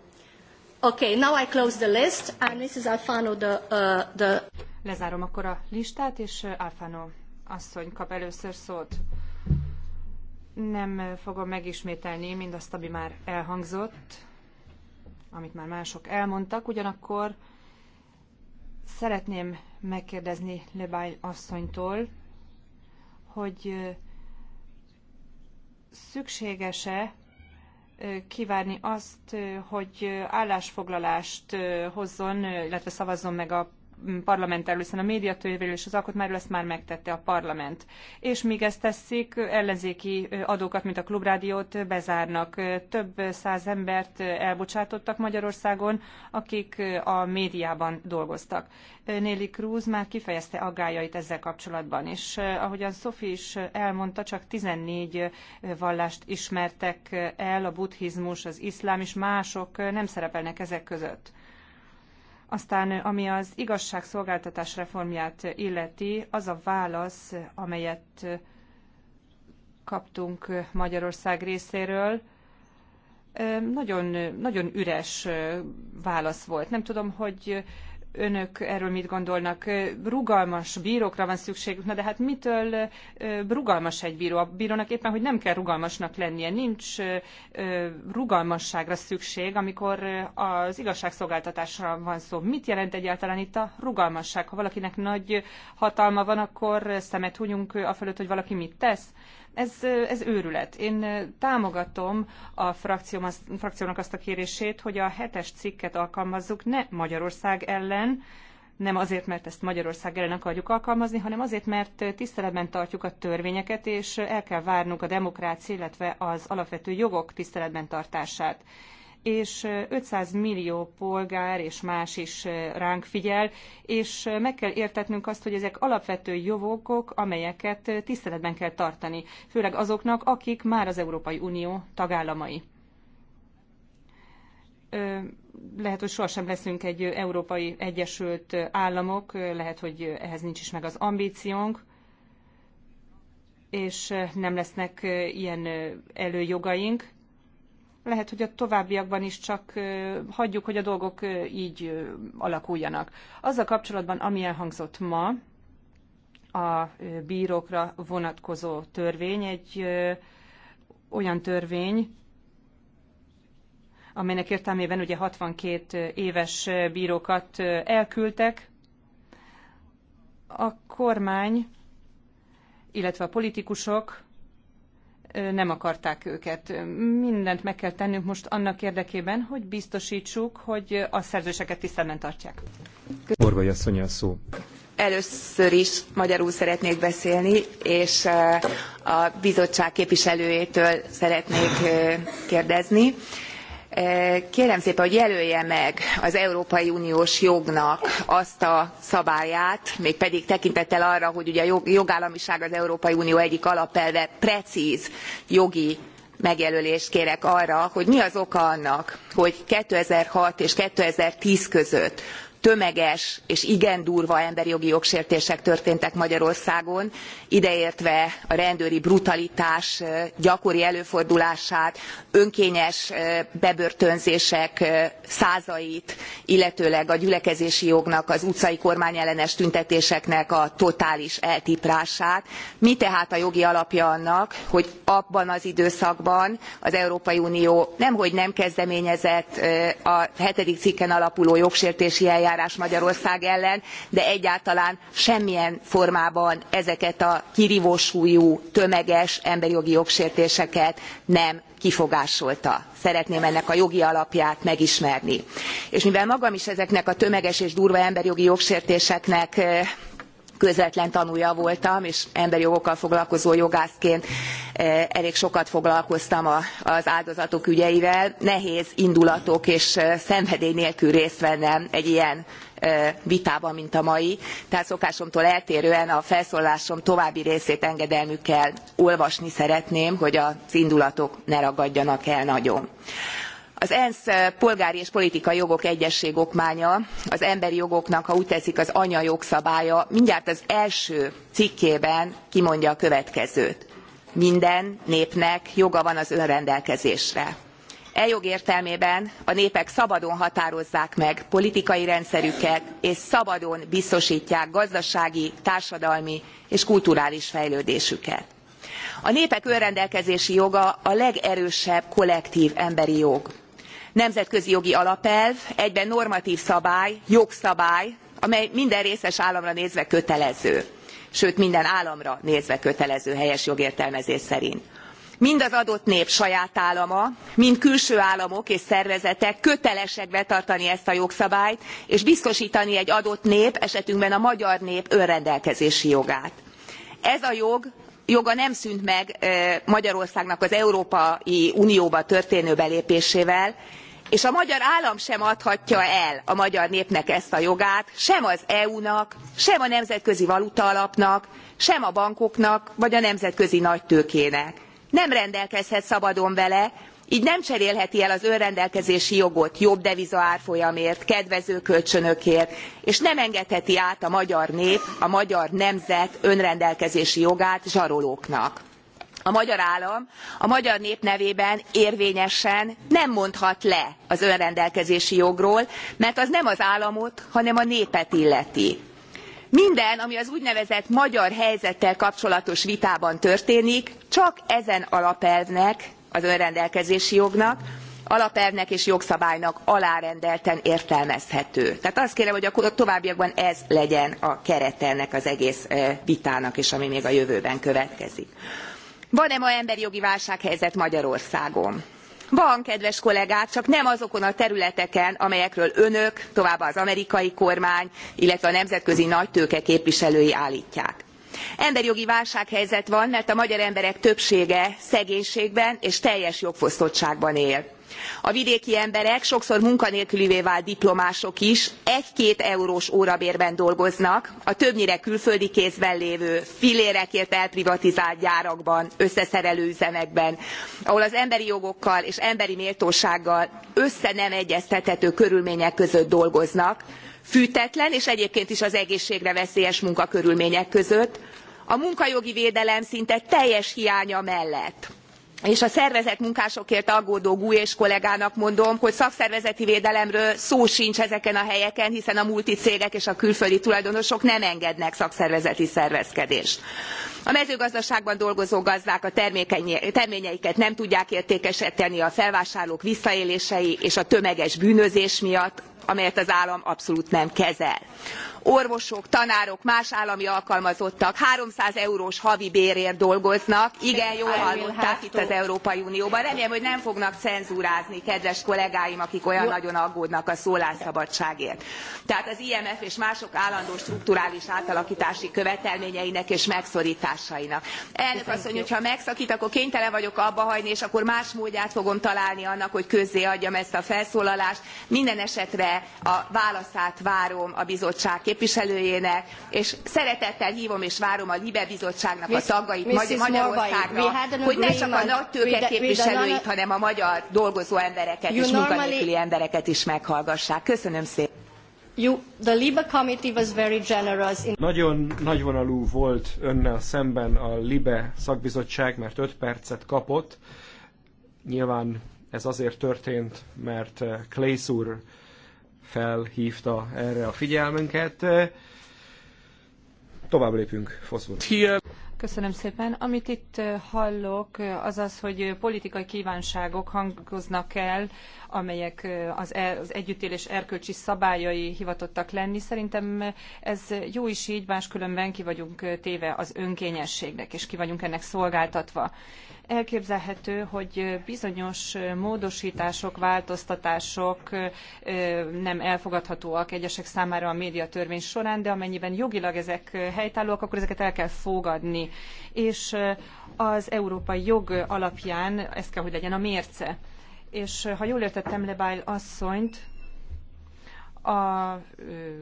Okay, now I close the list, and Mrs. Alfano the, uh, the... Lezárom akkor a listát, és uh, Alfano asszony kap először szót. Nem uh, fogom megismételni mindazt, ami már elhangzott, amit már mások elmondtak, ugyanakkor szeretném megkérdezni Lebány asszonytól, hogy uh, szükséges-e kivárni azt, hogy állásfoglalást hozzon, illetve szavazzon meg a parlamentterről, hiszen a médiatörvényről és az alkotmányról ezt már megtette a parlament. És míg ezt teszik, ellenzéki adókat, mint a klubrádiót bezárnak. Több száz embert elbocsátottak Magyarországon, akik a médiában dolgoztak. Néli Cruz már kifejezte aggájait ezzel kapcsolatban, és ahogyan Sophie is elmondta, csak 14 vallást ismertek el, a buddhizmus, az iszlám és mások nem szerepelnek ezek között aztán, ami az igazságszolgáltatás reformját illeti, az a válasz, amelyet kaptunk Magyarország részéről, nagyon, nagyon üres válasz volt. Nem tudom, hogy önök erről mit gondolnak? Rugalmas bírókra van szükségük, na de hát mitől rugalmas egy bíró? A bírónak éppen, hogy nem kell rugalmasnak lennie, nincs rugalmasságra szükség, amikor az igazságszolgáltatásra van szó. Mit jelent egyáltalán itt a rugalmasság? Ha valakinek nagy hatalma van, akkor szemet hunyunk a fölött, hogy valaki mit tesz? Ez, ez őrület. Én támogatom a frakcióm, frakciónak azt a kérését, hogy a hetes cikket alkalmazzuk ne Magyarország ellen, nem azért, mert ezt Magyarország ellen akarjuk alkalmazni, hanem azért, mert tiszteletben tartjuk a törvényeket, és el kell várnunk a demokrácia, illetve az alapvető jogok tiszteletben tartását és 500 millió polgár és más is ránk figyel, és meg kell értetnünk azt, hogy ezek alapvető jogok, amelyeket tiszteletben kell tartani, főleg azoknak, akik már az Európai Unió tagállamai lehet, hogy sohasem leszünk egy európai egyesült államok, lehet, hogy ehhez nincs is meg az ambíciónk, és nem lesznek ilyen előjogaink lehet, hogy a továbbiakban is csak hagyjuk, hogy a dolgok így alakuljanak. Azzal kapcsolatban, ami elhangzott ma, a bírókra vonatkozó törvény, egy olyan törvény, amelynek értelmében ugye 62 éves bírókat elküldtek. A kormány, illetve a politikusok nem akarták őket. Mindent meg kell tennünk most annak érdekében, hogy biztosítsuk, hogy a szerzőseket tisztelmen tartják. Orvai asszony a szó. Először is magyarul szeretnék beszélni, és a bizottság képviselőjétől szeretnék kérdezni kérem szépen hogy jelölje meg az európai uniós jognak azt a szabályát mégpedig tekintettel arra hogy ugye a jogállamiság az európai unió egyik alapelve precz jogi megjelölést kérek arra hogy mi az oka annak hogy two thousand and six és two thousand and ten között tömeges és igen durva emberi jogi jogsértések történtek magyarországon ideértve a rendőri brutalitás gyakori előfordulását önkényes bebörtönzések százait illetőleg a gyülekezési jognak az utcai kormányellenes tüntetéseknek a totális eltiprását. mi tehát a jogi alapja annak hogy abban az időszakban az európai unió nemhogy nem kezdeményezett a hetedik cikken alapuló jogsértési eljárást eljárás magyarország ellen de egyáltalán semmilyen formában ezeket a kirvó súlyú tömeges emberi jogi jogsértéseket nem kifogásolta. szeretném ennek a jogi alapját megismerni. és mivel magam is ezeknek a tömeges és durva emberi jogi jogsértéseknek eh, közvetlen tanúja voltam és emberi jogokkal foglalkozó jogászként eh, elég sokat foglalkoztam az áldozatok ügyeivel nehéz indulatok és eh, szenvedély nélkül részt vennem egy ilyen eh, vitában mint a mai tehát szokásomtól eltérően a felszólalásom további részét engedelmükkel olvasni szeretném hogy az indulatok ne ragadjanak el nagyon az ensz eh, polgári és politikai jogok egyezség okmánya az emberi jogoknak ha úgy tetszik az anyajogszabálya mindjárt az első cikkében kimondja a következőt minden népnek joga van az önrendelkezésre. e jog értelmében a népek szabadon határozzák meg politikai rendszerüket és szabadon biztostják gazdasági társadalmi és kulturális fejlődésüket. a népek önrendelkezési joga a legerősebb kollektv emberi jog nemzetközi jogi alapelv egyben normatv szabály jogszabály amely minden részes államra nézve kötelező sőt minden államra nézve kötelező helyes jogértelmezés szerint. mind az adott nép saját állama mind külső államok és szervezetek kötelesek betartani ezt a jogszabályt és biztostani egy adott nép esetünkben a magyar nép önrendelkezési jogát. ez a jog joga nem szűnt meg magyarországnak az európai unióba történő belépésével és a magyar állam sem adhatja el a magyar népnek ezt a jogát sem az eu nak sem a nemzetközi valutaalapnak sem a bankoknak vagy a nemzetközi nagytőkének. nem rendelkezhet szabadon vele gy nem cserélheti el az önrendelkezési jogot jobb árfolyamért kedvező kölcsönökért és nem engedheti át a magyar nép a magyar nemzet önrendelkezési jogát zsarolóknak a magyar állam a magyar nép nevében érvényesen nem mondhat le az önrendelkezési jogról mert az nem az államot hanem a népet illeti. minden ami az úgynevezett magyar helyzettel kapcsolatos vitában történik csak ezen alapelvnek az önrendelkezési jognak alapelvnek és jogszabálynak alárendelten értelmezhető. tehát azt kérem hogy a továbbiakban ez legyen a kerete ennek az egész eh, vitának és ami még a jövőben következik van e ma emberi jogi válsághelyzet magyarországon? van kedves kollégák csak nem azokon a területeken amelyekről önök továbbá az amerikai kormány illetve a nemzetközi nagytőke képviselői álltják. emberi jogi válsághelyzet van mert a magyar emberek többsége szegénységben és teljes jogfosztottságban él a vidéki emberek sokszor munkanélkülivé vált diplomások is egy két eurós órabérben dolgoznak a többnyire külföldi kézben lévő fillérekért elprivatizált gyárakban összeszerelő üzemekben ahol az emberi jogokkal és emberi méltósággal össze nem egyeztethető körülmények között dolgoznak fűtetlen és egyébként is az egészségre veszélyes munkakörülmények között a munkajogi védelem szinte teljes hiánya mellett és a szervezett munkásokért aggódó gue és kollégának mondom hogy szakszervezeti védelemről szó sincs ezeken a helyeken hiszen a multicégek és a külföldi tulajdonosok nem engednek szakszervezeti szervezkedést. a mezőgazdaságban dolgozó gazdák a terményeiket nem tudják értékesteni a felvásárlók visszaélései és a tömeges bűnözés miatt amelyet az állam abszolút nem kezel orvosok tanárok más állami alkalmazottak hundred eurós havi bérért dolgoznak igen jól hallották hát itt az európai unióban remélem hogy nem fognak cenzúrázni kedves kollégáim akik olyan nagyon aggódnak a szólásszabadságért. tehát az imf és mások állandó strukturális átalaktási követelményeinek és megszortásainak. elnök asszony hogyha megszakt akkor kénytelen vagyok abbahagyni és akkor más módját fogom találni annak hogy közzéadjam ezt a felszólalást. mindenesetre a válaszát várom a bizottság képviselőjének és szeretettel hvom és várom a libe bizottságnak a tagjait magyarországra hogy ne csak a nagy tőke képviselőit hanem a magyar dolgozó embereket és munkanélküli embereket is meghallgassák. köszönöm szépen! You, the Libe committee was very generous in... Nagyon nagyvonalú volt önnel szemben a Libe szakbizottság, mert 5 percet kapott. Nyilván ez azért történt, mert eh, Clay úr felhívta erre a figyelmünket. Tovább lépünk, Foszbor. Köszönöm szépen. Amit itt hallok, az az, hogy politikai kívánságok hangoznak el amelyek az, e, az együttélés erkölcsi szabályai hivatottak lenni. Szerintem ez jó is így, máskülönben ki vagyunk téve az önkényességnek, és ki vagyunk ennek szolgáltatva. Elképzelhető, hogy bizonyos módosítások, változtatások nem elfogadhatóak egyesek számára a médiatörvény során, de amennyiben jogilag ezek helytállóak, akkor ezeket el kell fogadni. És az európai jog alapján ez kell, hogy legyen a mérce és ha jól értettem Lebail asszonyt, a, ö,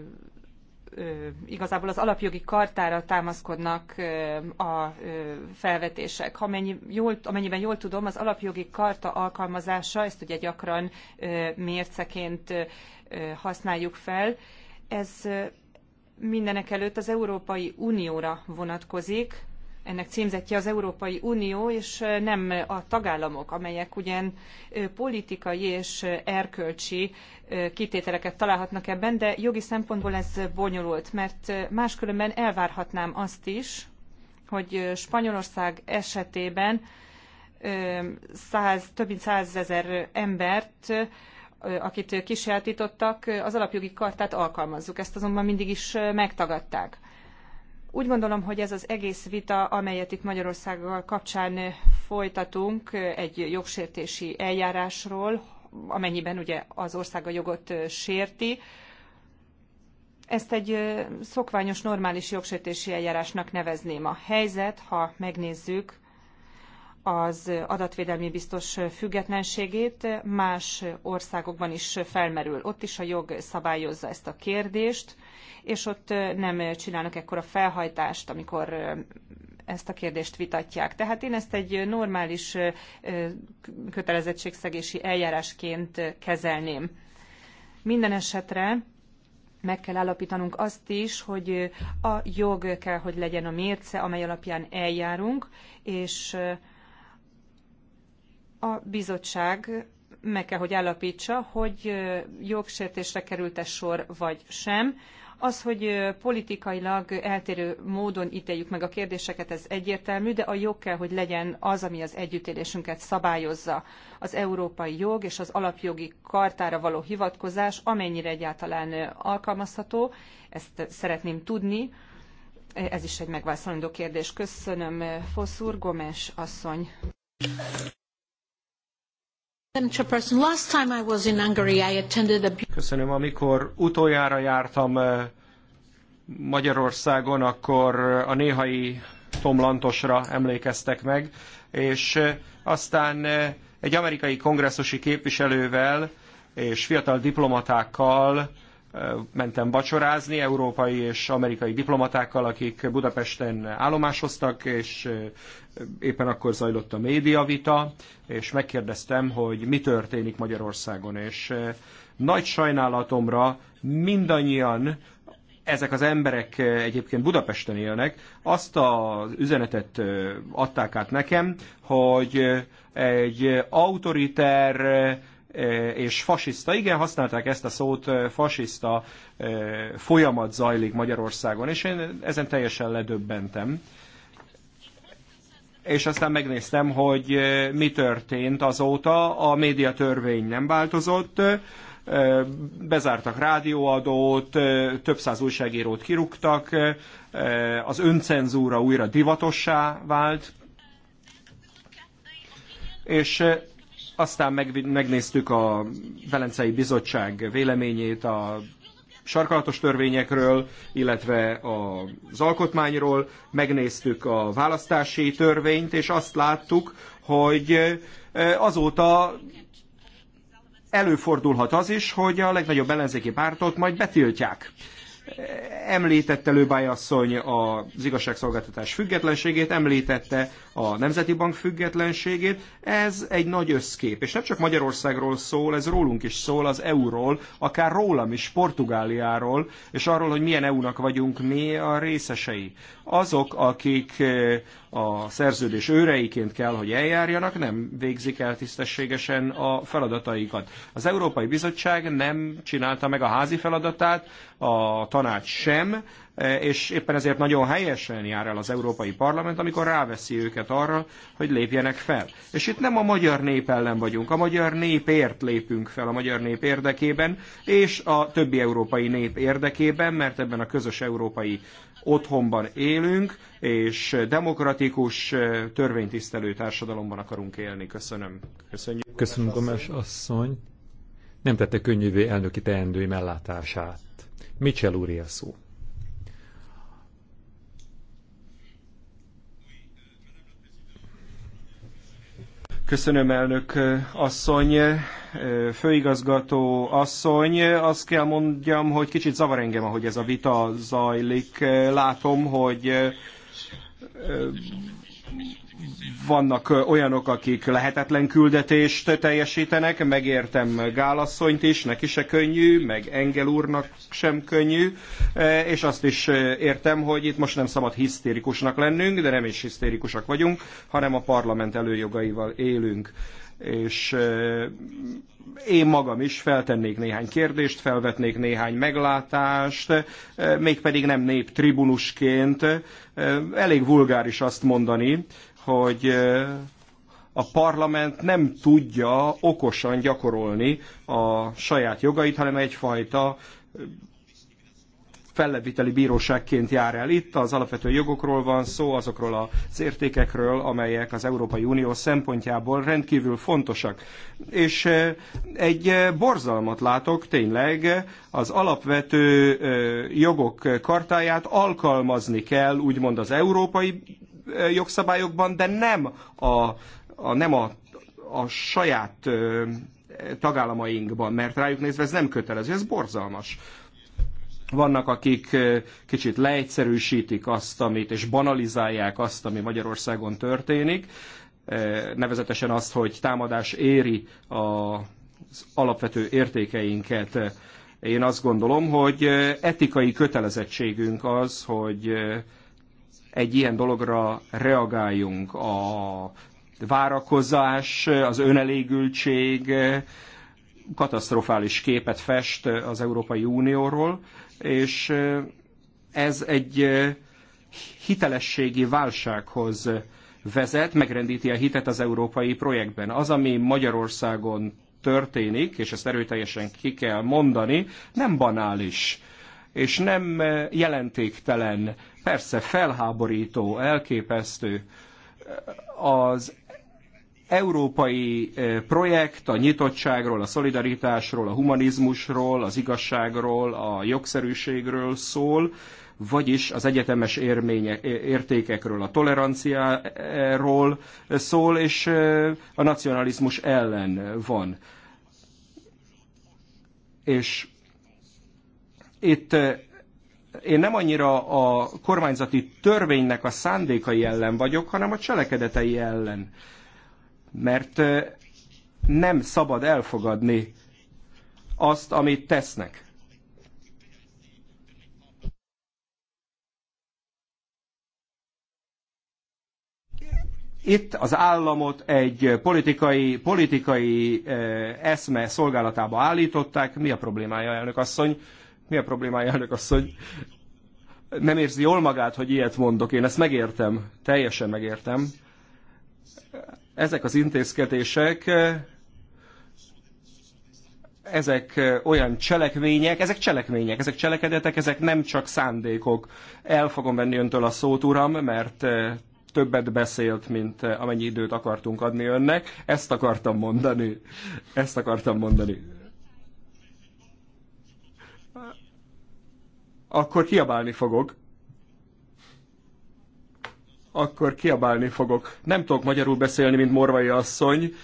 ö, igazából az alapjogi kartára támaszkodnak ö, a ö, felvetések. Amennyi jól, amennyiben jól tudom, az alapjogi karta alkalmazása, ezt ugye gyakran ö, mérceként ö, használjuk fel, ez mindenek előtt az Európai Unióra vonatkozik, ennek címzetje az Európai Unió, és nem a tagállamok, amelyek ugyan politikai és erkölcsi kitételeket találhatnak ebben, de jogi szempontból ez bonyolult, mert máskülönben elvárhatnám azt is, hogy Spanyolország esetében száz több mint százezer embert, akit kisajátítottak, az alapjogi kartát alkalmazzuk. Ezt azonban mindig is megtagadták. Úgy gondolom, hogy ez az egész vita, amelyet itt Magyarországgal kapcsán folytatunk egy jogsértési eljárásról, amennyiben ugye az ország a jogot sérti, ezt egy szokványos, normális jogsértési eljárásnak nevezném. A helyzet, ha megnézzük az adatvédelmi biztos függetlenségét, más országokban is felmerül. Ott is a jog szabályozza ezt a kérdést, és ott nem csinálnak ekkora felhajtást, amikor ezt a kérdést vitatják. Tehát én ezt egy normális kötelezettségszegési eljárásként kezelném. Minden esetre meg kell állapítanunk azt is, hogy a jog kell, hogy legyen a mérce, amely alapján eljárunk, és a bizottság meg kell, hogy állapítsa, hogy jogsértésre került-e sor, vagy sem, az, hogy politikailag eltérő módon ítéljük meg a kérdéseket, ez egyértelmű, de a jog kell, hogy legyen az, ami az együttélésünket szabályozza. Az európai jog és az alapjogi kartára való hivatkozás amennyire egyáltalán alkalmazható, ezt szeretném tudni. Ez is egy megválaszolandó kérdés. Köszönöm, Foszur Gomes asszony. Köszönöm, amikor utoljára jártam eh, Magyarországon, akkor eh, a néhai tomlantosra emlékeztek meg, és eh, aztán egy amerikai kongresszusi képviselővel és fiatal diplomatákkal mentem vacsorázni európai és amerikai diplomatákkal, akik Budapesten állomásoztak, és eh, éppen akkor zajlott a médiavita, és megkérdeztem, hogy mi történik Magyarországon, és eh, nagy sajnálatomra mindannyian ezek az emberek eh, egyébként Budapesten élnek, azt az üzenetet adták át nekem, hogy egy autoriter Eh, és fasiszta. Igen, használták ezt a szót, eh, fasiszta eh, folyamat zajlik Magyarországon, és én ezen teljesen ledöbbentem. És aztán megnéztem, hogy mi történt azóta. A média törvény nem változott, bezártak rádióadót, több száz újságírót kirúgtak, az öncenzúra újra divatossá vált, és aztán megnéztük a Velencei Bizottság véleményét a sarkalatos törvényekről, illetve az alkotmányról, megnéztük a választási törvényt, és azt láttuk, hogy azóta előfordulhat az is, hogy a legnagyobb ellenzéki pártot majd betiltják. Említette Lőbály asszony az igazságszolgáltatás függetlenségét, említette a Nemzeti Bank függetlenségét. Ez egy nagy összkép, és nem csak Magyarországról szól, ez rólunk is szól, az EU-ról, akár rólam is, Portugáliáról, és arról, hogy milyen EU-nak vagyunk mi a részesei. Azok, akik eh, a szerződés őreiként kell, hogy eljárjanak, nem végzik el tisztességesen a feladataikat. Az Európai Bizottság nem csinálta meg a házi feladatát, a tanács sem, Eh, és éppen ezért nagyon helyesen jár el az Európai Parlament, amikor ráveszi őket arra, hogy lépjenek fel. És itt nem a magyar nép ellen vagyunk, a magyar népért lépünk fel, a magyar nép érdekében, és a többi európai nép érdekében, mert ebben a közös európai otthonban élünk, és demokratikus, eh, törvénytisztelő társadalomban akarunk élni. Köszönöm. Köszönjük. Köszönöm, Gomes asszony. Nem tette könnyűvé elnöki teendői mellátását. Mitchell úr szó. Köszönöm, elnök asszony, főigazgató asszony. Azt kell mondjam, hogy kicsit zavar engem, ahogy ez a vita zajlik. Látom, hogy vannak olyanok, akik lehetetlen küldetést teljesítenek, megértem Gálasszonyt is, neki se könnyű, meg Engel úrnak sem könnyű, és azt is értem, hogy itt most nem szabad hisztérikusnak lennünk, de nem is hisztérikusak vagyunk, hanem a parlament előjogaival élünk és eh, én magam is feltennék néhány kérdést, felvetnék néhány meglátást, eh, mégpedig nem nép tribunusként. Eh, elég vulgáris azt mondani, hogy a parlament nem tudja okosan gyakorolni a saját jogait, hanem egyfajta felleviteli bíróságként jár el. Itt az alapvető jogokról van szó, azokról az értékekről, amelyek az Európai Unió szempontjából rendkívül fontosak. És egy borzalmat látok tényleg, az alapvető jogok kartáját alkalmazni kell, úgymond az európai jogszabályokban, de nem a, a, nem a, a saját tagállamainkban, mert rájuk nézve ez nem kötelező, ez borzalmas. Vannak, akik kicsit leegyszerűsítik azt, amit, és banalizálják azt, ami Magyarországon történik, nevezetesen azt, hogy támadás éri az alapvető értékeinket. Én azt gondolom, hogy etikai kötelezettségünk az, hogy egy ilyen dologra reagáljunk. A várakozás, az önelégültség katasztrofális képet fest az Európai Unióról, és ez egy hitelességi válsághoz vezet, megrendíti a hitet az európai projektben. Az, ami Magyarországon történik, és ezt erőteljesen ki kell mondani, nem banális, és nem jelentéktelen, persze felháborító, elképesztő. Az európai projekt a nyitottságról, a szolidaritásról, a humanizmusról, az igazságról, a jogszerűségről szól, vagyis az egyetemes érmények, értékekről, a toleranciáról szól, és a nacionalizmus ellen van. És itt én nem annyira a kormányzati törvénynek a szándékai ellen vagyok, hanem a cselekedetei ellen mert nem szabad elfogadni azt, amit tesznek. Itt az államot egy politikai, politikai eszme szolgálatába állították. Mi a problémája, elnök asszony? Mi a problémája, elnök asszony? Nem érzi jól magát, hogy ilyet mondok. Én ezt megértem. Teljesen megértem ezek az intézkedések ezek olyan cselekmények, ezek cselekmények, ezek cselekedetek, ezek nem csak szándékok. El fogom venni öntől a szót, uram, mert eh, többet beszélt, mint eh, amennyi időt akartunk adni önnek. Ezt akartam mondani. Ezt akartam mondani. Akkor kiabálni fogok akkor kiabálni fogok. Nem tudok magyarul beszélni, mint Morvai asszony,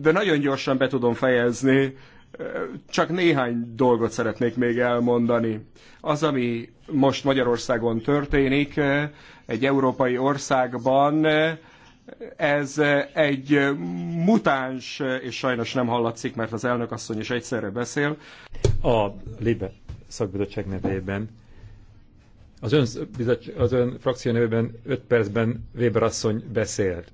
de nagyon gyorsan be tudom fejezni. Csak néhány dolgot szeretnék még elmondani. Az, ami most Magyarországon történik, egy európai országban, ez egy mutáns, és sajnos nem hallatszik, mert az elnök asszony is egyszerre beszél. A Libe szakbizottság nevében az ön, az ön frakció nevében 5 percben Weber asszony beszélt.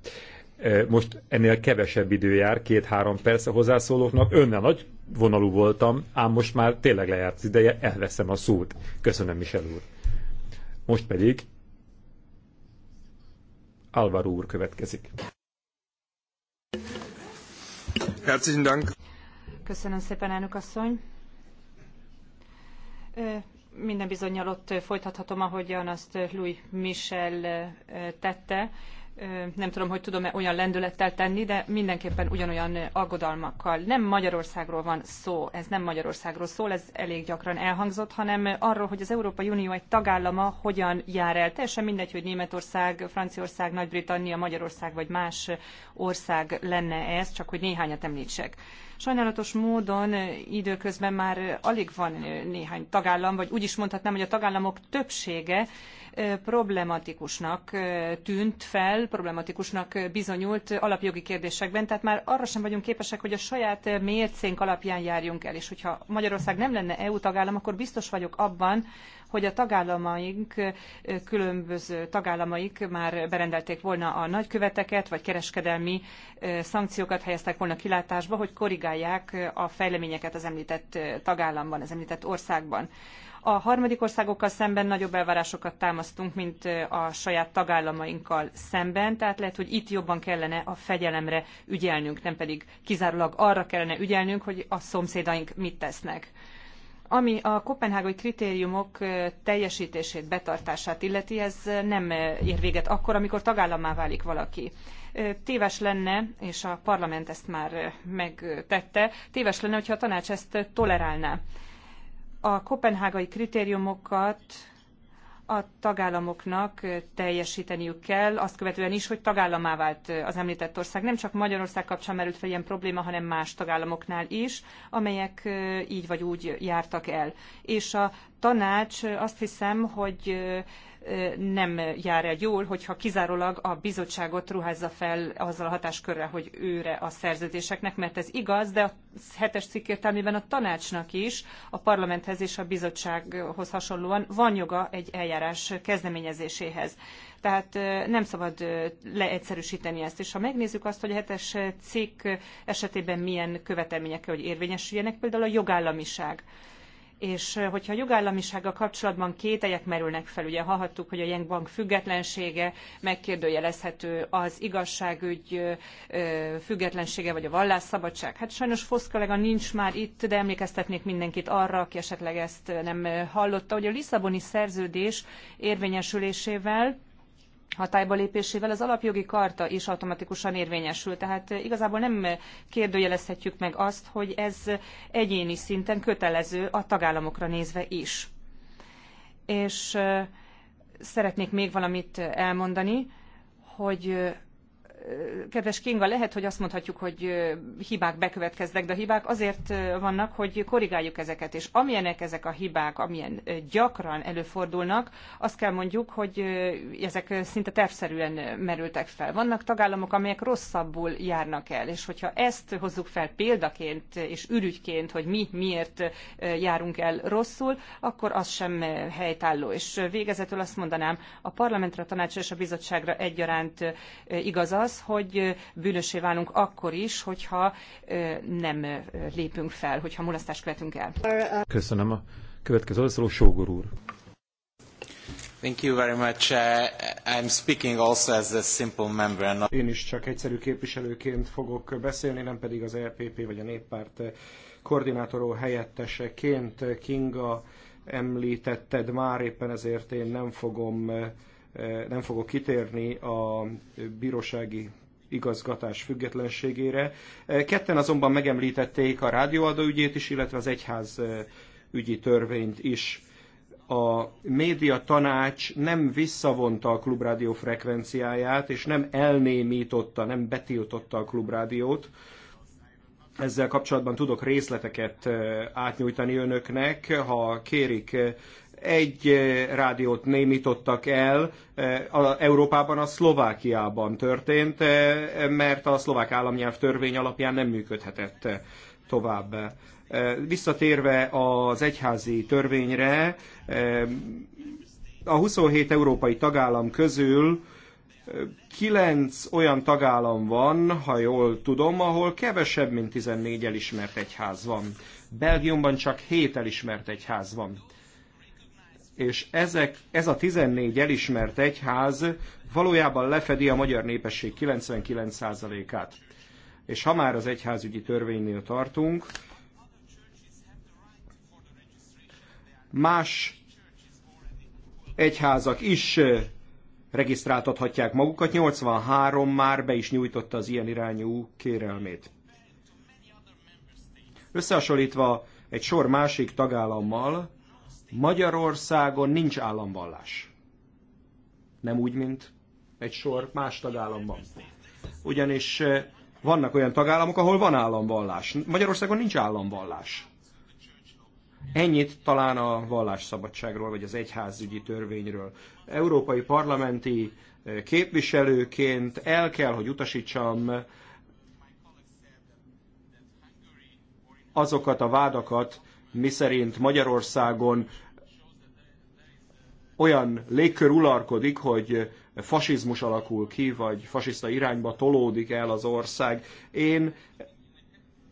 E, most ennél kevesebb idő jár, két-három perc a hozzászólóknak. Önnel nagy vonalú voltam, ám most már tényleg lejárt az ideje, elveszem a szót. Köszönöm, Michel úr. Most pedig Álvaro úr következik. Herzlichen Dank. Köszönöm szépen, elnök asszony minden bizonyal ott folytathatom, ahogyan azt Louis Michel tette. Nem tudom, hogy tudom-e olyan lendülettel tenni, de mindenképpen ugyanolyan aggodalmakkal. Nem Magyarországról van szó, ez nem Magyarországról szól, ez elég gyakran elhangzott, hanem arról, hogy az Európai Unió egy tagállama hogyan jár el. Teljesen mindegy, hogy Németország, Franciaország, Nagy-Britannia, Magyarország vagy más ország lenne ez, csak hogy néhányat említsek. Sajnálatos módon időközben már alig van néhány tagállam, vagy úgy is mondhatnám, hogy a tagállamok többsége problematikusnak tűnt fel, problematikusnak bizonyult alapjogi kérdésekben, tehát már arra sem vagyunk képesek, hogy a saját mércénk alapján járjunk el, és hogyha Magyarország nem lenne EU tagállam, akkor biztos vagyok abban, hogy a tagállamaink, különböző tagállamaik már berendelték volna a nagyköveteket, vagy kereskedelmi szankciókat helyeztek volna kilátásba, hogy korrigálják a fejleményeket az említett tagállamban, az említett országban. A harmadik országokkal szemben nagyobb elvárásokat támasztunk, mint a saját tagállamainkkal szemben, tehát lehet, hogy itt jobban kellene a fegyelemre ügyelnünk, nem pedig kizárólag arra kellene ügyelnünk, hogy a szomszédaink mit tesznek. Ami a kopenhágai kritériumok teljesítését, betartását illeti, ez nem ér véget akkor, amikor tagállamá válik valaki. Téves lenne, és a parlament ezt már megtette, téves lenne, hogyha a tanács ezt tolerálná. A kopenhágai kritériumokat a tagállamoknak teljesíteniük kell, azt követően is, hogy tagállamá vált az említett ország. Nem csak Magyarország kapcsán merült fel ilyen probléma, hanem más tagállamoknál is, amelyek így vagy úgy jártak el. És a tanács azt hiszem, hogy nem jár el jól, hogyha kizárólag a bizottságot ruházza fel azzal a hatáskörrel, hogy őre a szerződéseknek, mert ez igaz, de a hetes cikk értelmében a tanácsnak is, a parlamenthez és a bizottsághoz hasonlóan van joga egy eljárás kezdeményezéséhez. Tehát nem szabad leegyszerűsíteni ezt. És ha megnézzük azt, hogy a hetes cikk esetében milyen követelmények kell, hogy érvényesüljenek, például a jogállamiság és eh, hogyha a jogállamisággal kapcsolatban kételyek merülnek fel, ugye hallhattuk, hogy a Bank függetlensége megkérdőjelezhető, az igazságügy eh, eh, függetlensége, vagy a vallásszabadság. Hát sajnos Fosz kollega nincs már itt, de emlékeztetnék mindenkit arra, aki esetleg ezt nem hallotta, hogy a Lisszaboni szerződés érvényesülésével hatályba lépésével az alapjogi karta is automatikusan érvényesül. Tehát eh, igazából nem eh, kérdőjelezhetjük meg azt, hogy ez egyéni szinten kötelező a tagállamokra nézve is. És eh, szeretnék még valamit elmondani, hogy kedves Kinga, lehet, hogy azt mondhatjuk, hogy hibák bekövetkeznek, de a hibák azért vannak, hogy korrigáljuk ezeket, és amilyenek ezek a hibák, amilyen gyakran előfordulnak, azt kell mondjuk, hogy ezek szinte tervszerűen merültek fel. Vannak tagállamok, amelyek rosszabbul járnak el, és hogyha ezt hozzuk fel példaként és ürügyként, hogy mi miért járunk el rosszul, akkor az sem helytálló. És végezetül azt mondanám, a parlamentre, a tanácsra és a bizottságra egyaránt igaz az, az, hogy bűnösé válunk akkor is, hogyha nem lépünk fel, hogyha mulasztást követünk el. Köszönöm. A következő szóló Sógor úr. Thank you very much. Uh, I'm speaking also as a simple member. Not... Én is csak egyszerű képviselőként fogok beszélni, nem pedig az EPP vagy a néppárt koordinátoró helyetteseként. Kinga említetted már, éppen ezért én nem fogom nem fogok kitérni a bírósági igazgatás függetlenségére. Ketten azonban megemlítették a rádióadó ügyét is, illetve az egyház ügyi törvényt is. A média tanács nem visszavonta a klubrádió frekvenciáját, és nem elnémította, nem betiltotta a klubrádiót. Ezzel kapcsolatban tudok részleteket átnyújtani önöknek, ha kérik egy eh, rádiót némítottak el, eh, a Európában a Szlovákiában történt, eh, mert a szlovák államnyelv törvény alapján nem működhetett tovább. Visszatérve az egyházi törvényre, a 27 európai tagállam közül kilenc olyan tagállam van, ha jól tudom, ahol kevesebb, mint 14 elismert egyház van. Belgiumban csak 7 elismert egyház van és ezek, ez a 14 elismert egyház valójában lefedi a magyar népesség 99%-át. És ha már az egyházügyi törvénynél tartunk, más egyházak is regisztráltathatják magukat. 83 már be is nyújtotta az ilyen irányú kérelmét. Összehasonlítva egy sor másik tagállammal, Magyarországon nincs államvallás. Nem úgy, mint egy sor más tagállamban. Ugyanis eh, vannak olyan tagállamok, ahol van államvallás. Magyarországon nincs államvallás. Ennyit talán a vallásszabadságról, vagy az egyházügyi törvényről. Európai parlamenti eh, képviselőként el kell, hogy utasítsam eh, azokat a vádakat, miszerint Magyarországon olyan légkör uralkodik, hogy fasizmus alakul ki, vagy fasiszta irányba tolódik el az ország. Én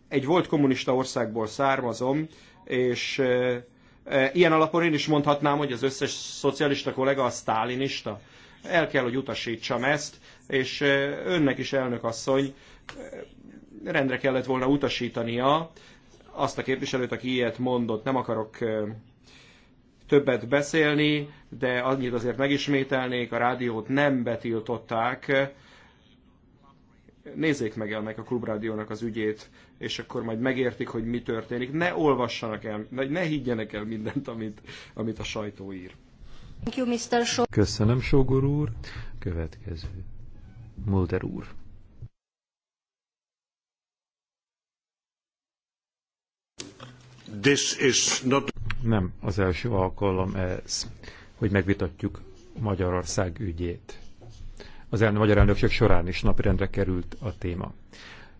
egy volt kommunista országból származom, és e, e, ilyen alapon én is mondhatnám, hogy az összes szocialista kollega a sztálinista. El kell, hogy utasítsam ezt, és e, önnek is elnök asszony rendre kellett volna utasítania azt a képviselőt, aki ilyet mondott. Nem akarok többet beszélni, de annyit azért megismételnék, a rádiót nem betiltották. Nézzék meg ennek a klubrádiónak az ügyét, és akkor majd megértik, hogy mi történik. Ne olvassanak el, ne higgyenek el mindent, amit, amit a sajtó ír. Köszönöm, Sogor úr. Következő. Mulder úr. This is not... Nem az első alkalom ez, hogy megvitatjuk Magyarország ügyét. Az elnök, magyar elnökség során is napirendre került a téma.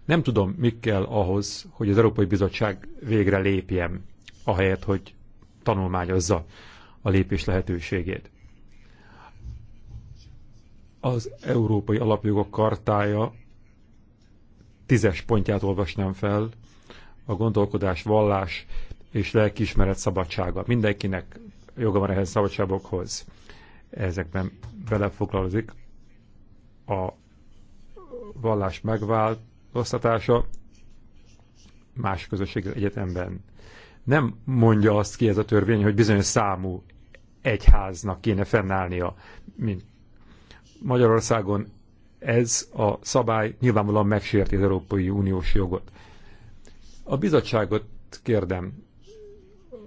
Nem tudom, mi kell ahhoz, hogy az Európai Bizottság végre lépjen, ahelyett, hogy tanulmányozza a lépés lehetőségét. Az Európai Alapjogok Kartája tízes pontját olvasnám fel, a gondolkodás, vallás és lelkiismeret szabadsága. Mindenkinek joga van ehhez szabadságokhoz. Ezekben belefoglalózik a vallás megváltoztatása más közösség egyetemben. Nem mondja azt ki ez a törvény, hogy bizonyos számú egyháznak kéne fennállnia, mint Magyarországon ez a szabály nyilvánvalóan megsérti az Európai Uniós jogot. A bizottságot kérdem,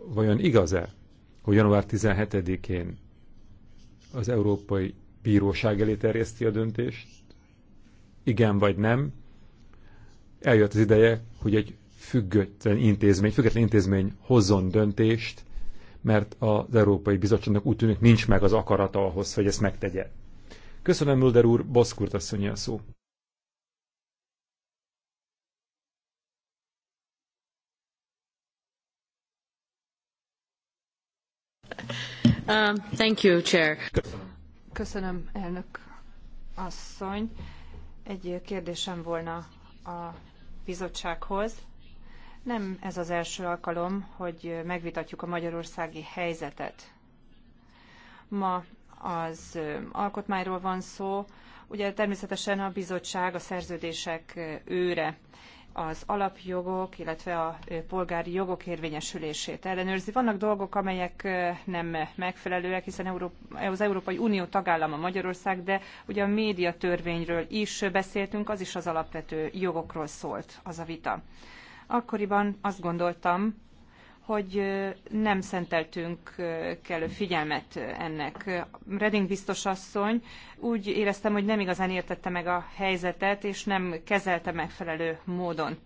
vajon igaz-e, hogy január 17-én az Európai Bíróság elé terjeszti a döntést? Igen vagy nem? Eljött az ideje, hogy egy független intézmény, független intézmény hozzon döntést, mert az Európai Bizottságnak úgy tűnik nincs meg az akarata ahhoz, hogy ezt megtegye. Köszönöm, Mulder úr, Boszkurt asszonyi a szó. Köszönöm. Um, Köszönöm, elnök asszony. Egy kérdésem volna a bizottsághoz. Nem ez az első alkalom, hogy megvitatjuk a magyarországi helyzetet. Ma az um, alkotmányról van szó, ugye természetesen a bizottság a szerződések uh, őre az alapjogok, illetve a polgári jogok érvényesülését ellenőrzi. Vannak dolgok, amelyek nem megfelelőek, hiszen az Európai Unió tagállama Magyarország, de ugye a médiatörvényről is beszéltünk, az is az alapvető jogokról szólt az a vita. Akkoriban azt gondoltam, hogy nem szenteltünk kellő figyelmet ennek. Reding biztos asszony úgy éreztem, hogy nem igazán értette meg a helyzetet, és nem kezelte megfelelő módon.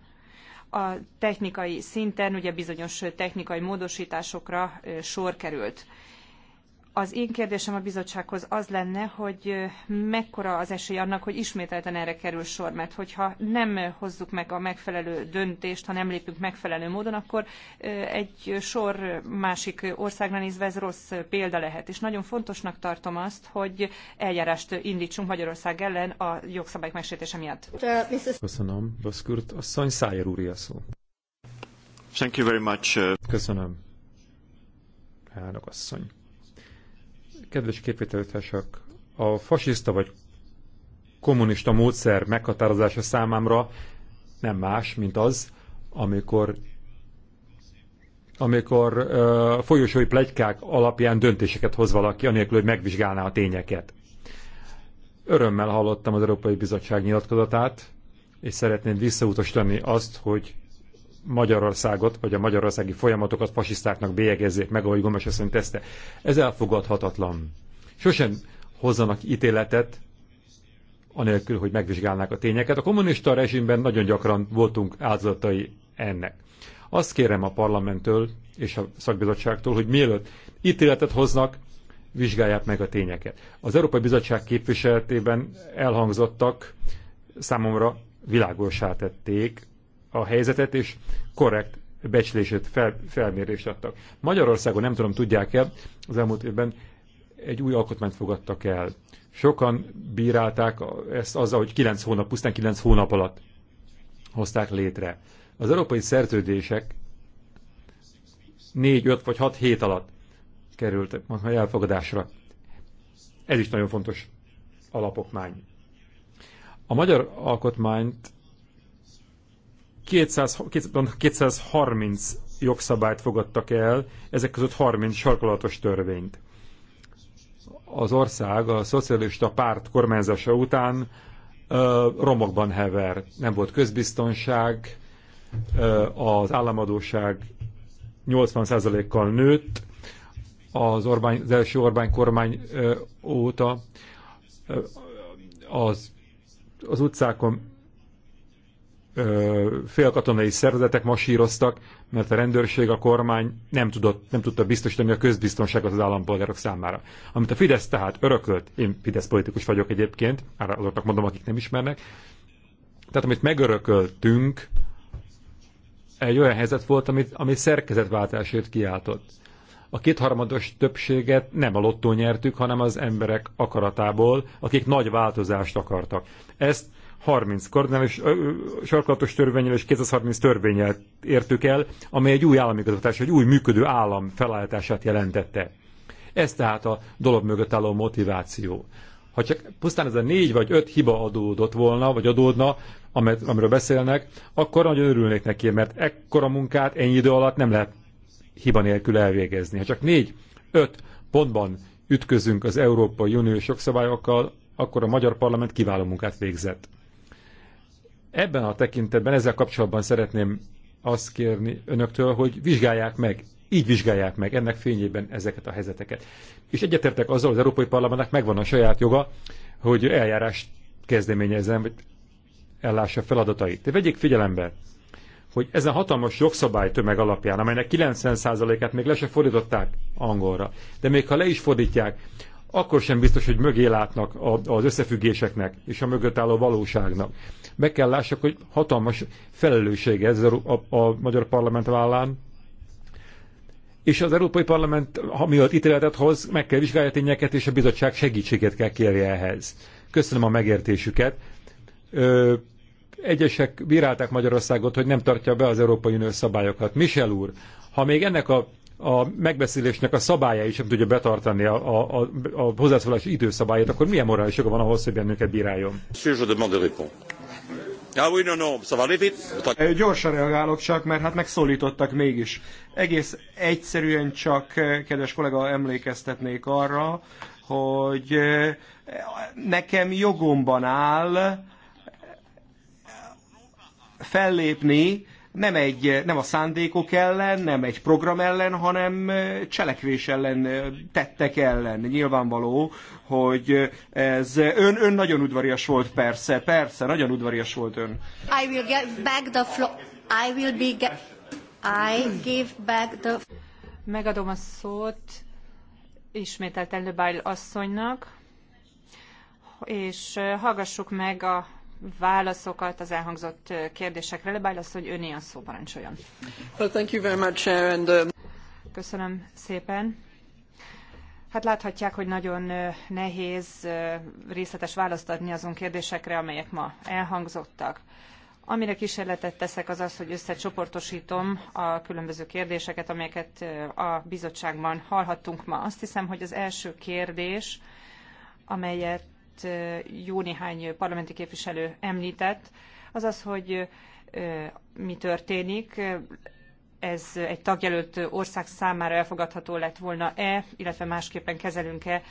A technikai szinten ugye bizonyos technikai módosításokra sor került az én kérdésem a bizottsághoz az lenne, hogy mekkora az esély annak, hogy ismételten erre kerül sor, mert hogyha nem hozzuk meg a megfelelő döntést, ha nem lépünk megfelelő módon, akkor egy sor másik országra nézve ez rossz példa lehet. És nagyon fontosnak tartom azt, hogy eljárást indítsunk Magyarország ellen a jogszabályok megsértése miatt. Köszönöm, Baszkürt. Asszony Szájer úr a szó. Thank you very much. Uh, Köszönöm. Elnök asszony. Kedves képviselőtársak, a fasiszta vagy kommunista módszer meghatározása számámra nem más, mint az, amikor amikor uh, folyosói plegykák alapján döntéseket hoz valaki, anélkül, hogy megvizsgálná a tényeket. Örömmel hallottam az Európai Bizottság nyilatkozatát, és szeretném visszautasítani azt, hogy Magyarországot, vagy a magyarországi folyamatokat fasisztáknak bélyegezzék meg, ahogy Gomes asszony teszte. Ez elfogadhatatlan. Sosem hozzanak ítéletet, anélkül, hogy megvizsgálnák a tényeket. A kommunista rezsimben nagyon gyakran voltunk áldozatai ennek. Azt kérem a parlamenttől és a szakbizottságtól, hogy mielőtt ítéletet hoznak, vizsgálják meg a tényeket. Az Európai Bizottság képviseletében elhangzottak számomra világosá tették, a helyzetet, és korrekt becslését, fel, felmérést adtak. Magyarországon, nem tudom, tudják-e, az elmúlt évben egy új alkotmányt fogadtak el. Sokan bírálták ezt azzal, hogy 9 hónap, pusztán 9 hónap alatt hozták létre. Az európai szerződések 4, 5 vagy 6 hét alatt kerültek majd elfogadásra. Ez is nagyon fontos alapokmány. A magyar alkotmányt 200, 230 jogszabályt fogadtak el, ezek között 30 sarkolatos törvényt. Az ország a szocialista párt kormányzása után ö, romokban hever. Nem volt közbiztonság, ö, az államadóság 80%-kal nőtt az, Orbán, az első Orbán kormány ö, óta. Ö, az, az utcákon félkatonai szervezetek masíroztak, mert a rendőrség, a kormány nem, tudott, nem tudta biztosítani a közbiztonságot az állampolgárok számára. Amit a Fidesz tehát örökölt, én Fidesz politikus vagyok egyébként, azoknak mondom, akik nem ismernek, tehát amit megörököltünk, egy olyan helyzet volt, amit, ami szerkezetváltásért kiáltott. A kétharmados többséget nem a lottó nyertük, hanem az emberek akaratából, akik nagy változást akartak. Ezt 30 kardinális sarkalatos törvényel és 230 törvényel értük el, amely egy új állami egy új működő állam felállítását jelentette. Ez tehát a dolog mögött álló motiváció. Ha csak pusztán ez a négy vagy öt hiba adódott volna, vagy adódna, amet, amiről beszélnek, akkor nagyon örülnék neki, mert ekkora munkát ennyi idő alatt nem lehet hiba nélkül elvégezni. Ha csak négy, öt pontban ütközünk az Európai Unió sokszabályokkal, akkor a magyar parlament kiváló munkát végzett. Ebben a tekintetben, ezzel kapcsolatban szeretném azt kérni önöktől, hogy vizsgálják meg, így vizsgálják meg ennek fényében ezeket a helyzeteket. És egyetértek azzal, az Európai Parlamentnek megvan a saját joga, hogy eljárást kezdeményezzen, vagy ellássa feladatait. De vegyék figyelembe, hogy ezen hatalmas jogszabály tömeg alapján, amelynek 90%-át még le se fordították angolra, de még ha le is fordítják, akkor sem biztos, hogy mögé látnak az összefüggéseknek és a mögött álló valóságnak. Meg kell lássuk, hogy hatalmas felelősség ez a, a, a magyar parlament vállán, és az Európai Parlament, ha miatt ítéletet hoz, meg kell vizsgálja tényeket, és a bizottság segítséget kell kérje ehhez. Köszönöm a megértésüket. Ö, egyesek bírálták Magyarországot, hogy nem tartja be az Európai Uniós szabályokat. Michel úr, ha még ennek a a megbeszélésnek a szabálya is tudja betartani a, a, a, a hozzászólási időszabályát, akkor milyen morális joga van ahhoz, hogy bennünket bíráljon? Ah gyorsan reagálok csak, mert hát megszólítottak mégis. Egész egyszerűen csak, kedves kollega, emlékeztetnék arra, hogy nekem jogomban áll fellépni, nem, egy, nem a szándékok ellen, nem egy program ellen, hanem cselekvés ellen, tettek ellen. Nyilvánvaló, hogy ez ön, ön nagyon udvarias volt, persze, persze, nagyon udvarias volt ön. I will get back the floor. I will be get... I give back the... Megadom a szót ismételten Lebail asszonynak, és hallgassuk meg a válaszokat az elhangzott kérdésekre. Lebájlasz, hogy öné a szó parancsoljon. Well, thank you very much, and, uh... Köszönöm szépen. Hát láthatják, hogy nagyon nehéz részletes választ adni azon kérdésekre, amelyek ma elhangzottak. Amire kísérletet teszek, az az, hogy összecsoportosítom a különböző kérdéseket, amelyeket a bizottságban hallhattunk ma. Azt hiszem, hogy az első kérdés, amelyet amit jó néhány parlamenti képviselő említett, az az, hogy mi történik, ez egy tagjelölt ország számára elfogadható lett volna-e, illetve másképpen kezelünk-e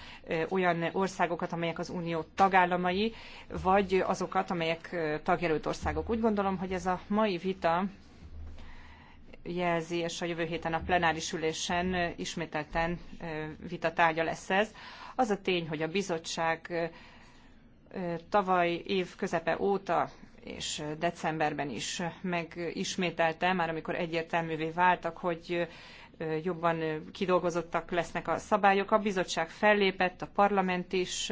olyan országokat, amelyek az unió tagállamai, vagy azokat, amelyek tagjelölt országok. Úgy gondolom, hogy ez a mai vita jelzi, és a jövő héten a plenáris ülésen ismételten vita tárgya lesz ez. Az a tény, hogy a bizottság tavaly év közepe óta és decemberben is megismételte, már amikor egyértelművé váltak, hogy jobban kidolgozottak lesznek a szabályok. A bizottság fellépett, a parlament is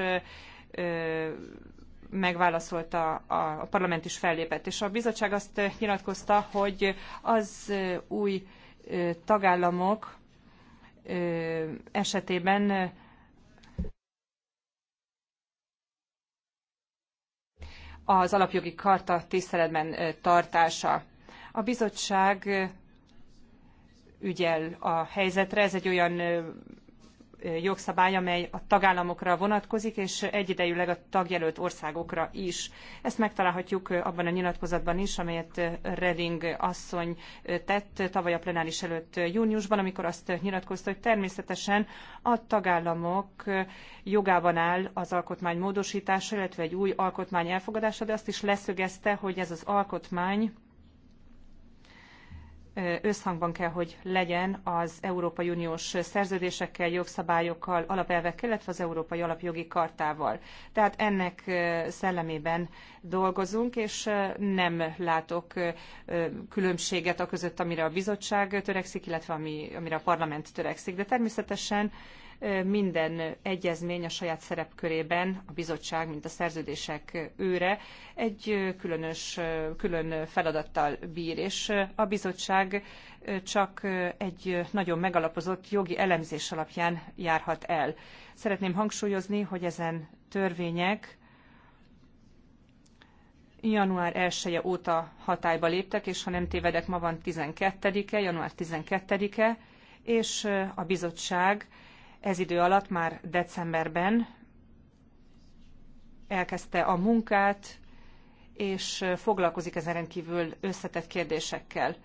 megválaszolta, a parlament is fellépett, és a bizottság azt nyilatkozta, hogy az új tagállamok esetében az alapjogi karta tiszteletben tartása. A bizottság ügyel a helyzetre, ez egy olyan jogszabály, amely a tagállamokra vonatkozik, és egyidejűleg a tagjelölt országokra is. Ezt megtalálhatjuk abban a nyilatkozatban is, amelyet Reding asszony tett tavaly a plenáris előtt júniusban, amikor azt nyilatkozta, hogy természetesen a tagállamok jogában áll az alkotmány módosítása, illetve egy új alkotmány elfogadása, de azt is leszögezte, hogy ez az alkotmány összhangban kell, hogy legyen az Európai Uniós szerződésekkel, jogszabályokkal, alapelvekkel, illetve az Európai Alapjogi Kartával. Tehát ennek szellemében dolgozunk, és nem látok különbséget a között, amire a bizottság törekszik, illetve ami, amire a parlament törekszik. De természetesen minden egyezmény a saját szerepkörében, a bizottság, mint a szerződések őre, egy különös, külön feladattal bír, és a bizottság csak egy nagyon megalapozott jogi elemzés alapján járhat el. Szeretném hangsúlyozni, hogy ezen törvények január 1 -e óta hatályba léptek, és ha nem tévedek, ma van 12-e, január 12-e, és a bizottság ez idő alatt már decemberben elkezdte a munkát, és foglalkozik ezen rendkívül összetett kérdésekkel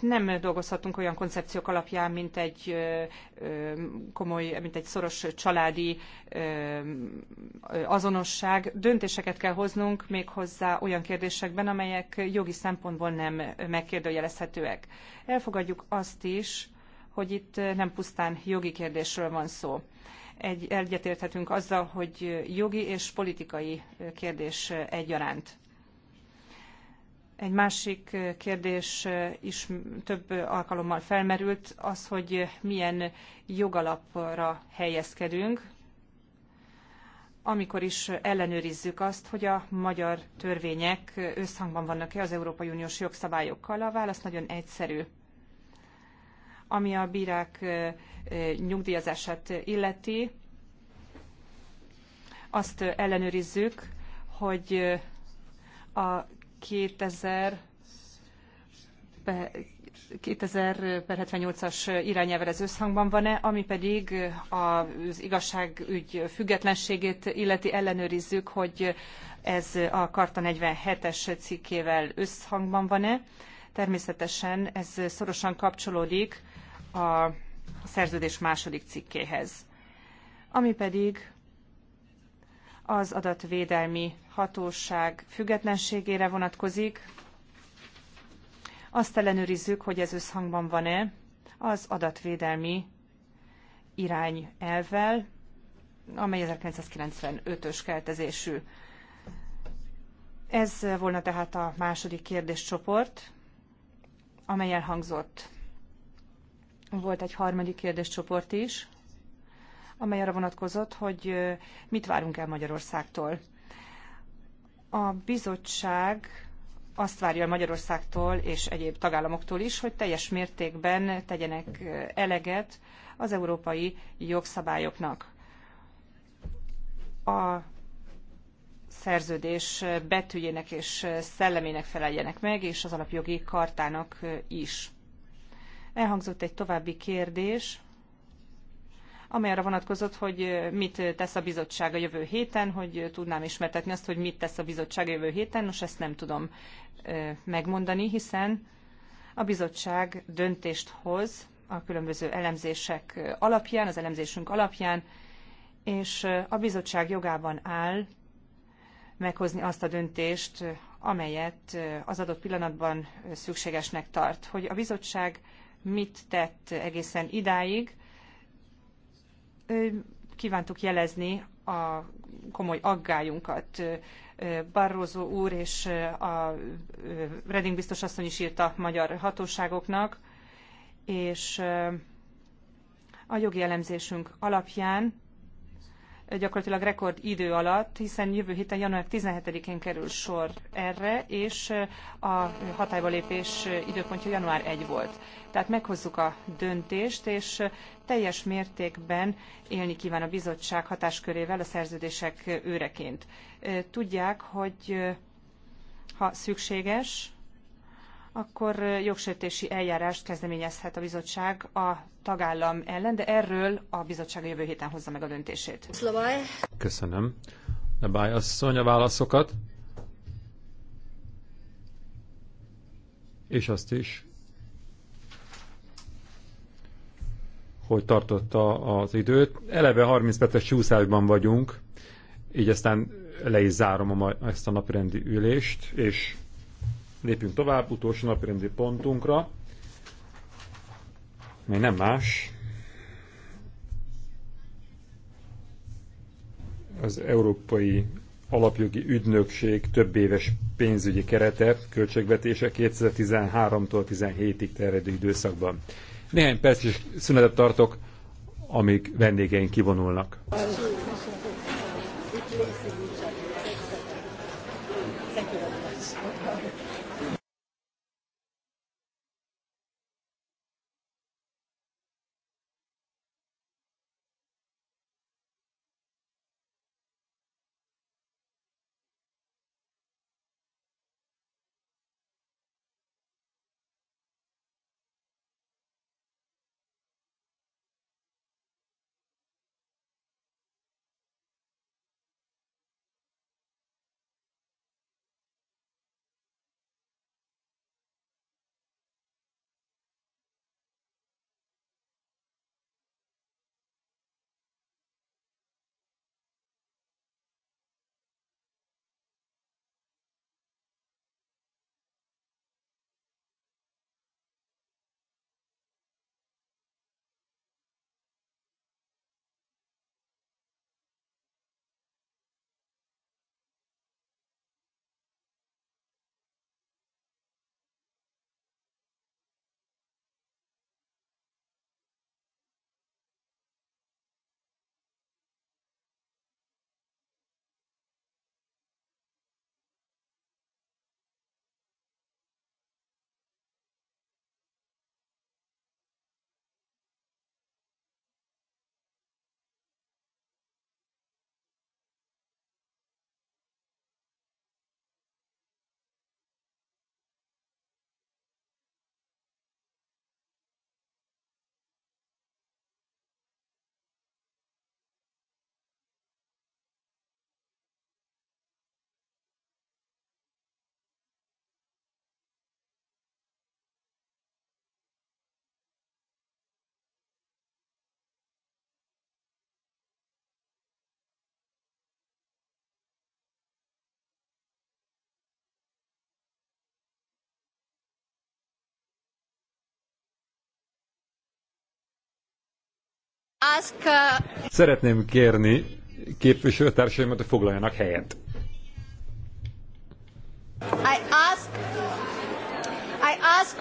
nem dolgozhatunk olyan koncepciók alapján, mint egy komoly, mint egy szoros családi azonosság. Döntéseket kell hoznunk még hozzá olyan kérdésekben, amelyek jogi szempontból nem megkérdőjelezhetőek. Elfogadjuk azt is, hogy itt nem pusztán jogi kérdésről van szó. Egy, egyetérthetünk azzal, hogy jogi és politikai kérdés egyaránt. Egy másik kérdés is több alkalommal felmerült, az, hogy milyen jogalapra helyezkedünk, amikor is ellenőrizzük azt, hogy a magyar törvények összhangban vannak-e az Európai Uniós jogszabályokkal. A válasz nagyon egyszerű. Ami a bírák nyugdíjazását illeti, azt ellenőrizzük, hogy a 2000 2000 per 78-as irányelvvel ez összhangban van-e, ami pedig az igazságügy függetlenségét illeti ellenőrizzük, hogy ez a Karta 47-es cikkével összhangban van-e. Természetesen ez szorosan kapcsolódik a szerződés második cikkéhez, ami pedig az adatvédelmi hatóság függetlenségére vonatkozik. Azt ellenőrizzük, hogy ez összhangban van-e az adatvédelmi irányelvvel, amely 1995-ös keltezésű. Ez volna tehát a második kérdéscsoport, amely elhangzott. Volt egy harmadik kérdéscsoport is, amely arra vonatkozott, hogy mit várunk el Magyarországtól. A bizottság azt várja Magyarországtól és egyéb tagállamoktól is, hogy teljes mértékben tegyenek eleget az európai jogszabályoknak. A szerződés betűjének és szellemének feleljenek meg, és az alapjogi kartának is. Elhangzott egy további kérdés, amely arra vonatkozott, hogy mit tesz a bizottság a jövő héten, hogy tudnám ismertetni azt, hogy mit tesz a bizottság a jövő héten. Nos, ezt nem tudom megmondani, hiszen a bizottság döntést hoz a különböző elemzések alapján, az elemzésünk alapján, és a bizottság jogában áll meghozni azt a döntést, amelyet az adott pillanatban szükségesnek tart. Hogy a bizottság mit tett egészen idáig. Kívántuk jelezni a komoly aggályunkat. Barroso úr és a Reding biztos asszony is írta magyar hatóságoknak, és a jogi elemzésünk alapján gyakorlatilag rekord idő alatt, hiszen jövő héten január 17-én kerül sor erre, és eh, a hatályba lépés eh, időpontja január 1 volt. Tehát meghozzuk a döntést, és eh, teljes mértékben élni kíván a bizottság hatáskörével a szerződések őreként. Tudják, hogy ha szükséges, akkor jogsértési eljárást kezdeményezhet a bizottság a tagállam ellen, de erről a bizottság a jövő héten hozza meg a döntését. Köszönöm. Köszönöm. báj, asszony a válaszokat. És azt is, hogy tartotta az időt. Eleve 30 perces csúszásban vagyunk, így aztán le is zárom a, ezt a napirendi ülést, és Lépjünk tovább utolsó napirendi pontunkra, mely nem más, az Európai Alapjogi Ügynökség több éves pénzügyi kerete, költségvetése 2013-tól 17-ig terjedő időszakban. Néhány perc is szünetet tartok, amíg vendégeink kivonulnak. Ask, uh, Szeretném kérni képviselőtársaimat, hogy foglaljanak helyet. I ask, I ask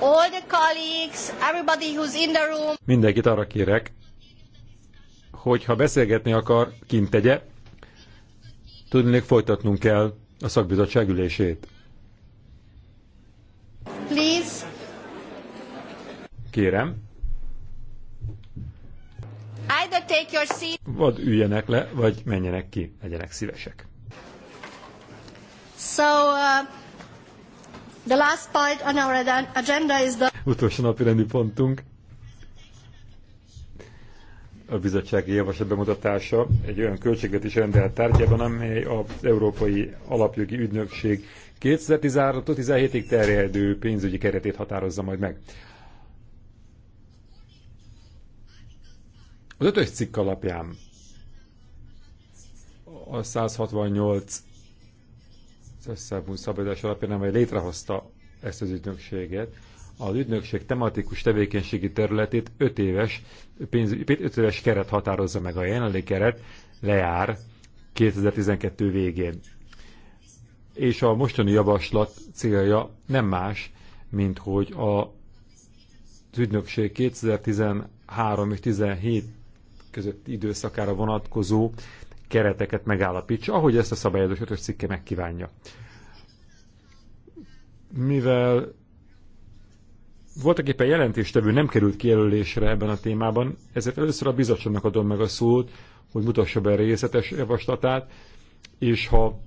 all the colleagues, everybody who's in the room. Mindenkit arra kérek, hogy ha beszélgetni akar, kint tegye. Tudnék folytatnunk kell a szakbizottság ülését. Please. Kérem. take your seat. Vagy üljenek le, vagy menjenek ki, legyenek szívesek. So, uh, the last point on our agenda is the... Utolsó napi rendi pontunk. A bizottsági javaslat bemutatása egy olyan költségvetési rendelt tárgyában, amely az Európai Alapjogi Ügynökség 2013-17-ig terjedő pénzügyi keretét határozza majd meg. Az ötös cikk alapján a 168 összebunt szabályozás alapján, amely létrehozta ezt az ügynökséget, az ügynökség tematikus tevékenységi területét 5 éves, pénz, 5 éves keret határozza meg. A jelenlegi keret lejár 2012 végén. És a mostani javaslat célja nem más, mint hogy a, az ügynökség 2013 és 2017 között időszakára vonatkozó kereteket megállapítsa, ahogy ezt a szabályozás ötös cikke megkívánja. Mivel voltak éppen jelentéstevő nem került kijelölésre ebben a témában, ezért először a bizottságnak adom meg a szót, hogy mutassa be részletes javaslatát, és ha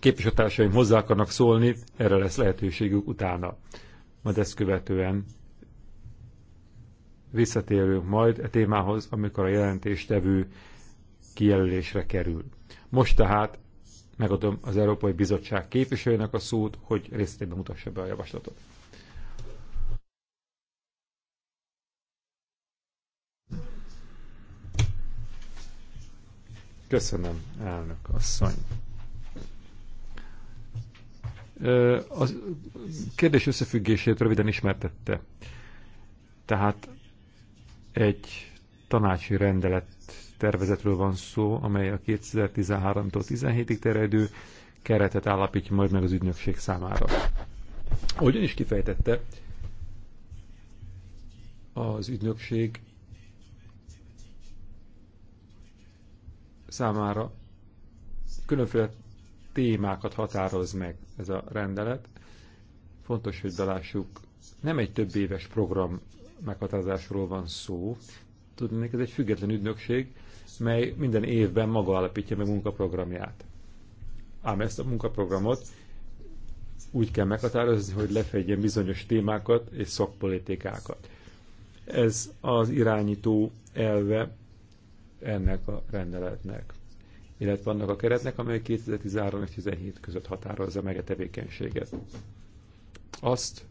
képviselőtársaim hozzá akarnak szólni, erre lesz lehetőségük utána. Majd ezt követően visszatérünk majd a e témához, amikor a jelentéstevő kijelölésre kerül. Most tehát megadom az Európai Bizottság képviselőjének a szót, hogy részletében mutassa be a javaslatot. Köszönöm, elnök asszony. A kérdés összefüggését röviden ismertette. Tehát egy tanácsi rendelet tervezetről van szó, amely a 2013-tól 17-ig terjedő keretet állapítja majd meg az ügynökség számára. Ahogyan is kifejtette, az ügynökség számára különféle témákat határoz meg ez a rendelet. Fontos, hogy belássuk, nem egy több éves program meghatározásról van szó. Tudnék, ez egy független ügynökség, mely minden évben maga alapítja meg munkaprogramját. Ám ezt a munkaprogramot úgy kell meghatározni, hogy lefedjen bizonyos témákat és szakpolitikákat. Ez az irányító elve ennek a rendeletnek, illetve annak a keretnek, amely 2013 és 2017 között határozza meg a tevékenységet. Azt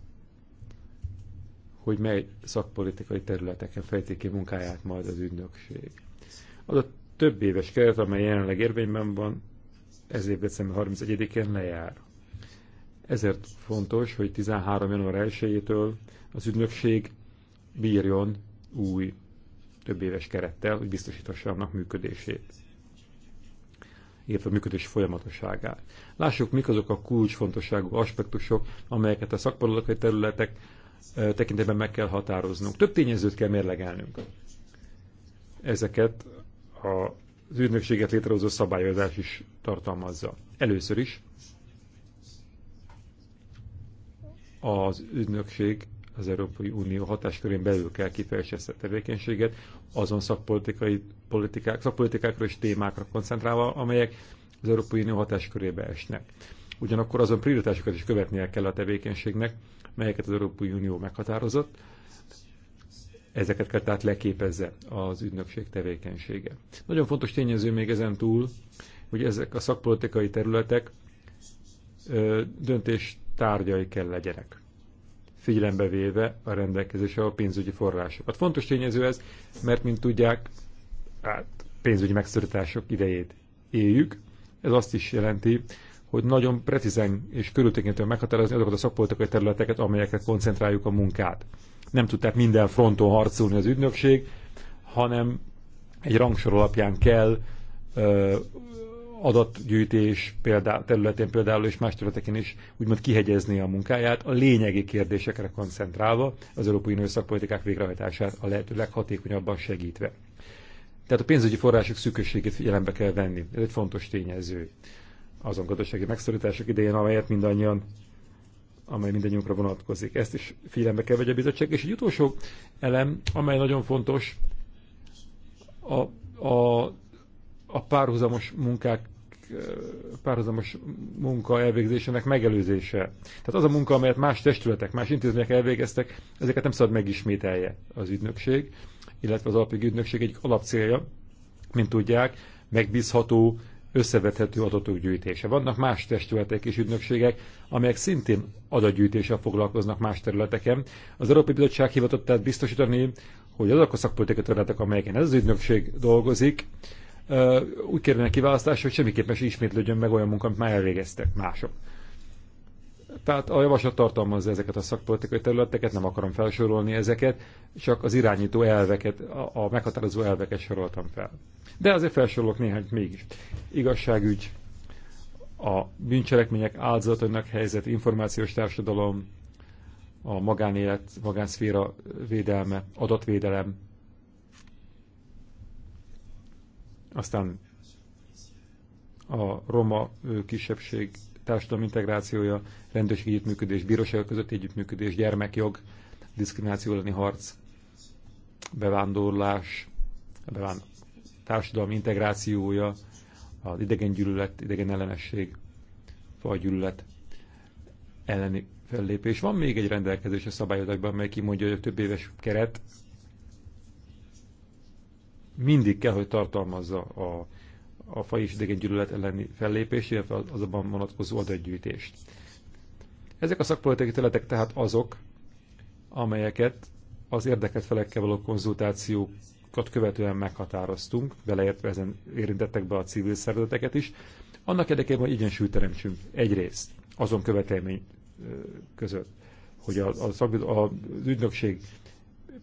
hogy mely szakpolitikai területeken fejtik ki munkáját majd az ügynökség. Az a több éves keret, amely jelenleg érvényben van, ez év december 31-én lejár. Ezért fontos, hogy 13. január 1-től az ügynökség bírjon új több éves kerettel, hogy biztosítassa annak működését illetve a működés folyamatosságát. Lássuk, mik azok a kulcsfontosságú aspektusok, amelyeket a szakpolitikai területek tekintetben meg kell határoznunk. Több tényezőt kell mérlegelnünk. Ezeket az ügynökséget létrehozó szabályozás is tartalmazza. Először is az ügynökség az Európai Unió hatáskörén belül kell kifejezni ezt a tevékenységet, azon szakpolitikai, politikák, szakpolitikákra és témákra koncentrálva, amelyek az Európai Unió hatáskörébe esnek. Ugyanakkor azon prioritásokat is követnie kell a tevékenységnek, melyeket az Európai Unió meghatározott, ezeket kell tehát leképezze az ügynökség tevékenysége. Nagyon fontos tényező még ezen túl, hogy ezek a szakpolitikai területek döntés tárgyai kell legyenek figyelembe véve a rendelkezésre a pénzügyi forrásokat. Fontos tényező ez, mert mint tudják, hát pénzügyi megszorítások idejét éljük. Ez azt is jelenti, hogy nagyon precízen és körültekintően meghatározni azokat a szakpolitikai területeket, amelyekre koncentráljuk a munkát. Nem tudták minden fronton harcolni az ügynökség, hanem egy rangsor alapján kell ö, adatgyűjtés példá, területén például és más területeken is úgymond kihegyezni a munkáját, a lényegi kérdésekre koncentrálva, az Európai Unió szakpolitikák végrehajtását a lehető leghatékonyabban segítve. Tehát a pénzügyi források szűkösségét figyelembe kell venni. Ez egy fontos tényező azon gazdasági megszorítások idején, amelyet mindannyian amely mindannyiunkra vonatkozik. Ezt is figyelembe kell vegye a bizottság. És egy utolsó elem, amely nagyon fontos, a, a, a párhuzamos munkák párhuzamos munka elvégzésének megelőzése. Tehát az a munka, amelyet más testületek, más intézmények elvégeztek, ezeket nem szabad megismételje az ügynökség, illetve az alapjogi ügynökség egyik alapcélja, mint tudják, megbízható összevethető adatok gyűjtése. Vannak más testületek és ügynökségek, amelyek szintén adatgyűjtéssel foglalkoznak más területeken. Az Európai Bizottság hivatott tehát biztosítani, hogy azok a szakpolitikai területek, amelyeken ez az ügynökség dolgozik, úgy kerülnek kiválasztásra, hogy semmiképpen se ismétlődjön meg olyan munka, amit már elvégeztek mások. Tehát a javaslat tartalmazza ezeket a szakpolitikai területeket, nem akarom felsorolni ezeket, csak az irányító elveket, a, a meghatározó elveket soroltam fel. De azért felsorolok néhány mégis. Igazságügy, a bűncselekmények áldozatainak helyzet, információs társadalom, a magánélet, magánszféra védelme, adatvédelem, aztán a roma kisebbség társadalmi integrációja, rendőrségi együttműködés, bíróság között együttműködés, gyermekjog, diszkrimináció elleni harc, bevándorlás, bevánd... társadalmi integrációja, az idegen gyűlölet, idegen ellenesség, fajgyűlölet elleni fellépés. Van még egy rendelkezés a szabályozásban, amely kimondja, hogy a több éves keret mindig kell, hogy tartalmazza a a faj és gyűlölet elleni fellépés, illetve az abban vonatkozó adatgyűjtést. Ezek a szakpolitikai területek tehát azok, amelyeket az érdekelt felekkel való konzultációkat követően meghatároztunk, beleértve ezen érintettek be a civil szervezeteket is, annak érdekében, hogy egyensúlyt teremtsünk egyrészt azon követelmény között, hogy a, a, szak, a, az ügynökség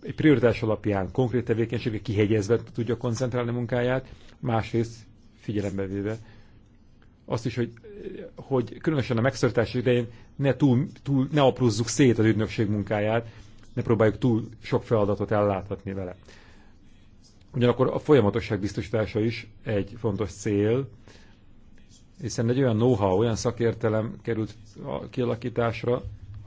egy prioritás alapján konkrét tevékenységre kihegyezve tudja koncentrálni munkáját, másrészt figyelembe véve azt is, hogy, hogy különösen a megszorítás idején ne, túl, túl, ne aprózzuk szét az ügynökség munkáját, ne próbáljuk túl sok feladatot elláthatni vele. Ugyanakkor a folyamatosság biztosítása is egy fontos cél, hiszen egy olyan know-how, olyan szakértelem került a kialakításra,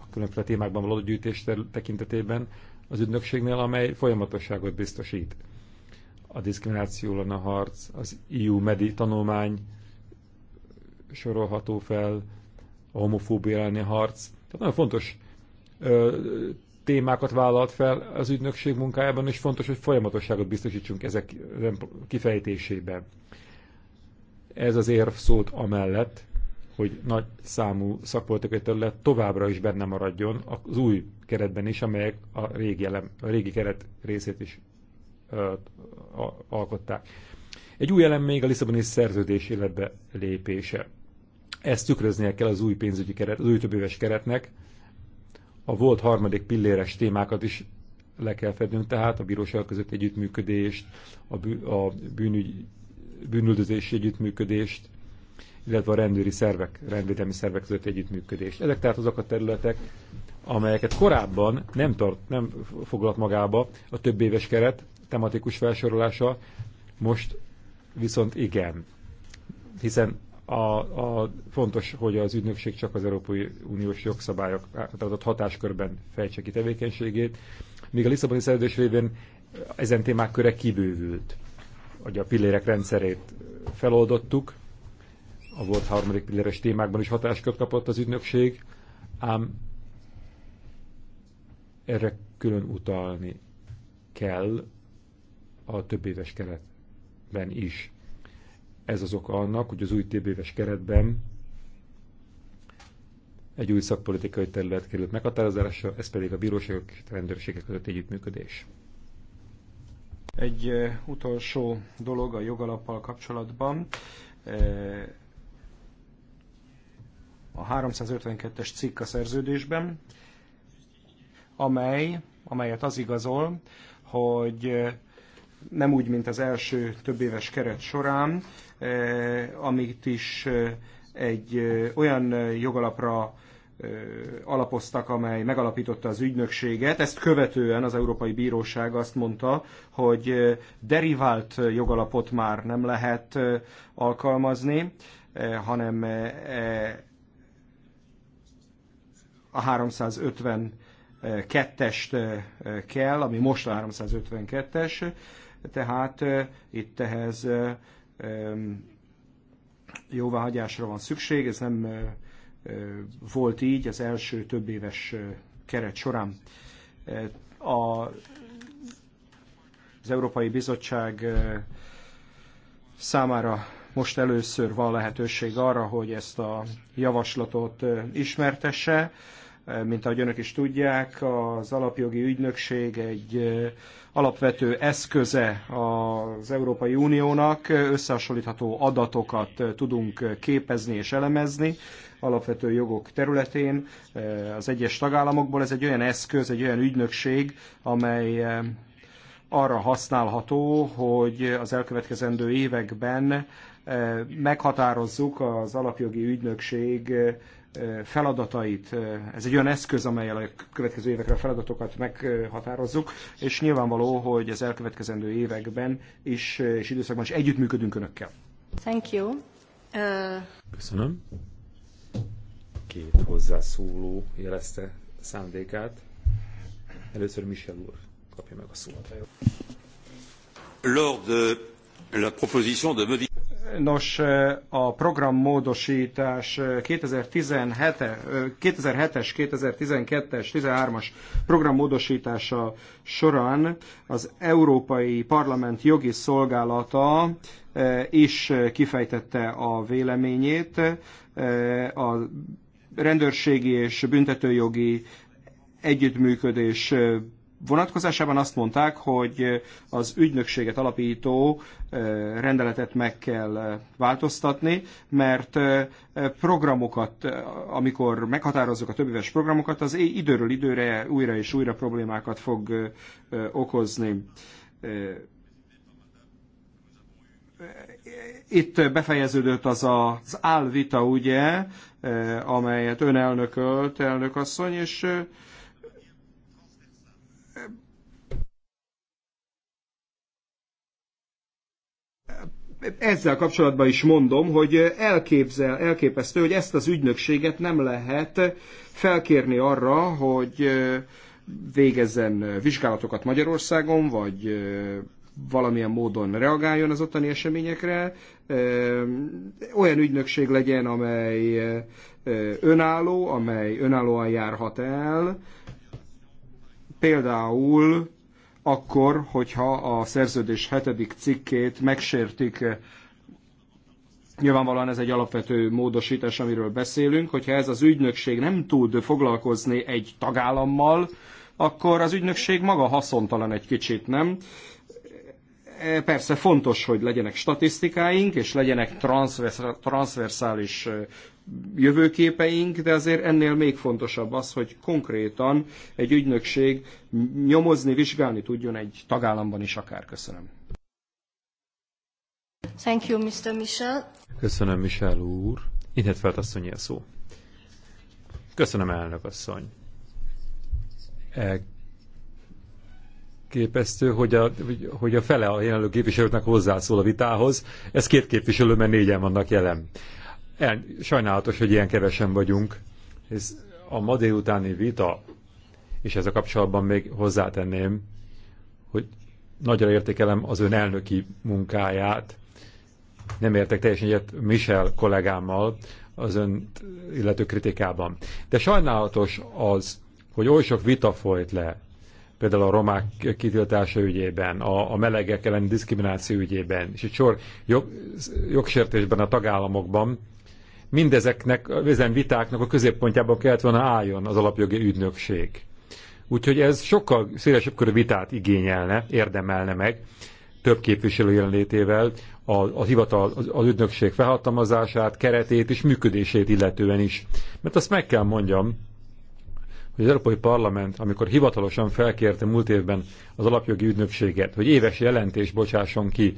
a különféle témákban való gyűjtés tekintetében az ügynökségnél, amely folyamatosságot biztosít a diszkrimináció a harc, az EU medi tanulmány sorolható fel, a homofóbia elleni harc. Tehát nagyon fontos ö, témákat vállalt fel az ügynökség munkájában, és fontos, hogy folyamatosságot biztosítsunk ezek kifejtésében. Ez az érv szólt amellett, hogy nagy számú szakpolitikai terület továbbra is benne maradjon az új keretben is, amelyek a régi, elem, a régi keret részét is alkották. Egy új elem még a Lisszaboni szerződés életbe lépése. Ezt tükröznie kell az új pénzügyi keret, az új többéves keretnek. A volt harmadik pilléres témákat is le kell fednünk, tehát a bíróság között együttműködést, a, bű, a bűnügy, bűnüldözési együttműködést, illetve a rendőri szervek, rendvédelmi szervek között együttműködést. Ezek tehát azok a területek, amelyeket korábban nem, tart, nem foglalt magába a több éves keret tematikus felsorolása, most viszont igen. Hiszen a, a, fontos, hogy az ügynökség csak az Európai Uniós jogszabályok adott hatáskörben fejtse ki tevékenységét, míg a Lisszaboni szerződés révén ezen témák köre kibővült. Ugye a pillérek rendszerét feloldottuk, a volt harmadik pilléres témákban is hatáskört kapott az ügynökség, ám erre külön utalni kell a több éves keretben is. Ez az oka annak, hogy az új több éves keretben egy új szakpolitikai terület került meghatározásra, ez pedig a bíróságok és a rendőrségek között együttműködés. Egy eh, utolsó dolog a jogalappal kapcsolatban. Eh, a 352-es cikk a szerződésben amely, amelyet az igazol, hogy eh, nem úgy, mint az első több éves keret során, eh, amit is eh, egy olyan jogalapra alapoztak, amely megalapította az ügynökséget. Ezt követően az Európai Bíróság azt mondta, hogy derivált jogalapot már nem lehet alkalmazni, hanem a 350 kettest eh, kell, ami most 352-es, tehát eh, itt ehhez eh, jóváhagyásra van szükség, ez nem volt így az első több éves keret során. A, az Európai Bizottság számára most először van lehetőség arra, hogy ezt a javaslatot ismertesse. Mint ahogy önök is tudják, az alapjogi ügynökség egy alapvető eszköze az Európai Uniónak, összehasonlítható adatokat tudunk képezni és elemezni alapvető jogok területén az egyes tagállamokból. Ez egy olyan eszköz, egy olyan ügynökség, amely arra használható, hogy az elkövetkezendő években meghatározzuk az alapjogi ügynökség feladatait, ez egy olyan eszköz, amelyel a következő évekre a feladatokat meghatározzuk, és nyilvánvaló, hogy az elkövetkezendő években is, és időszakban is együttműködünk Önökkel. Thank you. Uh... Köszönöm. Két hozzászóló jelezte szándékát. Először Michel úr kapja meg a szót. Lors de la proposition de Nos, eh, a programmódosítás 2017-es, eh, eh, 2007-es, 2012-es, 13-as programmódosítása során az Európai Parlament jogi szolgálata is kifejtette a véleményét. A rendőrségi és büntetőjogi együttműködés vonatkozásában azt mondták, hogy az ügynökséget alapító rendeletet meg kell változtatni, mert programokat, amikor meghatározzuk a többéves programokat, az időről időre újra és újra problémákat fog okozni. Itt befejeződött az a az álvita, ugye, amelyet ön elnökölt, asszony és ezzel kapcsolatban is mondom, hogy elképzel, elképesztő, hogy ezt az ügynökséget nem lehet felkérni arra, hogy végezzen vizsgálatokat Magyarországon, vagy valamilyen módon reagáljon az ottani eseményekre, olyan ügynökség legyen, amely önálló, amely önállóan járhat el, például akkor, hogyha a szerződés hetedik cikkét megsértik. Eh, nyilvánvalóan ez egy alapvető módosítás, amiről beszélünk, hogyha ez az ügynökség nem tud foglalkozni egy tagállammal, akkor az ügynökség maga haszontalan egy kicsit, nem? Eh, persze fontos, hogy legyenek statisztikáink, és legyenek transversális jövőképeink, de azért ennél még fontosabb az, hogy konkrétan egy ügynökség nyomozni, vizsgálni tudjon egy tagállamban is akár. Köszönöm. Thank you, Mr. Michel. Köszönöm, Michel úr. felt asszony a szó. Köszönöm, elnök asszony. E képesztő, hogy a, hogy a fele a jelenlő képviselőknek hozzászól a vitához. Ez két képviselő, mert négyen vannak jelen. El, sajnálatos, hogy ilyen kevesen vagyunk. Ez a ma délutáni vita, és ez a kapcsolatban még hozzátenném, hogy nagyra értékelem az ön elnöki munkáját. Nem értek teljesen egyet Michel kollégámmal az ön illető kritikában. De sajnálatos az, hogy oly sok vita folyt le, például a romák kitiltása ügyében, a, a melegek elleni diszkrimináció ügyében, és egy sor jog, jogsértésben a tagállamokban, mindezeknek, ezen vitáknak a középpontjában kellett volna álljon az alapjogi ügynökség. Úgyhogy ez sokkal szélesebb körű vitát igényelne, érdemelne meg, több képviselő jelenlétével a, a hivatal, az, az ügynökség felhatalmazását, keretét és működését illetően is. Mert azt meg kell mondjam, hogy az Európai Parlament, amikor hivatalosan felkérte múlt évben az alapjogi ügynökséget, hogy éves jelentés bocsásson ki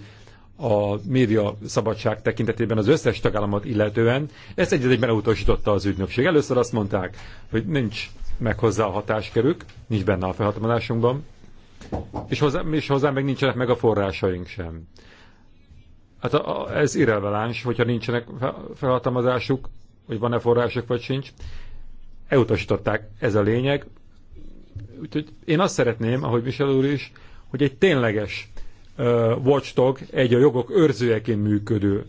a média szabadság tekintetében az összes tagállamot illetően, ezt egyben utasította az ügynökség. Először azt mondták, hogy nincs meg hozzá a hatáskerük, nincs benne a felhatalmazásunkban, és hozzá, és hozzá meg nincsenek meg a forrásaink sem. Hát a, a, ez irreveláns, hogyha nincsenek felhatalmazásuk, hogy van-e források, vagy sincs. Elutasították, ez a lényeg. Úgyhogy én azt szeretném, ahogy Michel úr is, hogy egy tényleges watchdog egy a jogok őrzőjeként működő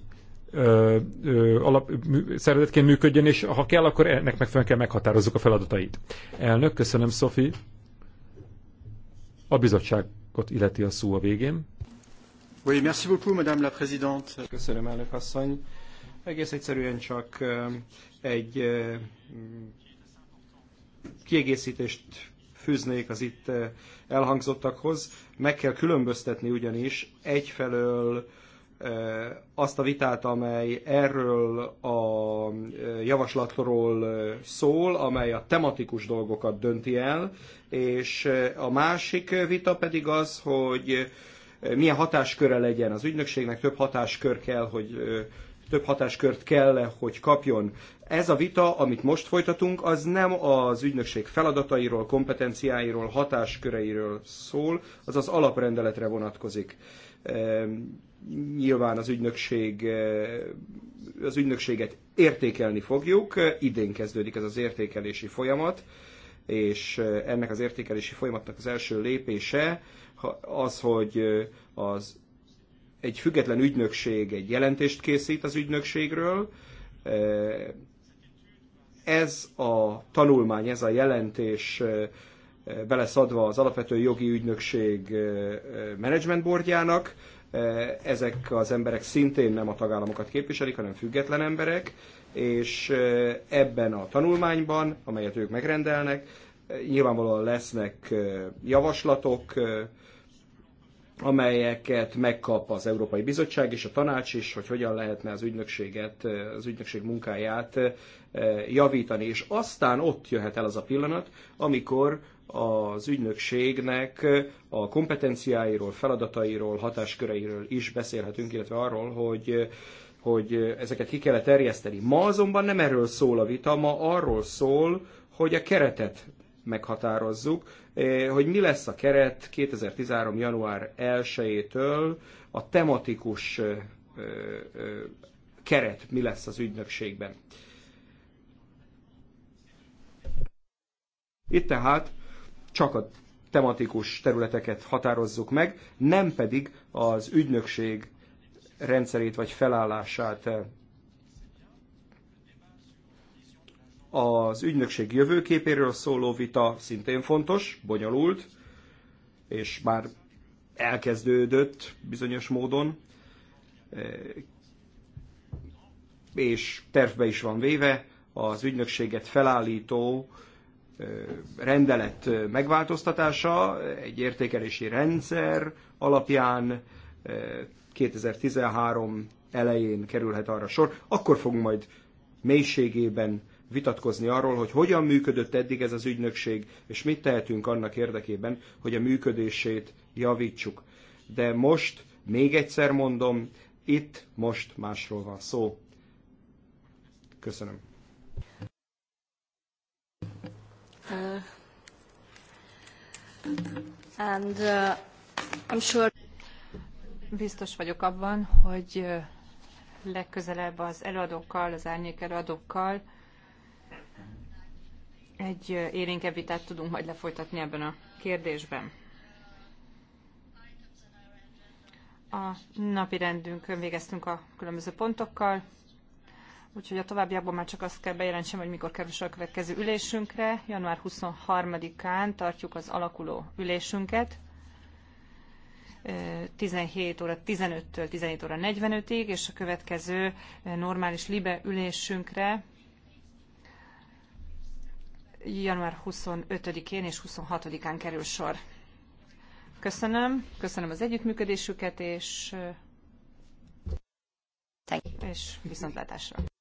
szervezetként működjön, és ha kell, akkor ennek megfelelően kell meghatározzuk a feladatait. Elnök, köszönöm, Szofi. A bizottságot illeti a szó a végén. Oui, merci beaucoup, Madame la Présidente. Köszönöm, elnök asszony. Egész egyszerűen csak egy kiegészítést fűznék az itt elhangzottakhoz. Meg kell különböztetni ugyanis egyfelől e, azt a vitát, amely erről a e, javaslatról e, szól, amely a tematikus dolgokat dönti el, és a másik vita pedig az, hogy milyen hatásköre legyen. Az ügynökségnek több hatáskör kell, hogy több hatáskört kell hogy kapjon. Ez a vita, amit most folytatunk, az nem az ügynökség feladatairól, kompetenciáiról, hatásköreiről szól, az az alaprendeletre vonatkozik. Ehm, nyilván az ügynökség, ehm, az ügynökséget értékelni fogjuk, idén kezdődik ez az értékelési folyamat, és ehm, ennek az értékelési folyamatnak az első lépése az, hogy az egy független ügynökség egy jelentést készít az ügynökségről. E, ez a tanulmány, ez a jelentés e, e, beleszadva az alapvető jogi ügynökség management boardjának. Ezek az emberek szintén nem a tagállamokat képviselik, hanem független emberek, és ebben a tanulmányban, amelyet ők megrendelnek, nyilvánvalóan lesznek javaslatok, amelyeket megkap az Európai Bizottság és a Tanács is, hogy hogyan lehetne az ügynökséget, az ügynökség munkáját eh, javítani. És aztán ott jöhet el az a pillanat, amikor az ügynökségnek a kompetenciáiról, feladatairól, hatásköreiről is beszélhetünk, illetve arról, hogy hogy ezeket ki kell terjeszteni. Ma azonban nem erről szól a vita, ma arról szól, hogy a keretet meghatározzuk, Eh, hogy mi lesz a keret 2013. január 1-től a tematikus eh, eh, keret mi lesz az ügynökségben. Itt tehát csak a tematikus területeket határozzuk meg, nem pedig az ügynökség rendszerét vagy felállását. Az ügynökség jövőképéről szóló vita szintén fontos, bonyolult, és már elkezdődött bizonyos módon, eh, és tervbe is van véve az ügynökséget felállító eh, rendelet megváltoztatása, egy értékelési rendszer alapján 2013 eh, elején kerülhet arra sor, akkor fogunk majd mélységében vitatkozni arról, hogy hogyan működött eddig ez az ügynökség, és mit tehetünk annak érdekében, hogy a működését javítsuk. De most, még egyszer mondom, itt most másról van szó. Köszönöm. Uh, and uh, I'm sure... Biztos vagyok abban, hogy uh, legközelebb az előadókkal, az árnyék előadókkal egy élénkebb vitát tudunk majd lefolytatni ebben a kérdésben. A napi rendünkön végeztünk a különböző pontokkal, úgyhogy a továbbiakban már csak azt kell bejelentsem, hogy mikor kerül a következő ülésünkre. Január 23-án tartjuk az alakuló ülésünket. 17 óra 15-től 17 óra 45-ig, és a következő normális libe ülésünkre január 25-én és 26-án kerül sor. Köszönöm, köszönöm az együttműködésüket, és, és viszontlátásra.